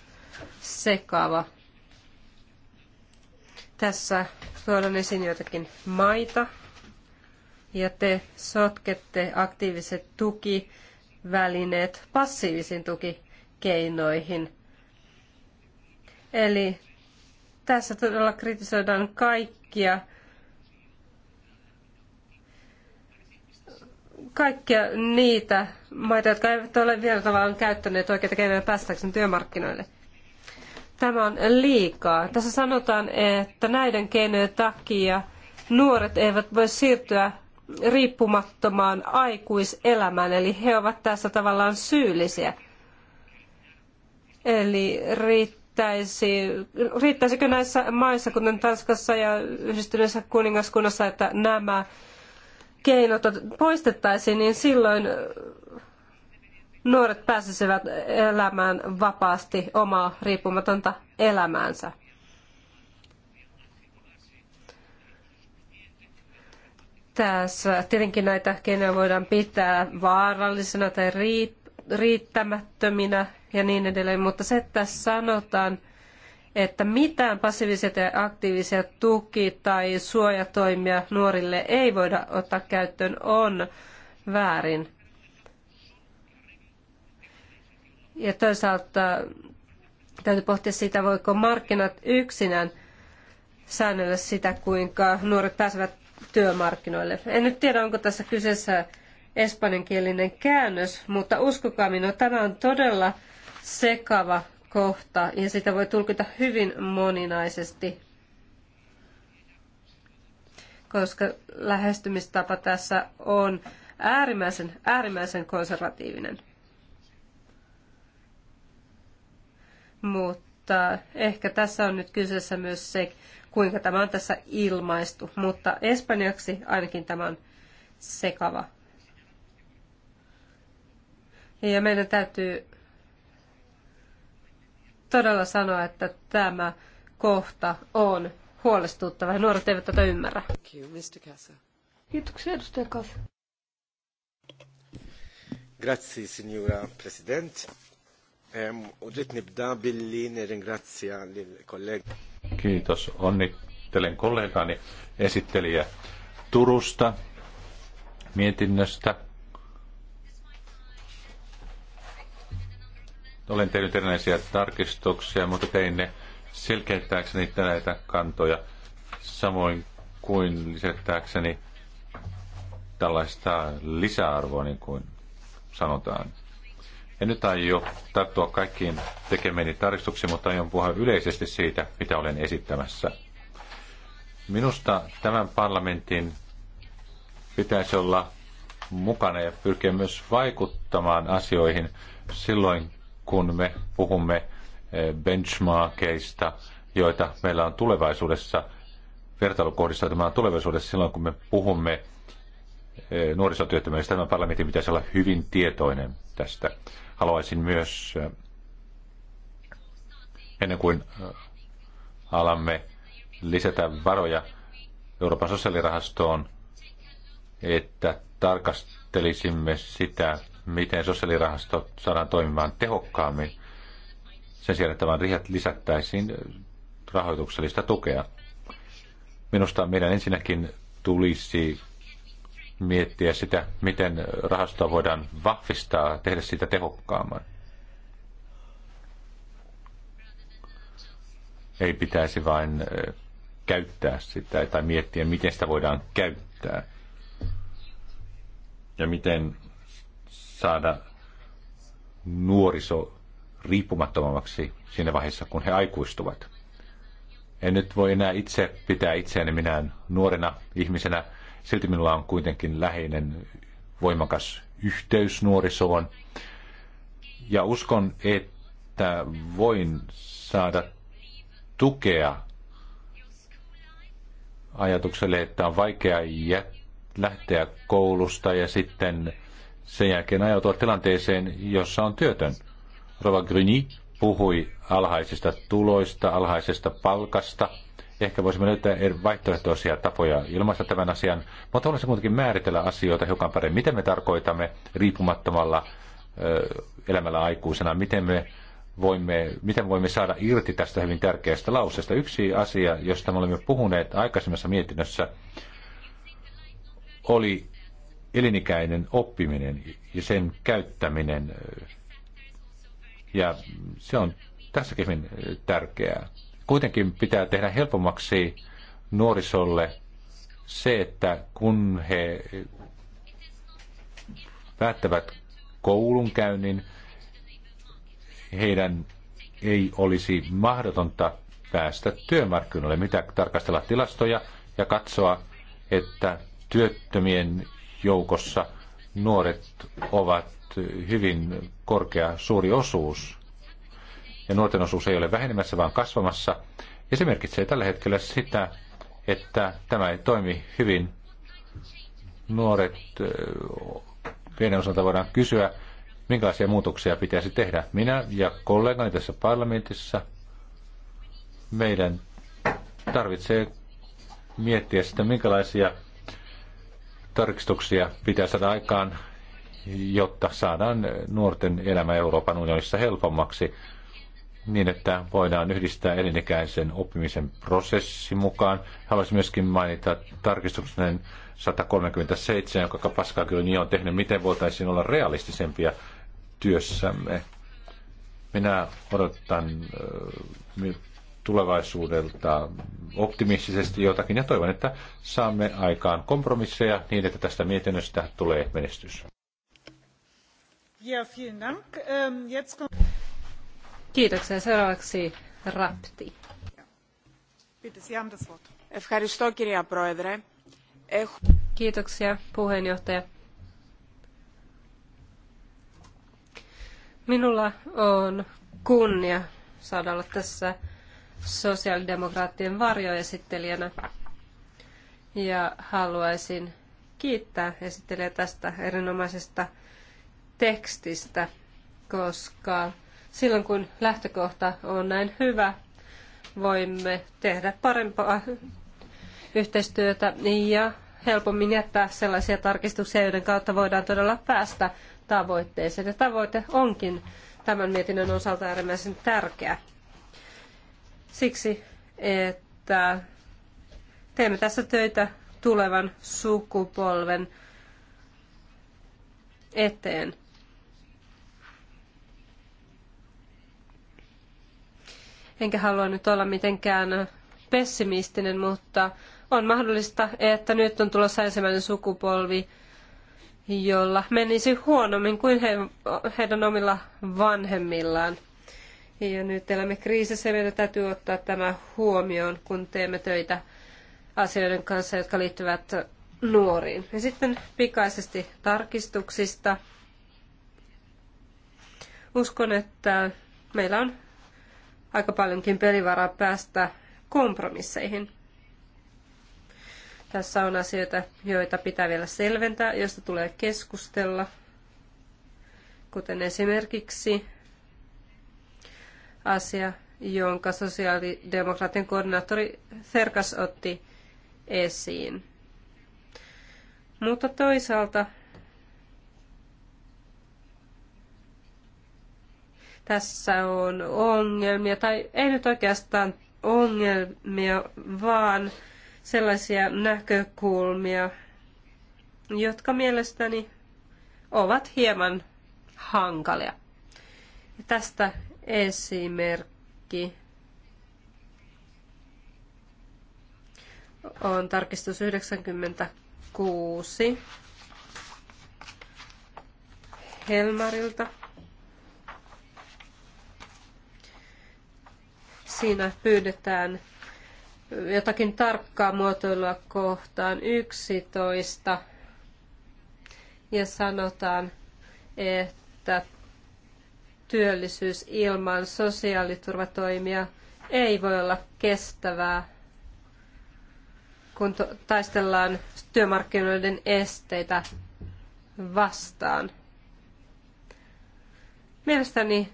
sekava. Tässä tuodaan esiin joitakin maita, ja te sotkette aktiiviset tukivälineet passiivisiin tukikeinoihin. Eli tässä todella kritisoidaan kaikkia, kaikkia niitä maita, jotka eivät ole vielä tavallaan käyttäneet oikeita keinoja päästäkseen työmarkkinoille. Tämä on liikaa. Tässä sanotaan, että näiden keinojen takia nuoret eivät voi siirtyä riippumattomaan aikuiselämään, eli he ovat tässä tavallaan syyllisiä. Eli riittäisi, riittäisikö näissä maissa, kuten Tanskassa ja Yhdistyneessä kuningaskunnassa, että nämä keinot poistettaisiin, niin silloin nuoret pääsisivät elämään vapaasti omaa riippumatonta elämäänsä. Tässä tietenkin näitä keinoja voidaan pitää vaarallisena tai riittämättöminä ja niin edelleen, mutta se, että sanotaan, että mitään passiivisia ja aktiivisia tuki- tai suojatoimia nuorille ei voida ottaa käyttöön, on väärin. Ja toisaalta täytyy pohtia sitä, voiko markkinat yksinään säännellä sitä, kuinka nuoret pääsevät työmarkkinoille. En nyt tiedä, onko tässä kyseessä espanjankielinen käännös, mutta uskokaa minua, tämä on todella sekava kohta, ja sitä voi tulkita hyvin moninaisesti, koska lähestymistapa tässä on äärimmäisen, äärimmäisen konservatiivinen. Mutta ehkä tässä on nyt kyseessä myös se, kuinka tämä on tässä ilmaistu, mutta espanjaksi ainakin tämä on sekava. Ja meidän täytyy todella sanoa, että tämä kohta on huolestuttava ja nuoret eivät tätä ymmärrä. Kiitoksia, edustaja Kassa. Grazzi, signora President. Udit ehm, nibda billi nirringrazzja kollega. Kiitos. Onnittelen kollegani esittelijä Turusta mietinnöstä. Olen tehnyt erinäisiä tarkistuksia, mutta tein ne selkeyttääkseni näitä kantoja, samoin kuin lisättääkseni tällaista lisäarvoa, niin kuin sanotaan. En nyt aio tarttua kaikkiin tekemäni tarkistuksiin, mutta aion puhua yleisesti siitä, mitä olen esittämässä. Minusta tämän parlamentin pitäisi olla mukana ja pyrkiä myös vaikuttamaan asioihin silloin, kun me puhumme eh, benchmarkeista, joita meillä on tulevaisuudessa, vertailukohdissa tämä on tulevaisuudessa silloin, kun me puhumme eh, nuorisotyöttömyydestä, tämä parlamentti pitäisi olla hyvin tietoinen tästä. Haluaisin myös, eh, ennen kuin alamme lisätä varoja Euroopan sosiaalirahastoon, että tarkastelisimme sitä, miten sosiaalirahasto saadaan toimimaan tehokkaammin sen sijaan, että vain lisättäisiin rahoituksellista tukea. Minusta meidän ensinnäkin tulisi miettiä sitä, miten rahastoa voidaan vahvistaa, tehdä sitä tehokkaamman. Ei pitäisi vain eh, käyttää sitä tai miettiä, miten sitä voidaan käyttää. Ja miten saada nuoriso riippumattomammaksi siinä vaiheessa, kun he aikuistuvat. En nyt voi enää itse pitää itseäni minään nuorena ihmisenä, silti minulla on kuitenkin läheinen voimakas yhteys nuorisoon. Ja uskon, että voin saada tukea ajatukselle, että on vaikea lähteä koulusta ja sitten sen jälkeen ajautua tilanteeseen, jossa on työtön. Rova Gryni puhui alhaisista tuloista, alhaisesta palkasta. Ehkä voisimme löytää er-, vaihtoehtoisia tapoja ilmaista tämän asian, mutta olisi kuitenkin määritellä asioita hiukan paremmin. Miten me tarkoitamme riippumattomalla elämällä aikuisena, miten me voimme, miten voimme saada irti tästä hyvin tärkeästä lauseesta. Yksi asia, josta me olemme puhuneet aikaisemmassa mietinnössä, oli elinikäinen oppiminen ja sen käyttäminen. Ja se on tässäkin tärkeää. Kuitenkin pitää tehdä helpommaksi nuorisolle se, että kun he päättävät koulunkäynnin, heidän ei olisi mahdotonta päästä työmarkkinoille, mitä tarkastella tilastoja ja katsoa, että työttömien joukossa nuoret ovat hyvin korkea suuri osuus. Ja nuorten osuus ei ole vähenemässä, vaan kasvamassa. Ja se merkitsee tällä hetkellä sitä, että tämä ei toimi hyvin. Nuoret, pienen eh, osalta voidaan kysyä, minkälaisia muutoksia pitäisi tehdä. Minä ja kollegani tässä parlamentissa, meidän tarvitsee miettiä sitä, minkälaisia tarkistuksia pitää saada aikaan, jotta saadaan nuorten elämä Euroopan unionissa helpommaksi niin, että voidaan yhdistää elinikäisen oppimisen prosessi mukaan. Haluaisin myöskin mainita tarkistuksen 137, joka Pascal niin on tehnyt, miten voitaisiin olla realistisempia työssämme. Minä odotan tulevaisuudelta optimistisesti jotakin ja toivon, että saamme aikaan kompromisseja niin, että tästä mietinnöstä tulee menestys. Ähm, Kiitoksia. Seuraavaksi Rapti. Eh- Kiitoksia puheenjohtaja. Minulla on kunnia saada olla tässä sosiaalidemokraattien varjoesittelijänä. Ja haluaisin kiittää esittelijä tästä erinomaisesta tekstistä, koska silloin kun lähtökohta on näin hyvä, voimme tehdä parempaa yhteistyötä ja helpommin jättää sellaisia tarkistuksia, joiden kautta voidaan todella päästä tavoitteeseen. Ja tavoite onkin tämän mietinnön osalta äärimmäisen tärkeä siksi, että teemme tässä töitä tulevan sukupolven eteen. Enkä halua nyt olla mitenkään pessimistinen, mutta on mahdollista, että nyt on tulossa ensimmäinen sukupolvi, jolla menisi huonommin kuin he, heidän omilla vanhemmillaan. Ja nyt elämme kriisissä ja meidän täytyy ottaa tämä huomioon, kun teemme töitä asioiden kanssa, jotka liittyvät nuoriin. Ja sitten pikaisesti tarkistuksista. Uskon, että meillä on aika paljonkin pelivaraa päästä kompromisseihin. Tässä on asioita, joita pitää vielä selventää, joista tulee keskustella, kuten esimerkiksi asia, jonka sosiaalidemokraattien koordinaattori Serkas otti esiin. Mutta toisaalta tässä on ongelmia, tai ei nyt oikeastaan ongelmia, vaan sellaisia näkökulmia, jotka mielestäni ovat hieman hankalia. tästä esimerkki on tarkistus 96 Helmarilta. Siinä pyydetään jotakin tarkkaa muotoilua kohtaan 11 ja sanotaan, että työllisyys ilman sosiaaliturvatoimia ei voi olla kestävää, kun taistellaan työmarkkinoiden esteitä vastaan. Mielestäni,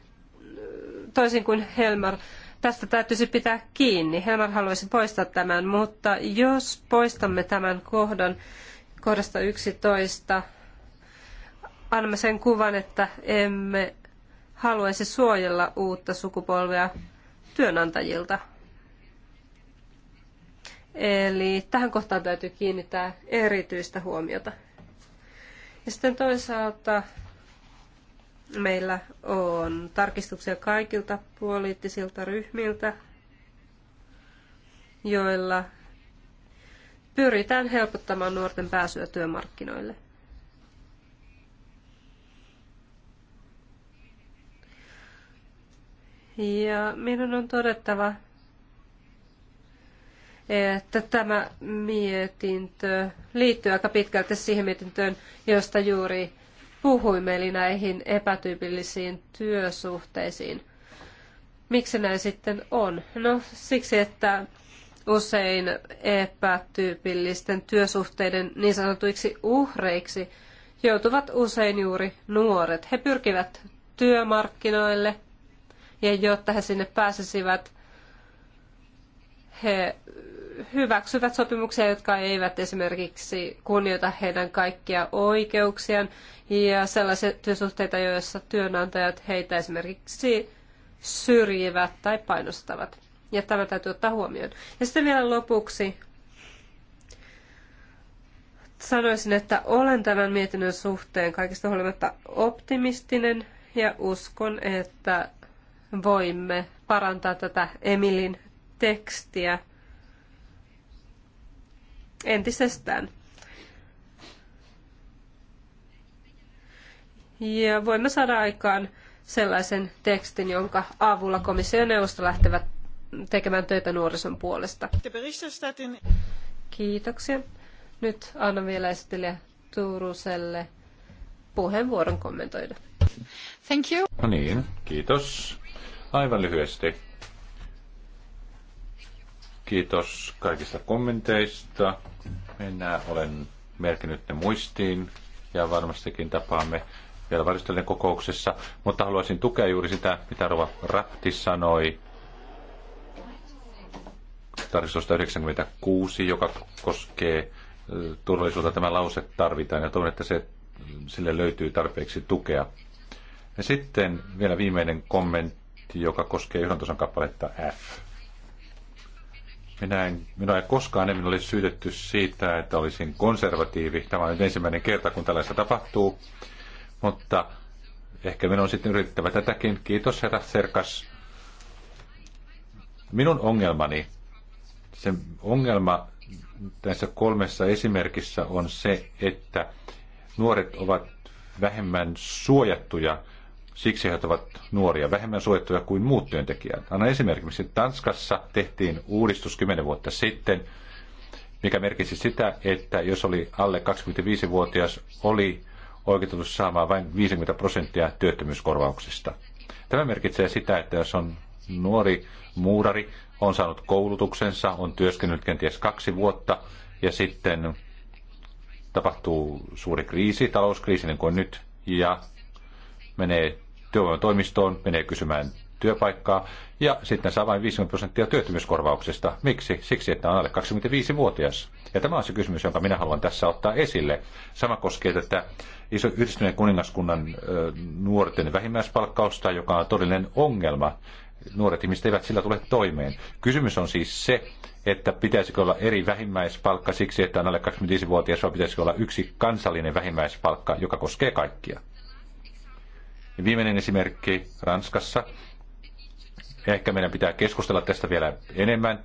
toisin kuin Helmar, tästä täytyisi pitää kiinni. Helmar haluaisi poistaa tämän, mutta jos poistamme tämän kohdan kohdasta 11, annamme sen kuvan, että emme haluaisi suojella uutta sukupolvea työnantajilta. Eli tähän kohtaan täytyy kiinnittää erityistä huomiota. Ja sitten toisaalta meillä on tarkistuksia kaikilta poliittisilta ryhmiltä, joilla pyritään helpottamaan nuorten pääsyä työmarkkinoille. Ja minun on todettava, että tämä mietintö liittyy aika pitkälti siihen mietintöön, josta juuri puhuimme, eli näihin epätyypillisiin työsuhteisiin. Miksi näin sitten on? No siksi, että usein epätyypillisten työsuhteiden niin sanotuiksi uhreiksi joutuvat usein juuri nuoret. He pyrkivät työmarkkinoille ja jotta he sinne pääsisivät, he hyväksyvät sopimuksia, jotka eivät esimerkiksi kunnioita heidän kaikkia oikeuksiaan ja sellaisia työsuhteita, joissa työnantajat heitä esimerkiksi syrjivät tai painostavat. Ja tämä täytyy ottaa huomioon. Ja sitten vielä lopuksi sanoisin, että olen tämän mietinnön suhteen kaikista huolimatta optimistinen ja uskon, että voimme parantaa tätä Emilin tekstiä entisestään. Ja voimme saada aikaan sellaisen tekstin, jonka avulla komissio ja neuvosto lähtevät tekemään töitä nuorison puolesta. Kiitoksia. Nyt annan vielä esittelijä Turuselle puheenvuoron kommentoida. Thank you. No niin, kiitos. Aivan lyhyesti. Kiitos kaikista kommenteista. Minä olen merkinnyt ne muistiin ja varmastikin tapaamme vielä varustelijan kokouksessa, mutta haluaisin tukea juuri sitä, mitä Rova Rapti sanoi tarkistusta 96, joka koskee turvallisuutta. Tämä lause tarvitaan ja toivon, että se, sille löytyy tarpeeksi tukea. Ja sitten vielä viimeinen kommentti joka koskee johdantosan kappaletta F. Minä en, minua ei koskaan en ole syytetty siitä, että olisin konservatiivi. Tämä on nyt ensimmäinen kerta, kun tällaista tapahtuu. Mutta ehkä minun on sitten yritettävä tätäkin. Kiitos herra Serkas. Minun ongelmani, se ongelma tässä kolmessa esimerkissä on se, että nuoret ovat vähemmän suojattuja Siksi he ovat nuoria, vähemmän suojattuja kuin muut työntekijät. Anna esimerkiksi Tanskassa tehtiin uudistus 10 vuotta sitten, mikä merkitsi sitä, että jos oli alle 25-vuotias, oli oikeutettu saamaan vain 50 prosenttia työttömyyskorvauksista. Tämä merkitsee sitä, että jos on nuori muurari, on saanut koulutuksensa, on työskennellyt kenties kaksi vuotta ja sitten tapahtuu suuri kriisi, talouskriisi niin kuin nyt, ja menee työvoimatoimistoon, menee kysymään työpaikkaa ja sitten saa vain 50 prosenttia työttömyyskorvauksesta. Miksi? Siksi, että on alle 25-vuotias. Ja tämä on se kysymys, jonka minä haluan tässä ottaa esille. Sama koskee tätä iso yhdistyneen kuningaskunnan nuorten vähimmäispalkkausta, joka on todellinen ongelma. Nuoret ihmiset eivät sillä tule toimeen. Kysymys on siis se, että pitäisikö olla eri vähimmäispalkka siksi, että on alle 25-vuotias, vai pitäisikö olla yksi kansallinen vähimmäispalkka, joka koskee kaikkia. Viimeinen esimerkki Ranskassa. Ehkä meidän pitää keskustella tästä vielä enemmän,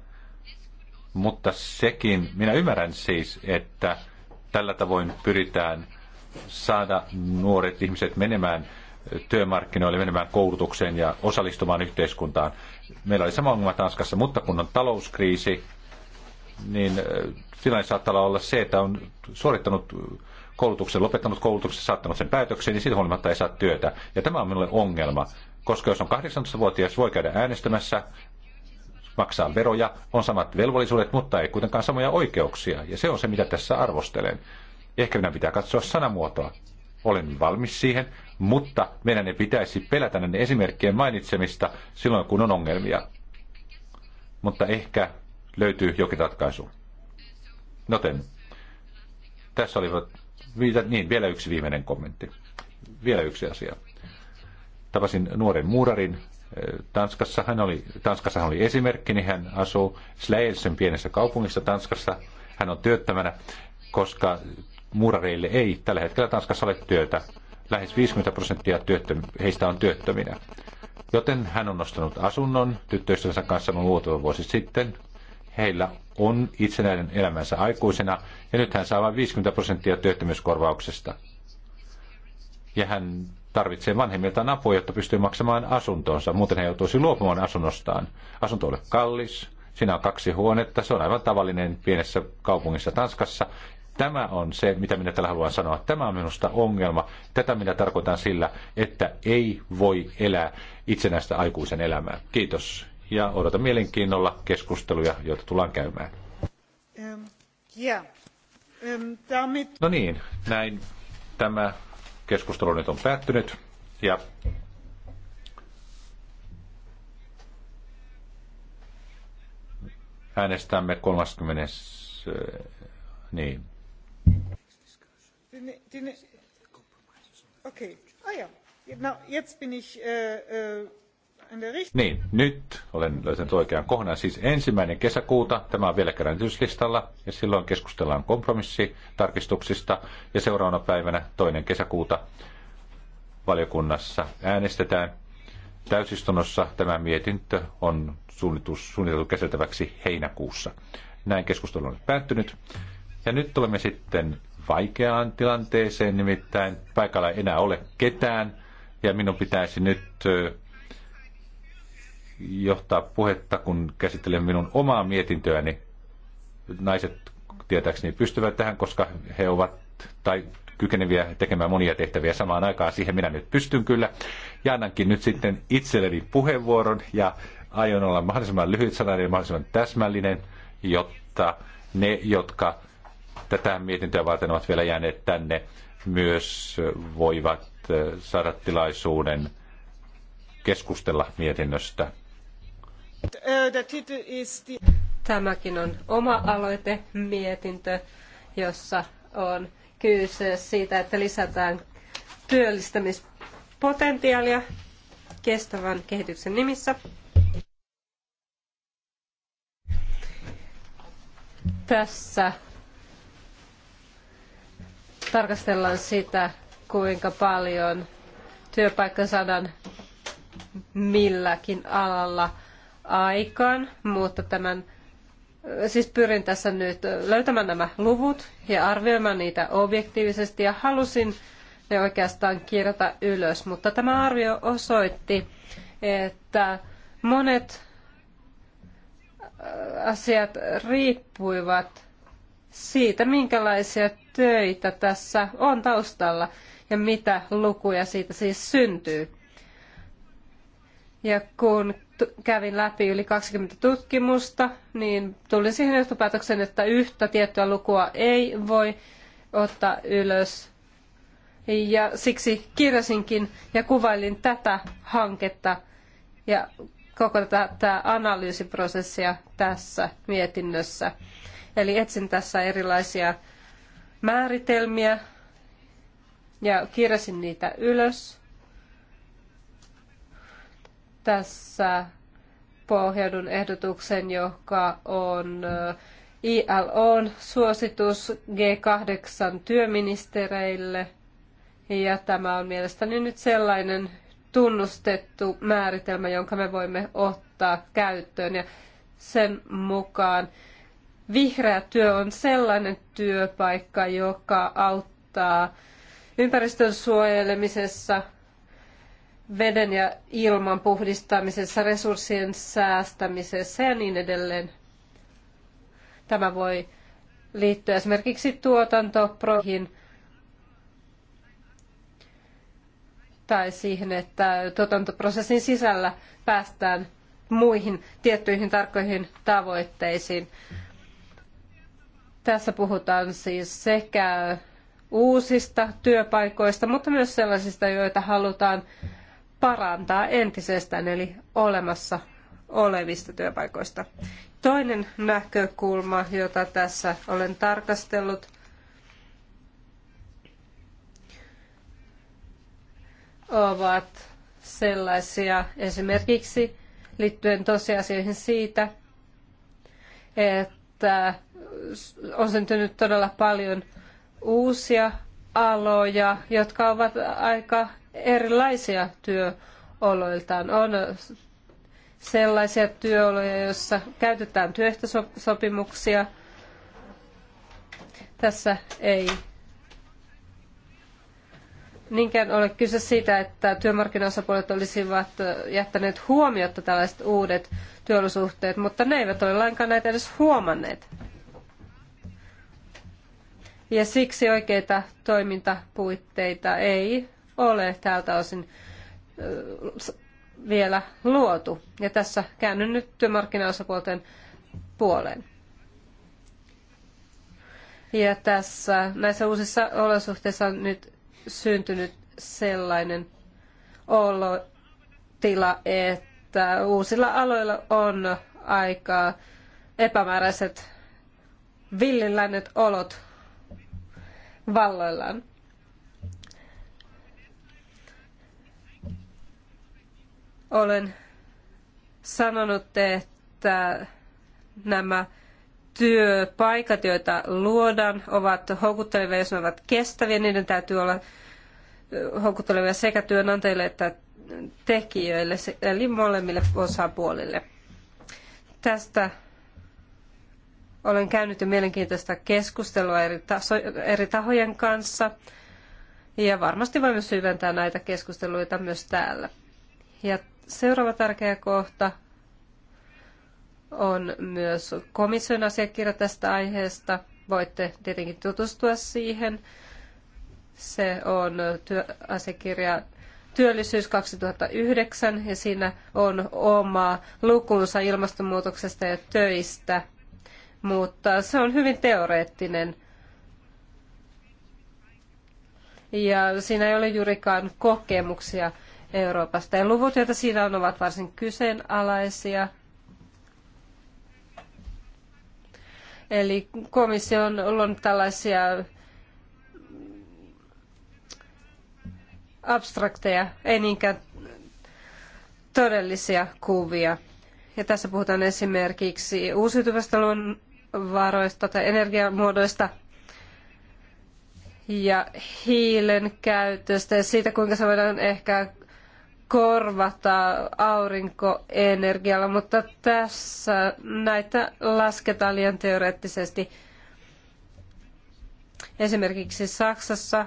mutta sekin, minä ymmärrän siis, että tällä tavoin pyritään saada nuoret ihmiset menemään työmarkkinoille, menemään koulutukseen ja osallistumaan yhteiskuntaan. Meillä oli sama ongelma Tanskassa, mutta kun on talouskriisi, niin äh, tilanne saattaa olla se, että on suorittanut koulutuksen, lopettanut koulutuksen, saattanut sen päätökseen, niin siitä huolimatta ei saa työtä. Ja tämä on minulle ongelma, koska jos on 18-vuotias, voi käydä äänestämässä, maksaa veroja, on samat velvollisuudet, mutta ei kuitenkaan samoja oikeuksia. Ja se on se, mitä tässä arvostelen. Ehkä minä pitää katsoa sanamuotoa. Olen valmis siihen, mutta meidän ei pitäisi pelätä näiden esimerkkien mainitsemista silloin, kun on ongelmia. Mutta ehkä löytyy jokin ratkaisu. Noten, tässä olivat niin, vielä yksi viimeinen kommentti. Vielä yksi asia. Tapasin nuoren muurarin. Eh, Tanskassa hän oli, Tanskassa hän oli esimerkki, niin hän asuu Sleilsen pienessä kaupungissa Tanskassa. Hän on työttömänä, koska muurareille ei tällä hetkellä Tanskassa ole työtä. Lähes 50 prosenttia työttöm, heistä on työttöminä. Joten hän on nostanut asunnon tyttöystävänsä kanssa muutama vuosi sitten. Heillä on itsenäinen elämänsä aikuisena, ja nyt hän saa vain 50 prosenttia työttömyyskorvauksesta. Ja hän tarvitsee vanhemmiltaan apua, jotta pystyy maksamaan asuntonsa, muuten hän joutuisi luopumaan asunnostaan. Asunto on kallis, siinä on kaksi huonetta, se on aivan tavallinen pienessä kaupungissa Tanskassa. Tämä on se, mitä minä tällä haluan sanoa. Tämä on minusta ongelma. Tätä minä tarkoitan sillä, että ei voi elää itsenäistä aikuisen elämää. Kiitos ja odotan mielenkiinnolla keskusteluja, joita tullaan käymään. Ähm, ähm, no niin, näin tämä keskustelu nyt on päättynyt ja äänestämme 30. Äh, niin. Okei. Okay. oh, yeah. No, jetzt bin äh, äh, Richt- Niin, nyt olen löytänyt oikean kohdan. Siis ensimmäinen kesäkuuta, tämä on vielä kerran ja silloin keskustellaan kompromissitarkistuksista, ja seuraavana päivänä toinen kesäkuuta valiokunnassa äänestetään. Täysistunnossa tämä mietintö on suunniteltu, suunniteltu käsiteltäväksi heinäkuussa. Näin keskustelu on nyt päättynyt. Ja nyt tulemme sitten vaikeaan tilanteeseen, nimittäin paikalla ei enää ole ketään, ja minun pitäisi nyt johtaa puhetta, kun käsittelen minun omaa mietintöäni. Naiset tietääkseni pystyvät tähän, koska he ovat tai kykeneviä tekemään monia tehtäviä samaan aikaan. Siihen minä nyt pystyn kyllä. Ja annankin nyt sitten itselleni puheenvuoron ja aion olla mahdollisimman lyhyt sanainen ja mahdollisimman täsmällinen, jotta ne, jotka tätä mietintöä varten ovat vielä jääneet tänne, myös voivat eh, saada tilaisuuden keskustella mietinnöstä. Tämäkin on oma aloite mietintö, jossa on kyse siitä, että lisätään työllistämispotentiaalia kestävän kehityksen nimissä. Tässä tarkastellaan sitä, kuinka paljon työpaikka saadaan milläkin alalla – aikaan, mutta tämän, siis pyrin tässä nyt löytämään nämä luvut ja arvioimaan niitä objektiivisesti ja halusin ne oikeastaan kirjata ylös, mutta tämä arvio osoitti, että monet äh, asiat riippuivat siitä, minkälaisia töitä tässä on taustalla ja mitä lukuja siitä siis syntyy. Ja kun kävin läpi yli 20 tutkimusta, niin tulin siihen johtopäätökseen, että yhtä tiettyä lukua ei voi ottaa ylös. Ja siksi kirjasinkin ja kuvailin tätä hanketta ja koko tätä analyysiprosessia tässä mietinnössä. Eli etsin tässä erilaisia määritelmiä ja kirjasin niitä ylös tässä pohjaudun ehdotuksen, joka on ILOn suositus G8 työministereille. Ja tämä on mielestäni nyt sellainen tunnustettu määritelmä, jonka me voimme ottaa käyttöön. Ja sen mukaan vihreä työ on sellainen työpaikka, joka auttaa ympäristön suojelemisessa, veden ja ilman puhdistamisessa, resurssien säästämisessä ja niin edelleen. Tämä voi liittyä esimerkiksi tuotantoproihin tai siihen, että tuotantoprosessin sisällä päästään muihin tiettyihin tarkkoihin tavoitteisiin. Tässä puhutaan siis sekä uusista työpaikoista, mutta myös sellaisista, joita halutaan parantaa entisestään, eli olemassa olevista työpaikoista. Toinen näkökulma, jota tässä olen tarkastellut, ovat sellaisia esimerkiksi liittyen tosiasioihin siitä, että on syntynyt todella paljon uusia aloja, jotka ovat aika erilaisia työoloiltaan. On sellaisia työoloja, joissa käytetään työehtosopimuksia. Tässä ei niinkään ole kyse siitä, että työmarkkinaosapuolet olisivat jättäneet huomiotta tällaiset uudet työolosuhteet, mutta ne eivät ole lainkaan näitä edes huomanneet. Ja siksi oikeita toimintapuitteita ei ole tältä osin vielä luotu. Ja tässä käännyn nyt työmarkkinaosapuolten puoleen. Ja tässä näissä uusissa olosuhteissa on nyt syntynyt sellainen olotila, että uusilla aloilla on aikaa epämääräiset villilännet olot valloillaan. Olen sanonut, että nämä työpaikat, joita luodaan, ovat houkuttelevia, jos ne ovat kestäviä. Niiden täytyy olla houkuttelevia sekä työnantajille että tekijöille, eli molemmille osapuolille. Tästä olen käynyt jo mielenkiintoista keskustelua eri, taso, eri tahojen kanssa, ja varmasti voimme syventää näitä keskusteluita myös täällä. Ja Seuraava tärkeä kohta on myös komission asiakirja tästä aiheesta. Voitte tietenkin tutustua siihen. Se on työ, asiakirja Työllisyys 2009 ja siinä on oma lukunsa ilmastonmuutoksesta ja töistä, mutta se on hyvin teoreettinen. Ja siinä ei ole juurikaan kokemuksia Euroopasta. Ja luvut, joita siinä on, ovat varsin kyseenalaisia. Eli komissio on luonut tällaisia abstrakteja, ei niinkään todellisia kuvia. Ja tässä puhutaan esimerkiksi uusiutuvasta luonnonvaroista tai energiamuodoista ja hiilen käytöstä ja siitä, kuinka se voidaan ehkä korvata aurinkoenergialla, mutta tässä näitä lasketaan liian teoreettisesti. Esimerkiksi Saksassa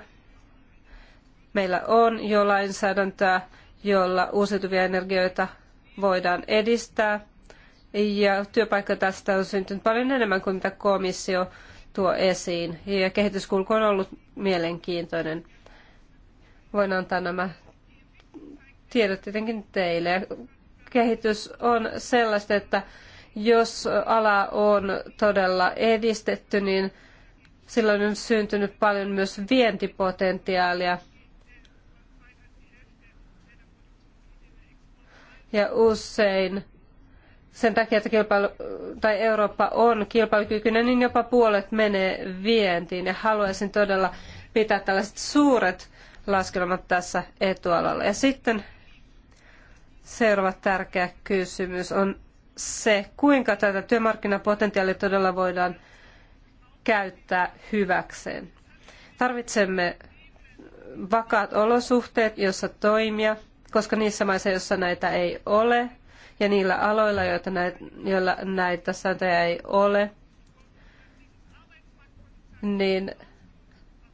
meillä on jo lainsäädäntöä, jolla uusiutuvia energioita voidaan edistää. Ja työpaikka tästä on syntynyt paljon enemmän kuin mitä komissio tuo esiin. Ja kehityskulku on ollut mielenkiintoinen. Voin antaa nämä tiedot tietenkin teille. Kehitys on sellaista, että jos ala on todella edistetty, niin silloin on syntynyt paljon myös vientipotentiaalia. Ja usein sen takia, että kilpailu, tai Eurooppa on kilpailukykyinen, niin jopa puolet menee vientiin. Ja haluaisin todella pitää tällaiset suuret laskelmat tässä etualalla. Ja sitten Seuraava tärkeä kysymys on se, kuinka tätä työmarkkinapotentiaalia todella voidaan käyttää hyväkseen. Tarvitsemme vakaat olosuhteet, joissa toimia, koska niissä maissa, joissa näitä ei ole, ja niillä aloilla, joita näitä, joilla näitä sääntöjä ei ole, niin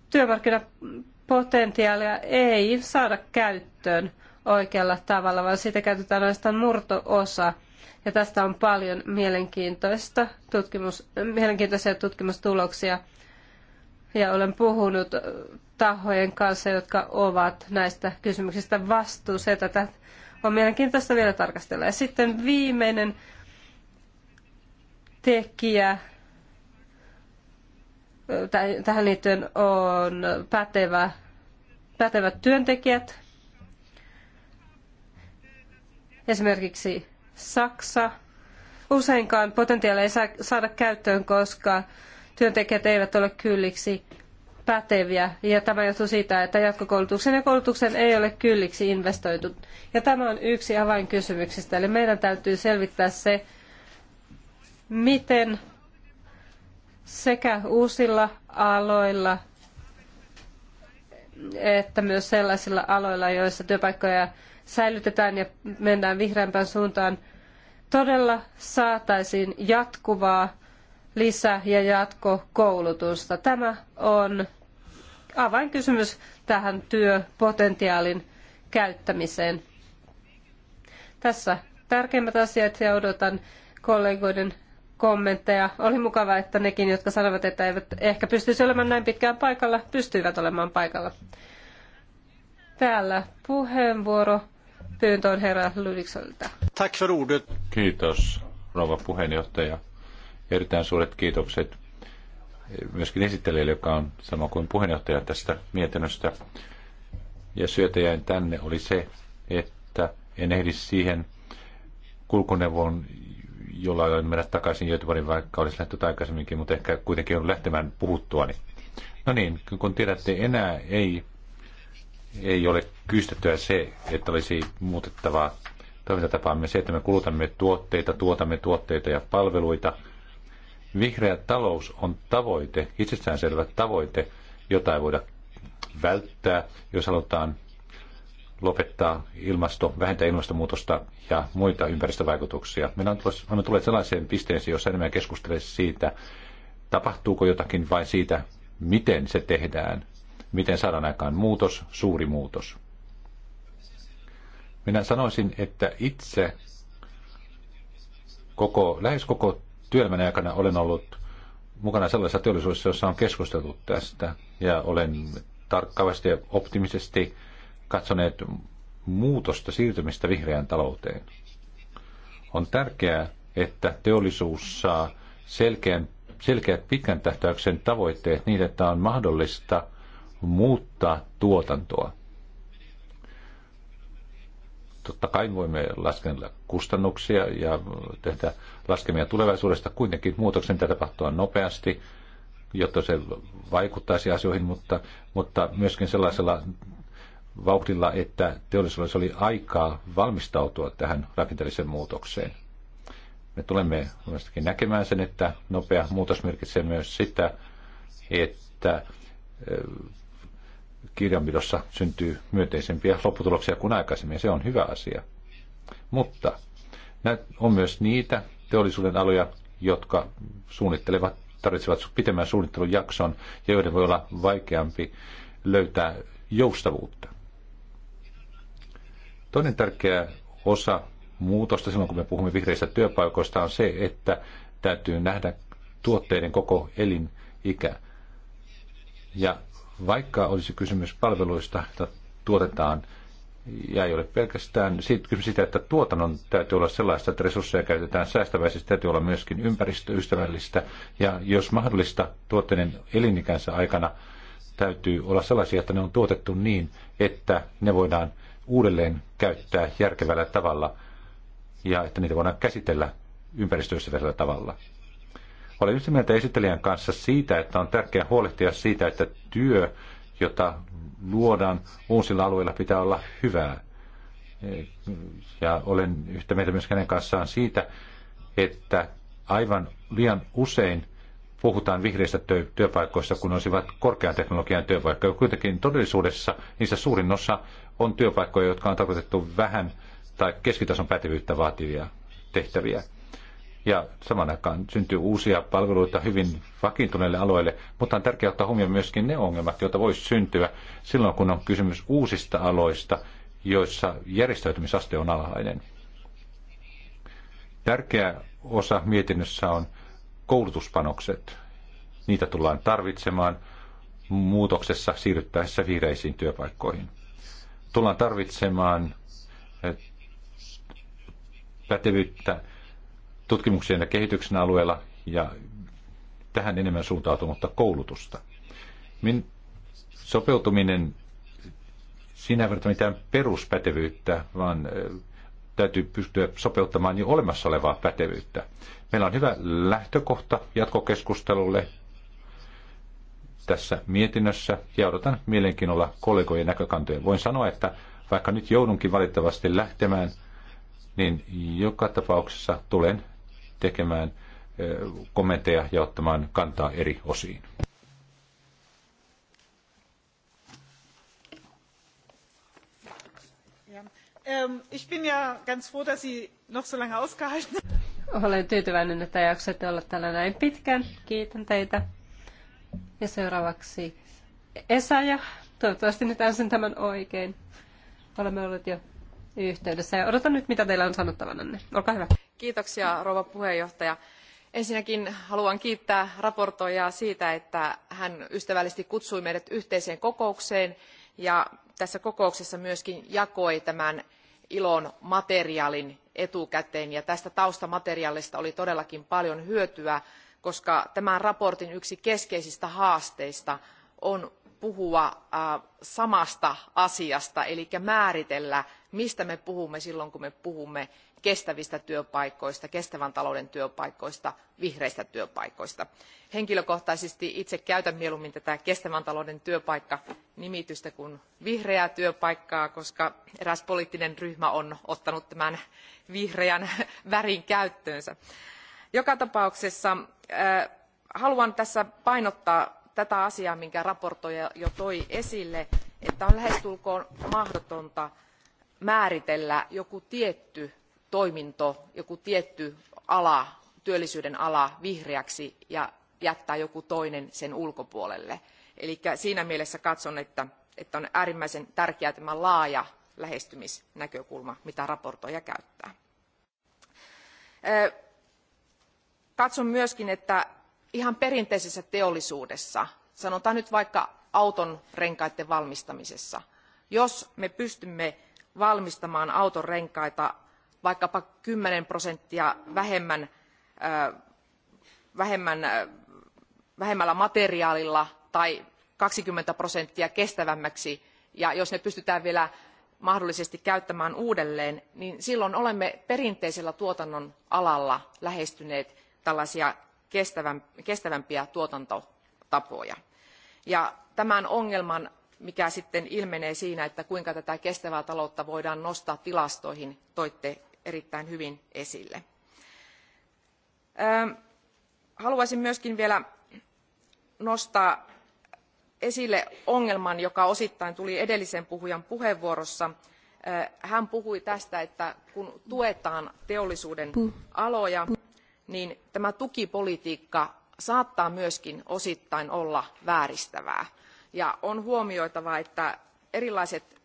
työmarkkinapotentiaalia ei saada käyttöön oikealla tavalla, vaan siitä käytetään ainoastaan murto-osa. Ja tästä on paljon mielenkiintoista tutkimus, mielenkiintoisia tutkimustuloksia. Ja olen puhunut tahojen kanssa, jotka ovat näistä kysymyksistä vastuussa. Ja tätä on mielenkiintoista vielä tarkastella. Ja sitten viimeinen tekijä tähän liittyen on pätevä, pätevät työntekijät, esimerkiksi Saksa useinkaan potentiaalia ei saada käyttöön, koska työntekijät eivät ole kylliksi päteviä. Ja tämä johtuu siitä, että jatkokoulutuksen ja koulutuksen ei ole kylliksi investoitu. Ja tämä on yksi avainkysymyksistä. Eli meidän täytyy selvittää se, miten sekä uusilla aloilla että myös sellaisilla aloilla, joissa työpaikkoja säilytetään ja mennään vihreämpään suuntaan, todella saataisiin jatkuvaa lisä- ja jatkokoulutusta. Tämä on avainkysymys tähän työpotentiaalin käyttämiseen. Tässä tärkeimmät asiat ja odotan kollegoiden kommentteja. Oli mukava, että nekin, jotka sanovat, että eivät ehkä pystyisi olemaan näin pitkään paikalla, pystyivät olemaan paikalla. Täällä puheenvuoro pyyntö on herra Ludikselta. Tack för ordet. Kiitos, rouva puheenjohtaja. Erittäin suuret kiitokset myöskin esittelijälle, joka on sama kuin puheenjohtaja tästä mietinnöstä. Ja syötäjäin tänne oli se, että en ehdi siihen kulkuneuvon, jolla olen mennä takaisin Göteborgin, vaikka olisi lähtenyt aikaisemminkin, mutta ehkä kuitenkin on lähtemään puhuttuani. No niin, kun tiedätte, enää ei ei ole kystettyä se, että olisi muutettavaa toimintatapaamme se, että me kulutamme tuotteita, tuotamme tuotteita ja palveluita. Vihreä talous on tavoite, itsestään selvä tavoite, jota ei voida välttää, jos halutaan lopettaa ilmasto, vähentää ilmastonmuutosta ja muita ympäristövaikutuksia. Meillä on tullut, on tullut sellaiseen pisteeseen, jossa enemmän keskustele siitä, tapahtuuko jotakin vai siitä, miten se tehdään miten saadaan aikaan muutos, suuri muutos. Minä sanoisin, että itse koko, lähes koko työelämän aikana olen ollut mukana sellaisessa teollisuudessa, jossa on keskusteltu tästä ja olen tarkkaavasti ja optimisesti katsoneet muutosta siirtymistä vihreään talouteen. On tärkeää, että teollisuus saa selkeän, selkeät pitkän tähtäyksen tavoitteet niin, että on mahdollista muuttaa tuotantoa. Totta kai voimme laskella kustannuksia ja tehdä laskemia tulevaisuudesta. Kuitenkin muutoksen pitää tapahtua nopeasti, jotta se vaikuttaisi asioihin, mutta, mutta myöskin sellaisella vauhdilla, että teollisuudessa oli aikaa valmistautua tähän rakenteelliseen muutokseen. Me tulemme näkemään sen, että nopea muutos merkitsee myös sitä, että kirjanpidossa syntyy myönteisempiä lopputuloksia kuin aikaisemmin. Se on hyvä asia. Mutta on myös niitä teollisuuden aloja, jotka suunnittelevat, tarvitsevat pitemmän suunnittelujakson ja joiden voi olla vaikeampi löytää joustavuutta. Toinen tärkeä osa muutosta silloin, kun me puhumme vihreistä työpaikoista, on se, että täytyy nähdä tuotteiden koko elinikä. Ja vaikka olisi kysymys palveluista, että tuotetaan, ja ei ole pelkästään siitä, kysymys sitä, että tuotannon täytyy olla sellaista, että resursseja käytetään säästäväisesti, täytyy olla myöskin ympäristöystävällistä, ja jos mahdollista, tuotteiden elinikänsä aikana täytyy olla sellaisia, että ne on tuotettu niin, että ne voidaan uudelleen käyttää järkevällä tavalla, ja että niitä voidaan käsitellä ympäristöystävällisellä tavalla. Olen yhtä mieltä esittelijän kanssa siitä, että on tärkeää huolehtia siitä, että työ, jota luodaan uusilla alueilla, pitää olla hyvää. Ja olen yhtä mieltä myös hänen kanssaan siitä, että aivan liian usein puhutaan vihreistä työpaikoista, kun olisivat korkean teknologian työpaikkoja. Kuitenkin todellisuudessa niissä suurin osa on työpaikkoja, jotka on tarkoitettu vähän tai keskitason pätevyyttä vaativia tehtäviä ja saman aikaan syntyy uusia palveluita hyvin vakiintuneille alueille, mutta on tärkeää ottaa huomioon myöskin ne ongelmat, joita voisi syntyä silloin, kun on kysymys uusista aloista, joissa järjestäytymisaste on alhainen. Tärkeä osa mietinnössä on koulutuspanokset. Niitä tullaan tarvitsemaan muutoksessa siirryttäessä vihreisiin työpaikkoihin. Tullaan tarvitsemaan eh, pätevyyttä tutkimuksen ja kehityksen alueella ja tähän enemmän suuntautunutta koulutusta. Min sopeutuminen sinä ei ole mitään peruspätevyyttä, vaan täytyy pystyä sopeuttamaan jo olemassa olevaa pätevyyttä. Meillä on hyvä lähtökohta jatkokeskustelulle tässä mietinnössä ja odotan mielenkiinnolla kollegojen näkökantoja. Voin sanoa, että vaikka nyt joudunkin valitettavasti lähtemään, niin joka tapauksessa tulen tekemään kommentteja ja ottamaan kantaa eri osiin. Ähm, ich bin ja ganz froh, dass Sie noch so lange ausgehalten Olen tyytyväinen, että jaksoitte olla täällä näin pitkään. Kiitän teitä. Ja seuraavaksi Esa ja toivottavasti nyt äänsin tämän oikein. Olemme olleet jo yhteydessä ja odotan nyt, mitä teillä on sanottavananne. Olkaa hyvä. Kiitoksia rouva puheenjohtaja. Ensinnäkin haluan kiittää raportoijaa siitä, että hän ystävällisesti kutsui meidät yhteiseen kokoukseen ja tässä kokouksessa myöskin jakoi tämän ilon materiaalin etukäteen ja tästä taustamateriaalista oli todellakin paljon hyötyä, koska tämän raportin yksi keskeisistä haasteista on puhua äh, samasta asiasta, eli määritellä, mistä me puhumme silloin, kun me puhumme kestävistä työpaikoista kestävän talouden työpaikoista vihreistä työpaikoista. henkilökohtaisesti itse käytän mieluummin tätä kestävän talouden työpaikka nimitystä kuin vihreää työpaikkaa koska eräs poliittinen ryhmä on ottanut tämän vihreän värin käyttöönsä. joka tapauksessa äh, haluan tässä painottaa tätä asiaa minkä esittelijä jo toi esille että on lähestulkoon mahdotonta määritellä joku tietty toiminto, joku tietty ala, työllisyyden ala vihreäksi ja jättää joku toinen sen ulkopuolelle. Eli siinä mielessä katson, että, on äärimmäisen tärkeää tämä laaja lähestymisnäkökulma, mitä esittelijä käyttää. Katson myöskin, että ihan perinteisessä teollisuudessa, sanotaan nyt vaikka auton renkaiden valmistamisessa, jos me pystymme valmistamaan auton renkaita vaikkapa kymmenen prosenttia vähemmän, vähemmän, vähemmällä materiaalilla tai kaksikymmentä prosenttia kestävämmäksi ja jos ne pystytään vielä mahdollisesti käyttämään uudelleen niin silloin olemme perinteisellä tuotannon alalla lähestyneet tällaisia kestävämpiä tuotantotapoja. Ja tämän ongelman mikä sitten ilmenee siinä, että kuinka tätä kestävää taloutta voidaan nostaa tilastoihin, toitte erittäin hyvin esille. Haluaisin myöskin vielä nostaa esille ongelman, joka osittain tuli edellisen puhujan puheenvuorossa. Hän puhui tästä, että kun tuetaan teollisuuden aloja, niin tämä tukipolitiikka saattaa myöskin osittain olla vääristävää ja on huomioitava että erilaiset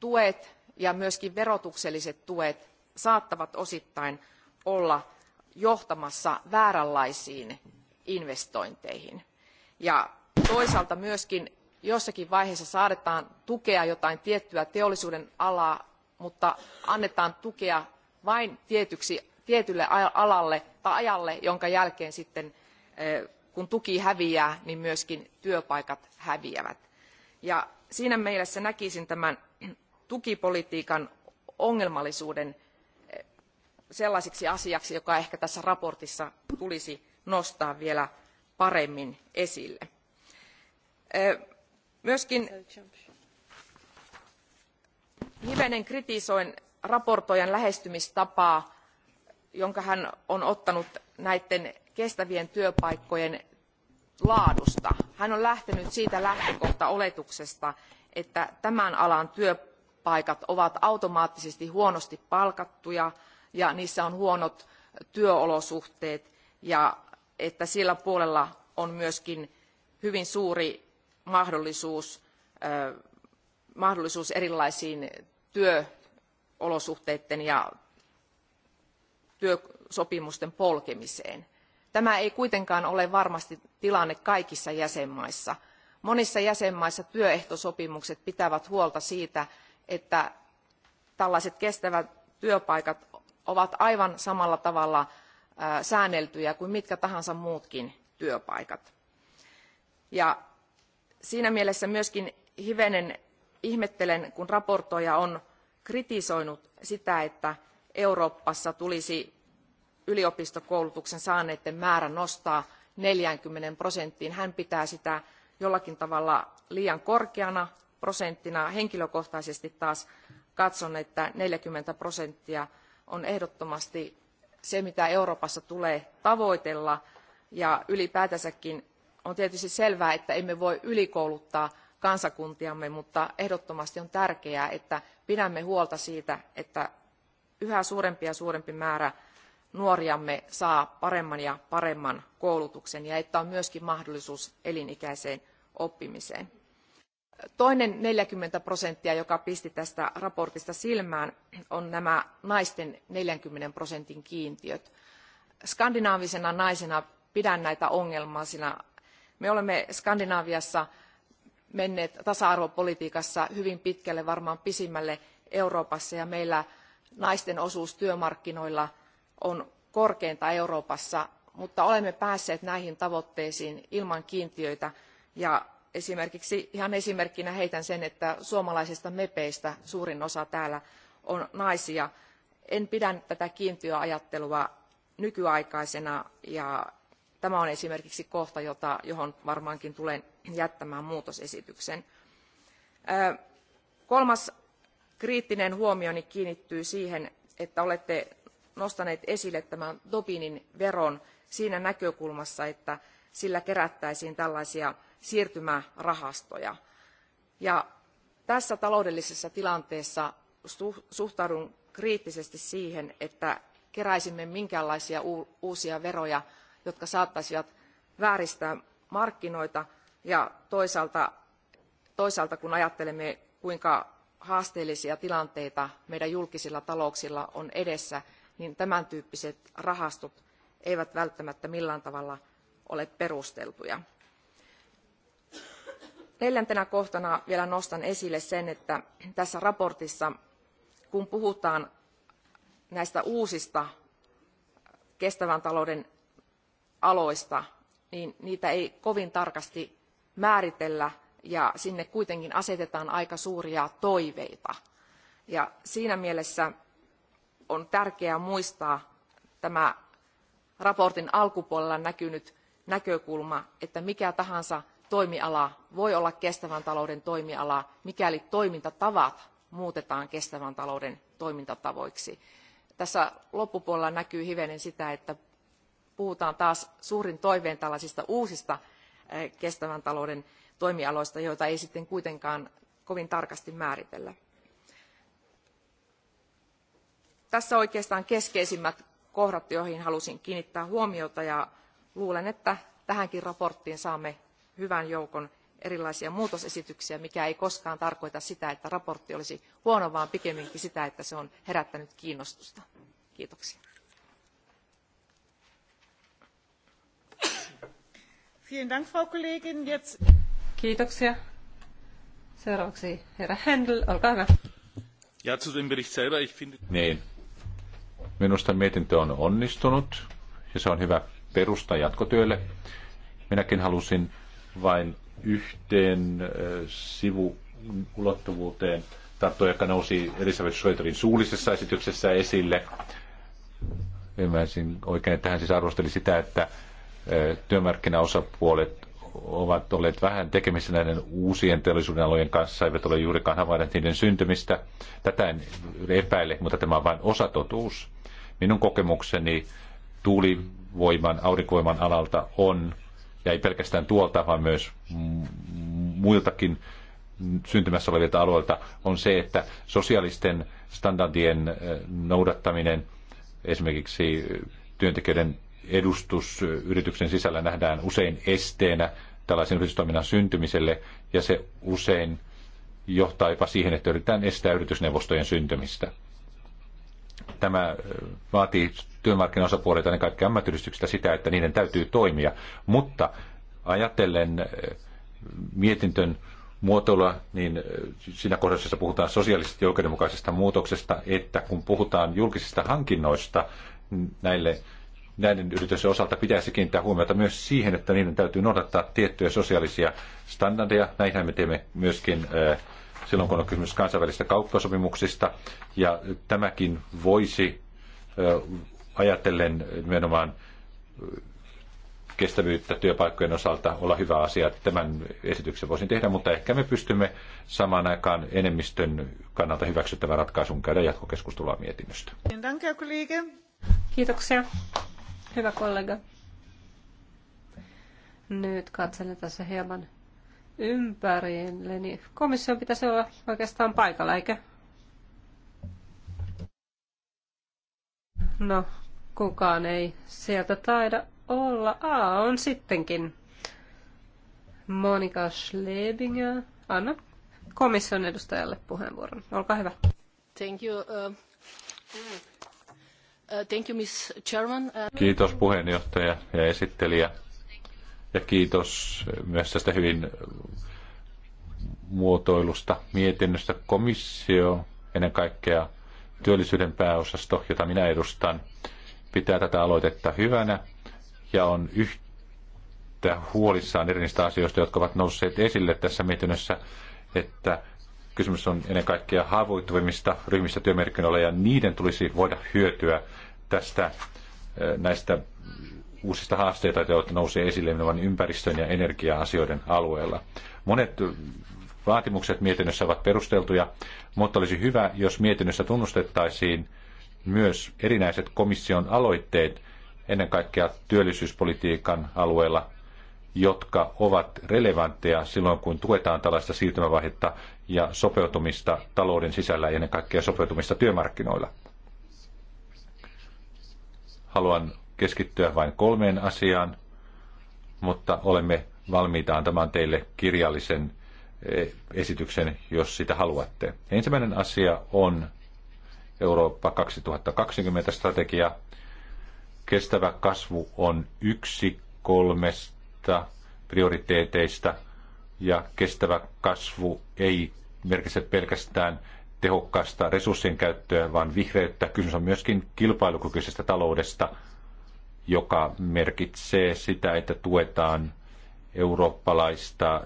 tuet ja myös verotukselliset tuet saattavat osittain olla johtamassa vääränlaisiin investointeihin ja toisaalta myös jossakin vaiheessa saatetaan tukea jotain tiettyä teollisuudenalaa mutta annetaan tukea vain tietylle alalle tai ajalle jonka jälkeen sitten kun tuki häviää, niin myöskin työpaikat häviävät. Ja siinä mielessä näkisin tämän tukipolitiikan ongelmallisuuden eh, sellaiseksi asiaksi, joka ehkä tässä raportissa tulisi nostaa vielä paremmin esille. Eh, myöskin hivenen kritisoin raportojen lähestymistapaa jonka hän on ottanut näiden kestävien työpaikkojen laadusta. hän on lähtenyt siitä lähtökohtaoletuksesta että tämän alan työpaikat ovat automaattisesti huonosti palkattuja ja niissä on huonot työolosuhteet ja että sillä puolella on myös hyvin suuri mahdollisuus, mahdollisuus erilaisiin työolosuhteiden ja työsopimusten polkemiseen. tämä ei kuitenkaan ole varmasti tilanne kaikissa jäsenvaltioissa. monissa jäsenvaltioissa työehtosopimukset pitävät huolta siitä että tällaiset kestävät työpaikat ovat aivan samalla tavalla säänneltyjä kuin mitkä tahansa muutkin työpaikat. Ja siinä mielessä myös hivenen ihmettelen kun esittelijä on kritisoinut sitä että Euroopassa tulisi yliopistokoulutuksen saaneiden määrä nostaa 40 prosenttiin. Hän pitää sitä jollakin tavalla liian korkeana prosenttina. Henkilökohtaisesti taas katson, että 40 prosenttia on ehdottomasti se, mitä Euroopassa tulee tavoitella. Ja ylipäätänsäkin on tietysti selvää, että emme voi ylikouluttaa kansakuntiamme, mutta ehdottomasti on tärkeää, että pidämme huolta siitä, että yhä suurempi ja suurempi määrä nuoriamme saa paremman ja paremman koulutuksen ja että on myöskin mahdollisuus elinikäiseen oppimiseen. Toinen 40 prosenttia, joka pisti tästä raportista silmään, on nämä naisten 40 prosentin kiintiöt. Skandinaavisena naisena pidän näitä ongelmaisina. Me olemme Skandinaaviassa menneet tasa-arvopolitiikassa hyvin pitkälle, varmaan pisimmälle Euroopassa, ja meillä naisten osuus työmarkkinoilla on korkeinta euroopassa mutta olemme päässeet näihin tavoitteisiin ilman kiintiöitä ja esimerkiksi ihan esimerkkinä heitän sen että suomalaisista mepeistä suurin osa täällä on naisia. en pidä tätä kiintiöajattelua nykyaikaisena ja tämä on esimerkiksi kohta jota, johon varmaankin tulen jättämään muutosesityksen. kolmas kriittinen huomioni kiinnittyy siihen että olette nostaneet esille tämän tobinin veron siinä näkökulmassa että sillä kerättäisiin tällaisia siirtymärahastoja. Ja tässä taloudellisessa tilanteessa suhtaudun kriittisesti siihen että keräisimme minkäänlaisia uusia veroja jotka saattaisivat vääristää markkinoita ja toisaalta, toisaalta kun ajattelemme kuinka haasteellisia tilanteita meidän julkisilla talouksilla on edessä, niin tämän tyyppiset rahastot eivät välttämättä millään tavalla ole perusteltuja. Neljäntenä kohtana vielä nostan esille sen, että tässä raportissa, kun puhutaan näistä uusista kestävän talouden aloista, niin niitä ei kovin tarkasti määritellä ja sinne kuitenkin asetetaan aika suuria toiveita. Ja siinä mielessä on tärkeää muistaa tämä raportin alkupuolella näkynyt näkökulma, että mikä tahansa toimiala voi olla kestävän talouden toimiala, mikäli toimintatavat muutetaan kestävän talouden toimintatavoiksi. Tässä loppupuolella näkyy hivenen sitä, että puhutaan taas suurin toiveen tällaisista uusista eh, kestävän talouden toimialoista, joita ei sitten kuitenkaan kovin tarkasti määritellä. Tässä oikeastaan keskeisimmät kohdat, joihin halusin kiinnittää huomiota ja luulen, että tähänkin raporttiin saamme hyvän joukon erilaisia muutosesityksiä, mikä ei koskaan tarkoita sitä, että raportti olisi huono, vaan pikemminkin sitä, että se on herättänyt kiinnostusta. Kiitoksia. Vielen Dank, Frau Kollegin. Jetzt Kiitoksia. Seuraavaksi herra Händel, olkaa hyvä. Ja zu dem Bericht selber, ich finde... Niin. Minusta mietintö on onnistunut ja se on hyvä perusta jatkotyölle. Minäkin halusin vain yhteen sivuulottuvuuteen tarttua, joka nousi Elisabeth Schroederin suullisessa esityksessä esille. Ymmärsin oikein, että hän siis arvosteli sitä, että työmarkkinaosapuolet ovat olleet vähän tekemisissä näiden uusien alojen kanssa, eivät ole juurikaan havainneet niiden syntymistä. Tätä en epäile, mutta tämä on vain osatotuus. Minun kokemukseni tuulivoiman, aurinkovoiman alalta on, ja ei pelkästään tuolta, vaan myös muiltakin syntymässä olevilta alueilta, on se, että sosiaalisten standardien eh, noudattaminen, esimerkiksi työntekijöiden edustus yrityksen sisällä nähdään usein esteenä tällaisen yritystoiminnan syntymiselle, ja se usein johtaa jopa siihen, että yritetään estää yritysneuvostojen syntymistä. Tämä vaatii työmarkkinaosapuolilta ennen kaikki ammattiyhdistyksistä sitä, että niiden täytyy toimia, mutta ajatellen mietintön muotoilua, niin siinä kohdassa, puhutaan sosiaalisesti ja oikeudenmukaisesta muutoksesta, että kun puhutaan julkisista hankinnoista näille näiden yritysten osalta pitäisi kiinnittää huomiota myös siihen, että niiden täytyy noudattaa tiettyjä sosiaalisia standardeja. Näinhän me teemme myöskin eh, silloin, kun on kysymys kansainvälisistä kauppasopimuksista. Ja tämäkin voisi eh, ajatellen nimenomaan eh, kestävyyttä työpaikkojen osalta olla hyvä asia. Tämän esityksen voisin tehdä, mutta ehkä me pystymme samaan aikaan enemmistön kannalta hyväksyttävän ratkaisun käydä jatkokeskustelua mietinnöstä. Kiitoksia. Hyvä kollega. Nyt katselen tässä hieman ympärilleni. Komission pitäisi olla oikeastaan paikalla, eikö? No, kukaan ei sieltä taida olla. A on sittenkin. Monika Schlebinger. Anna komission edustajalle puheenvuoron. Olkaa hyvä. Thank you. Uh, Uh, uh, kiitos puheenjohtaja ja esittelijä. Ja kiitos myös tästä hyvin muotoilusta mietinnöstä. Komissio, ennen kaikkea työllisyyden pääosasto, jota minä edustan, pitää tätä aloitetta hyvänä ja on yhtä huolissaan eri niistä asioista, jotka ovat nousseet esille tässä mietinnössä, että Kysymys on ennen kaikkea haavoittuvimmista ryhmistä työmarkkinoilla ja niiden tulisi voida hyötyä tästä eh, näistä uusista haasteita, joita nousee esille nimenomaan ympäristön ja energia-asioiden alueella. Monet vaatimukset mietinnössä ovat perusteltuja, mutta olisi hyvä, jos mietinnössä tunnustettaisiin myös erinäiset komission aloitteet ennen kaikkea työllisyyspolitiikan alueella, jotka ovat relevantteja silloin, kun tuetaan tällaista siirtymävaihetta ja sopeutumista talouden sisällä ja ennen kaikkea sopeutumista työmarkkinoilla. Haluan keskittyä vain kolmeen asiaan, mutta olemme valmiita antamaan teille kirjallisen e, esityksen, jos sitä haluatte. Ensimmäinen asia on Eurooppa 2020 strategia. Kestävä kasvu on yksi kolmesta prioriteeteista – ja kestävä kasvu ei merkitse pelkästään tehokkaasta resurssien käyttöä, vaan vihreyttä. Kysymys on myöskin kilpailukykyisestä taloudesta, joka merkitsee sitä, että tuetaan eurooppalaista,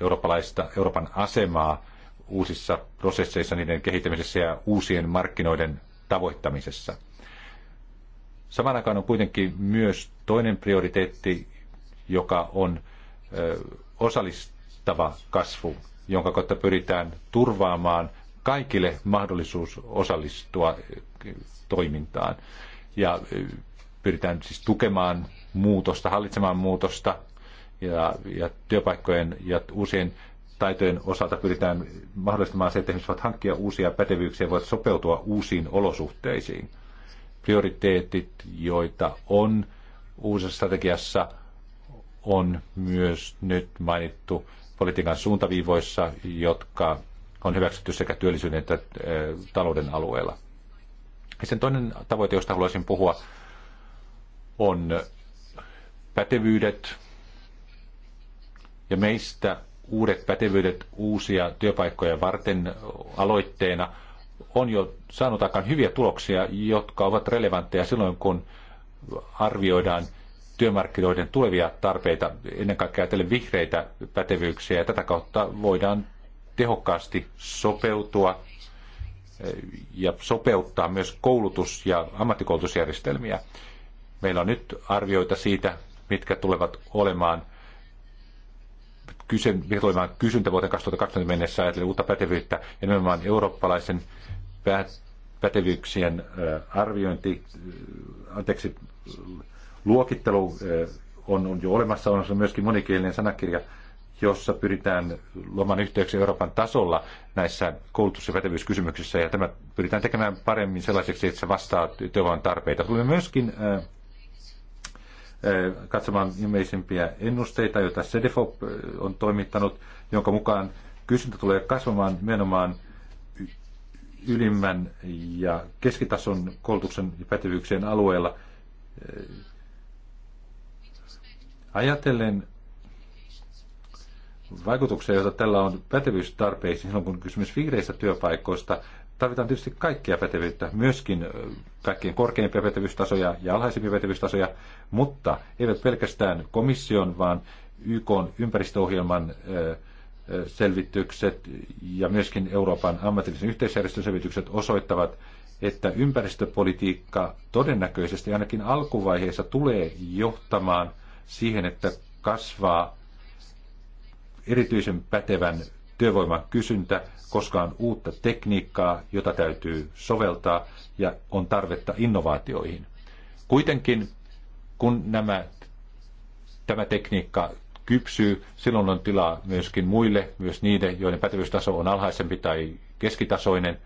eurooppalaista Euroopan asemaa uusissa prosesseissa, niiden kehittämisessä ja uusien markkinoiden tavoittamisessa. Samaan aikaan on kuitenkin myös toinen prioriteetti, joka on osallistava kasvu, jonka kautta pyritään turvaamaan kaikille mahdollisuus osallistua eh, toimintaan. Ja eh, pyritään siis tukemaan muutosta, hallitsemaan muutosta ja, ja työpaikkojen ja uusien taitojen osalta pyritään mahdollistamaan se, että ihmiset voivat hankkia uusia pätevyyksiä ja voivat sopeutua uusiin olosuhteisiin. Prioriteetit, joita on uusessa strategiassa, on myös nyt mainittu politiikan suuntaviivoissa, jotka on hyväksytty sekä työllisyyden että talouden alueella. Ja sen toinen tavoite, josta haluaisin puhua, on pätevyydet ja meistä uudet pätevyydet uusia työpaikkoja varten aloitteena on jo saanut aika hyviä tuloksia, jotka ovat relevantteja silloin, kun arvioidaan työmarkkinoiden tulevia tarpeita, ennen kaikkea ajatellen vihreitä pätevyyksiä, ja tätä kautta voidaan tehokkaasti sopeutua eh, ja sopeuttaa myös koulutus- ja ammattikoulutusjärjestelmiä. Meillä on nyt arvioita siitä, mitkä tulevat olemaan kysyn, olemaan kysyntä vuoteen 2020 mennessä ajatellen uutta pätevyyttä ja nimenomaan eurooppalaisen pätevyyksien eh, arviointi, eh, anteeksi, luokittelu eh, on jo olemassa, on myöskin monikielinen sanakirja, jossa pyritään luomaan yhteyksiä Euroopan tasolla näissä koulutus- ja pätevyyskysymyksissä, ja tämä pyritään tekemään paremmin sellaiseksi, että se vastaa työvoiman tarpeita. Tulemme myöskin eh, eh, katsomaan ilmeisimpiä ennusteita, joita CDFOP on toimittanut, jonka mukaan kysyntä tulee kasvamaan nimenomaan ylimmän ja keskitason koulutuksen ja pätevyyksien alueella Ajatellen vaikutuksia, joita tällä on pätevyystarpeisiin silloin, kun kysymys vihreistä työpaikoista, tarvitaan tietysti kaikkia pätevyyttä, myöskin kaikkien korkeimpia pätevyystasoja ja alhaisimpia pätevyystasoja, mutta eivät pelkästään komission, vaan YK ympäristöohjelman selvitykset ja myöskin Euroopan ammatillisen yhteisjärjestön selvitykset osoittavat, että ympäristöpolitiikka todennäköisesti ainakin alkuvaiheessa tulee johtamaan – siihen, että kasvaa erityisen pätevän työvoiman kysyntä, koska on uutta tekniikkaa, jota täytyy soveltaa ja on tarvetta innovaatioihin. Kuitenkin, kun nämä, tämä tekniikka kypsyy, silloin on tilaa myöskin muille, myös niiden, joiden pätevyystaso on alhaisempi tai keskitasoinen,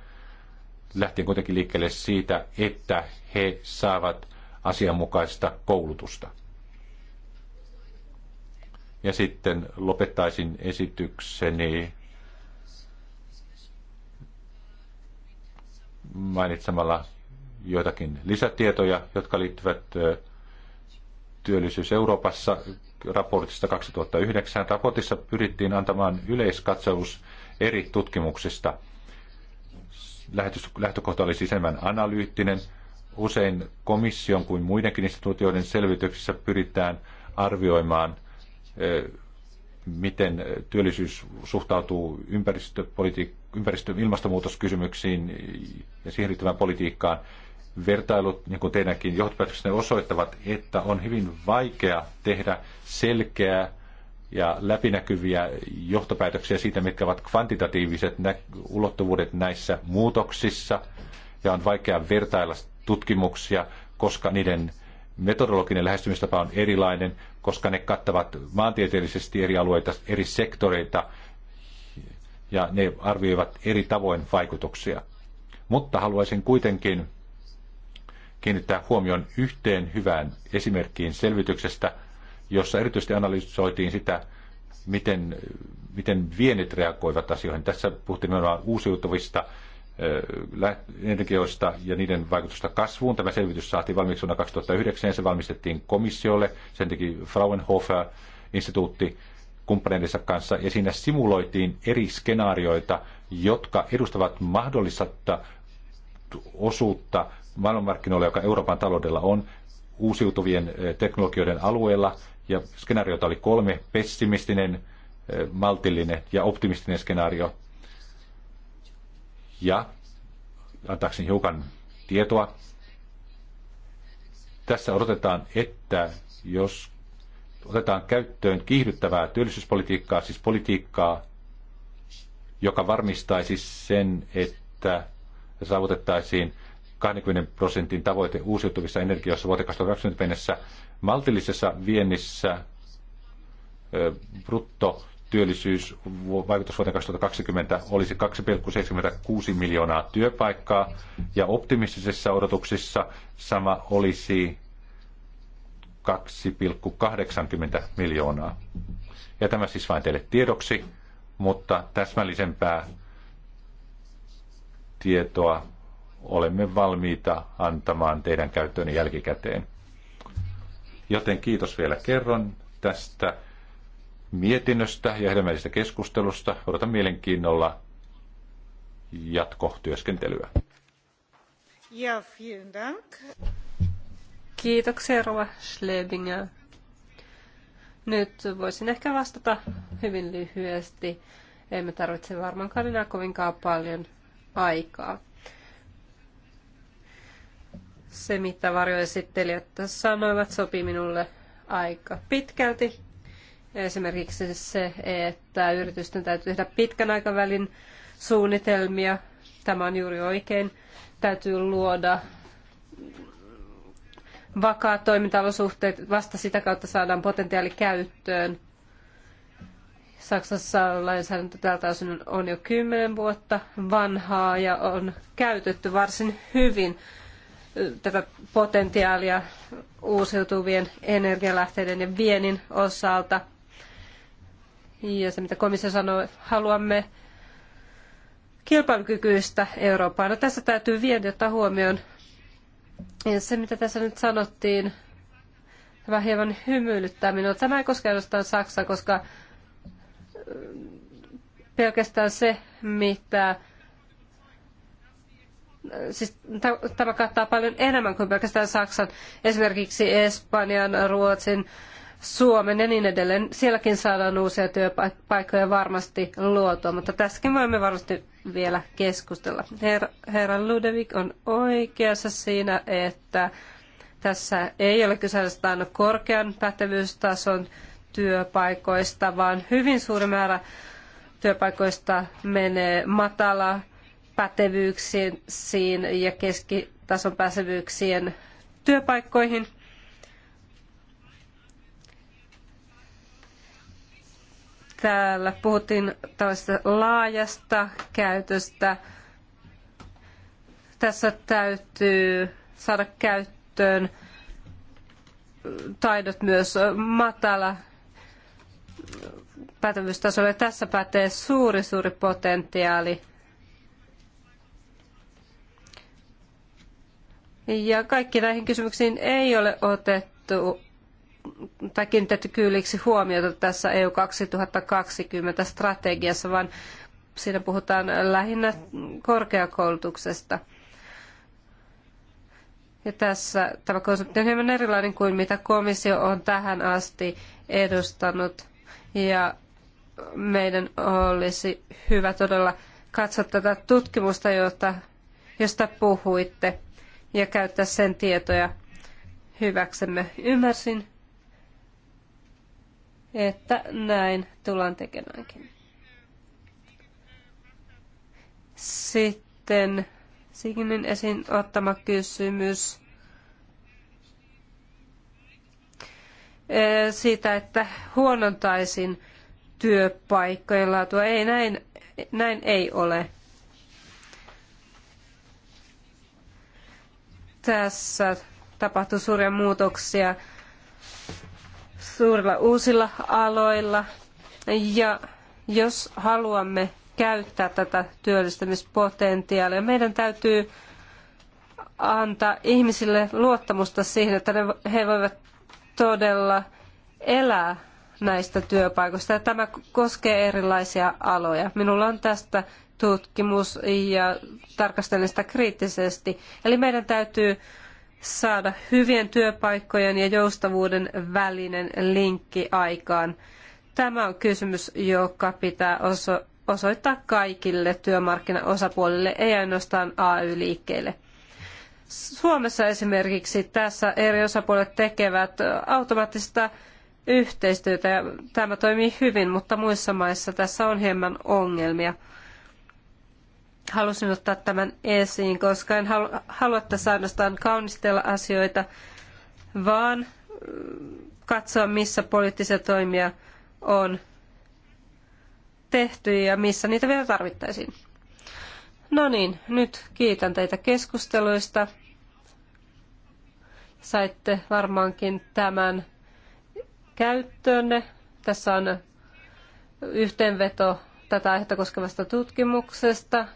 lähtien kuitenkin liikkeelle siitä, että he saavat asianmukaista koulutusta. Ja sitten lopettaisin esitykseni mainitsemalla joitakin lisätietoja, jotka liittyvät työllisyys Euroopassa raportista 2009. Raportissa pyrittiin antamaan yleiskatsaus eri tutkimuksista. Lähtökohta oli siis enemmän analyyttinen. Usein komission kuin muidenkin instituutioiden selvityksissä pyritään arvioimaan – miten työllisyys suhtautuu ympäristöpolitiik- ympäristö- ilmastonmuutoskysymyksiin ja siihen liittyvään politiikkaan. Vertailut, niin kuin teidänkin johtopäätöksenne osoittavat, että on hyvin vaikea tehdä selkeää ja läpinäkyviä johtopäätöksiä siitä, mitkä ovat kvantitatiiviset ulottuvuudet näissä muutoksissa. Ja on vaikea vertailla tutkimuksia, koska niiden metodologinen lähestymistapa on erilainen, koska ne kattavat maantieteellisesti eri alueita, eri sektoreita ja ne arvioivat eri tavoin vaikutuksia. Mutta haluaisin kuitenkin kiinnittää huomion yhteen hyvään esimerkkiin selvityksestä, jossa erityisesti analysoitiin sitä, miten, miten vienit reagoivat asioihin. Tässä puhuttiin nimenomaan uusiutuvista energioista ja niiden vaikutusta kasvuun. Tämä selvitys saatiin valmiiksi vuonna 2009 ja se valmistettiin komissiolle. Sen teki Fraunhofer-instituutti kumppaneidensa kanssa ja siinä simuloitiin eri skenaarioita, jotka edustavat mahdollista osuutta maailmanmarkkinoilla, joka Euroopan taloudella on, uusiutuvien teknologioiden alueella. Ja skenaarioita oli kolme, pessimistinen, maltillinen ja optimistinen skenaario. Ja antaakseni hiukan tietoa, tässä odotetaan, että jos otetaan käyttöön kiihdyttävää työllisyyspolitiikkaa, siis politiikkaa, joka varmistaisi sen, että saavutettaisiin 20 prosentin tavoite uusiutuvissa energioissa vuoteen 2020 mennessä, maltillisessa viennissä brutto työllisyysvaikutus vuoteen 2020 olisi 2,76 miljoonaa työpaikkaa ja optimistisissa odotuksissa sama olisi 2,80 miljoonaa. Ja tämä siis vain teille tiedoksi, mutta täsmällisempää tietoa olemme valmiita antamaan teidän käyttöön jälkikäteen. Joten kiitos vielä kerran tästä mietinnöstä ja hedelmällisestä keskustelusta. Odotan mielenkiinnolla jatkotyöskentelyä. Ja, vielen dank. Kiitoksia, Rova Schlebinger. Nyt voisin ehkä vastata hyvin lyhyesti. Emme tarvitse varmaankaan enää kovinkaan paljon aikaa. Se, mitä varjoesittelijät tässä sanoivat, sopii minulle aika pitkälti Esimerkiksi se, että yritysten täytyy tehdä pitkän aikavälin suunnitelmia. Tämä on juuri oikein. Täytyy luoda vakaat toimintaolosuhteet. Vasta sitä kautta saadaan potentiaali käyttöön. Saksassa lainsäädäntö tältä osin on jo kymmenen vuotta vanhaa ja on käytetty varsin hyvin tätä potentiaalia uusiutuvien energialähteiden ja viennin osalta. Ja se, mitä komissio sanoi, haluamme kilpailukykyistä Eurooppaa. No, tässä täytyy vienti ottaa huomioon. Ja se, mitä tässä nyt sanottiin, tämä hieman hymyilyttää minua. Tämä ei koske ainoastaan Saksaa, koska pelkästään se, mitä Siis tämä kattaa paljon enemmän kuin pelkästään Saksan, esimerkiksi Espanjan, Ruotsin, Suomen ja niin edelleen. Sielläkin saadaan uusia työpaikkoja varmasti luotua, mutta tässäkin voimme varmasti vielä keskustella. Herra, herra on oikeassa siinä, että tässä ei ole kyse ainoastaan korkean pätevyystason työpaikoista, vaan hyvin suuri määrä työpaikoista menee matala pätevyyksiin ja keskitason pätevyyksien työpaikkoihin – Täällä puhuttiin tällaista laajasta käytöstä. Tässä täytyy saada käyttöön taidot myös matala pätevyystasolle. Tässä pätee suuri, suuri potentiaali. Ja kaikki näihin kysymyksiin ei ole otettu tai kiinnitetty kylliksi huomiota tässä EU 2020 strategiassa, vaan siinä puhutaan lähinnä korkeakoulutuksesta. Ja tässä tämä konsepti on hieman erilainen kuin mitä komissio on tähän asti edustanut. Ja meidän olisi hyvä todella katsoa tätä tutkimusta, jota, josta puhuitte, ja käyttää sen tietoja hyväksemme. Ymmärsin että näin tullaan tekemäänkin. Sitten Signin esiin ottama kysymys siitä, että huonontaisin työpaikkojen laatua. Ei näin, näin ei ole. Tässä tapahtuu suuria muutoksia suurilla uusilla aloilla. Ja jos haluamme käyttää tätä työllistämispotentiaalia, meidän täytyy antaa ihmisille luottamusta siihen, että he voivat todella elää näistä työpaikoista. Ja tämä koskee erilaisia aloja. Minulla on tästä tutkimus ja tarkastelen sitä kriittisesti. Eli meidän täytyy saada hyvien työpaikkojen ja joustavuuden välinen linkki aikaan. Tämä on kysymys, joka pitää oso- osoittaa kaikille työmarkkinaosapuolille, ei ainoastaan AY-liikkeille. Suomessa esimerkiksi tässä eri osapuolet tekevät automaattista yhteistyötä ja tämä toimii hyvin, mutta muissa maissa tässä on hieman ongelmia. Halusin ottaa tämän esiin, koska en halua tässä ainoastaan kaunistella asioita, vaan mm, katsoa, missä poliittisia toimia on tehty ja missä niitä vielä tarvittaisiin. No niin, nyt kiitän teitä keskusteluista. Saitte varmaankin tämän käyttöönne. Tässä on yhteenveto tätä aihetta koskevasta tutkimuksesta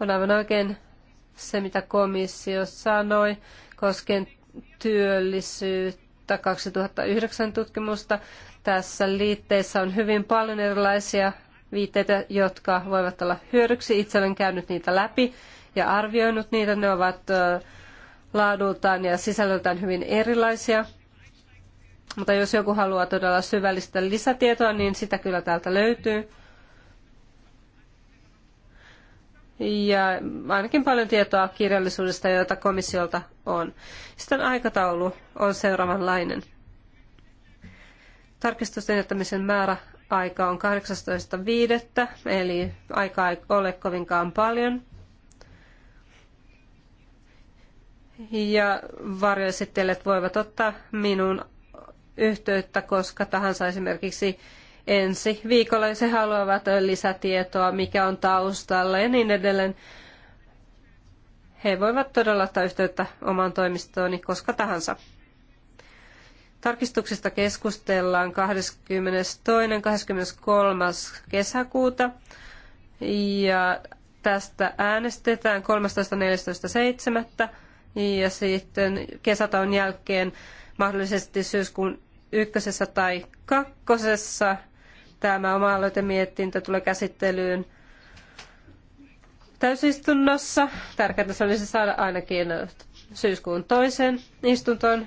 on aivan oikein se, mitä komissio sanoi koskien työllisyyttä 2009 tutkimusta. Tässä liitteessä on hyvin paljon erilaisia viitteitä, jotka voivat olla hyödyksi. Itse olen käynyt niitä läpi ja arvioinut niitä. Ne ovat laadultaan ja sisällöltään hyvin erilaisia. Mutta jos joku haluaa todella syvällistä lisätietoa, niin sitä kyllä täältä löytyy. ja ainakin paljon tietoa kirjallisuudesta, jota komissiolta on. Sitten aikataulu on seuraavanlainen. Tarkistusten jättämisen määrä aika on 18.5. eli aika ei ole kovinkaan paljon. Ja varjoesittelijät voivat ottaa minun yhteyttä koska tahansa esimerkiksi ensi viikolla, jos he haluavat lisätietoa, mikä on taustalla ja niin edelleen. He voivat todella ottaa yhteyttä omaan toimistooni koska tahansa. Tarkistuksista keskustellaan 22.–23. kesäkuuta ja tästä äänestetään 13.–14.7. ja sitten kesätaun jälkeen mahdollisesti syyskuun ykkösessä tai kakkosessa Tämä oma aloitemietintö tulee käsittelyyn täysistunnossa. Tärkeintä se olisi saada ainakin syyskuun toisen istuntoon.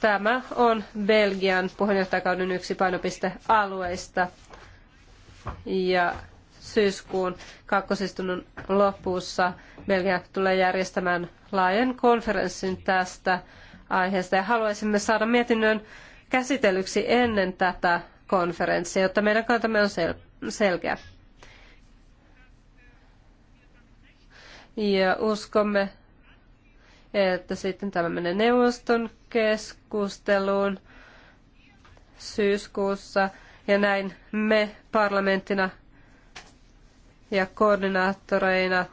Tämä on Belgian puheenjohtajakauden yksi painopistealueista. Ja syyskuun kakkosistunnon lopussa Belgia tulee järjestämään laajan konferenssin tästä aiheesta ja haluaisimme saada mietinnön käsitellyksi ennen tätä konferenssi, jotta meidän kantamme on sel- selkeä. Ja uskomme, että sitten tämä menee neuvoston keskusteluun syyskuussa. Ja näin me parlamenttina ja koordinaattoreina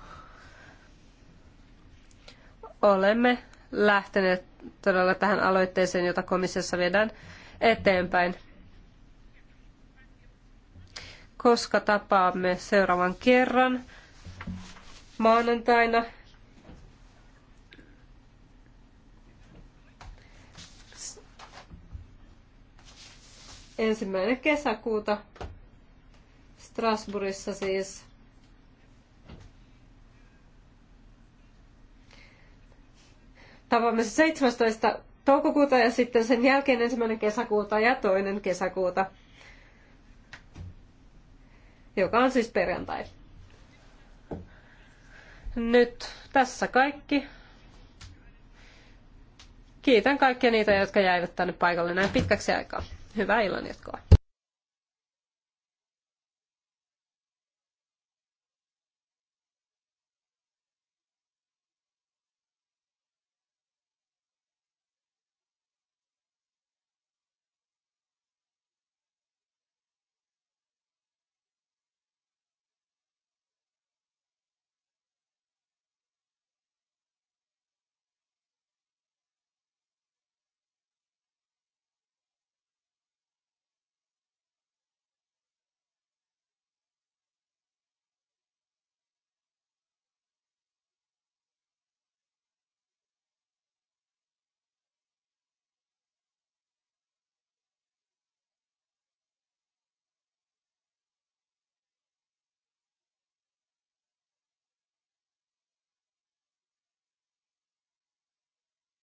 olemme lähteneet todella tähän aloitteeseen, jota komissiossa viedään eteenpäin koska tapaamme seuraavan kerran maanantaina. Ensimmäinen kesäkuuta Strasbourgissa siis. Tapaamme 17. Siis toukokuuta ja sitten sen jälkeen ensimmäinen kesäkuuta ja toinen kesäkuuta joka on siis perjantai. Nyt tässä kaikki. Kiitän kaikkia niitä, jotka jäivät tänne paikalle näin pitkäksi aikaa. Hyvää illanjatkoa.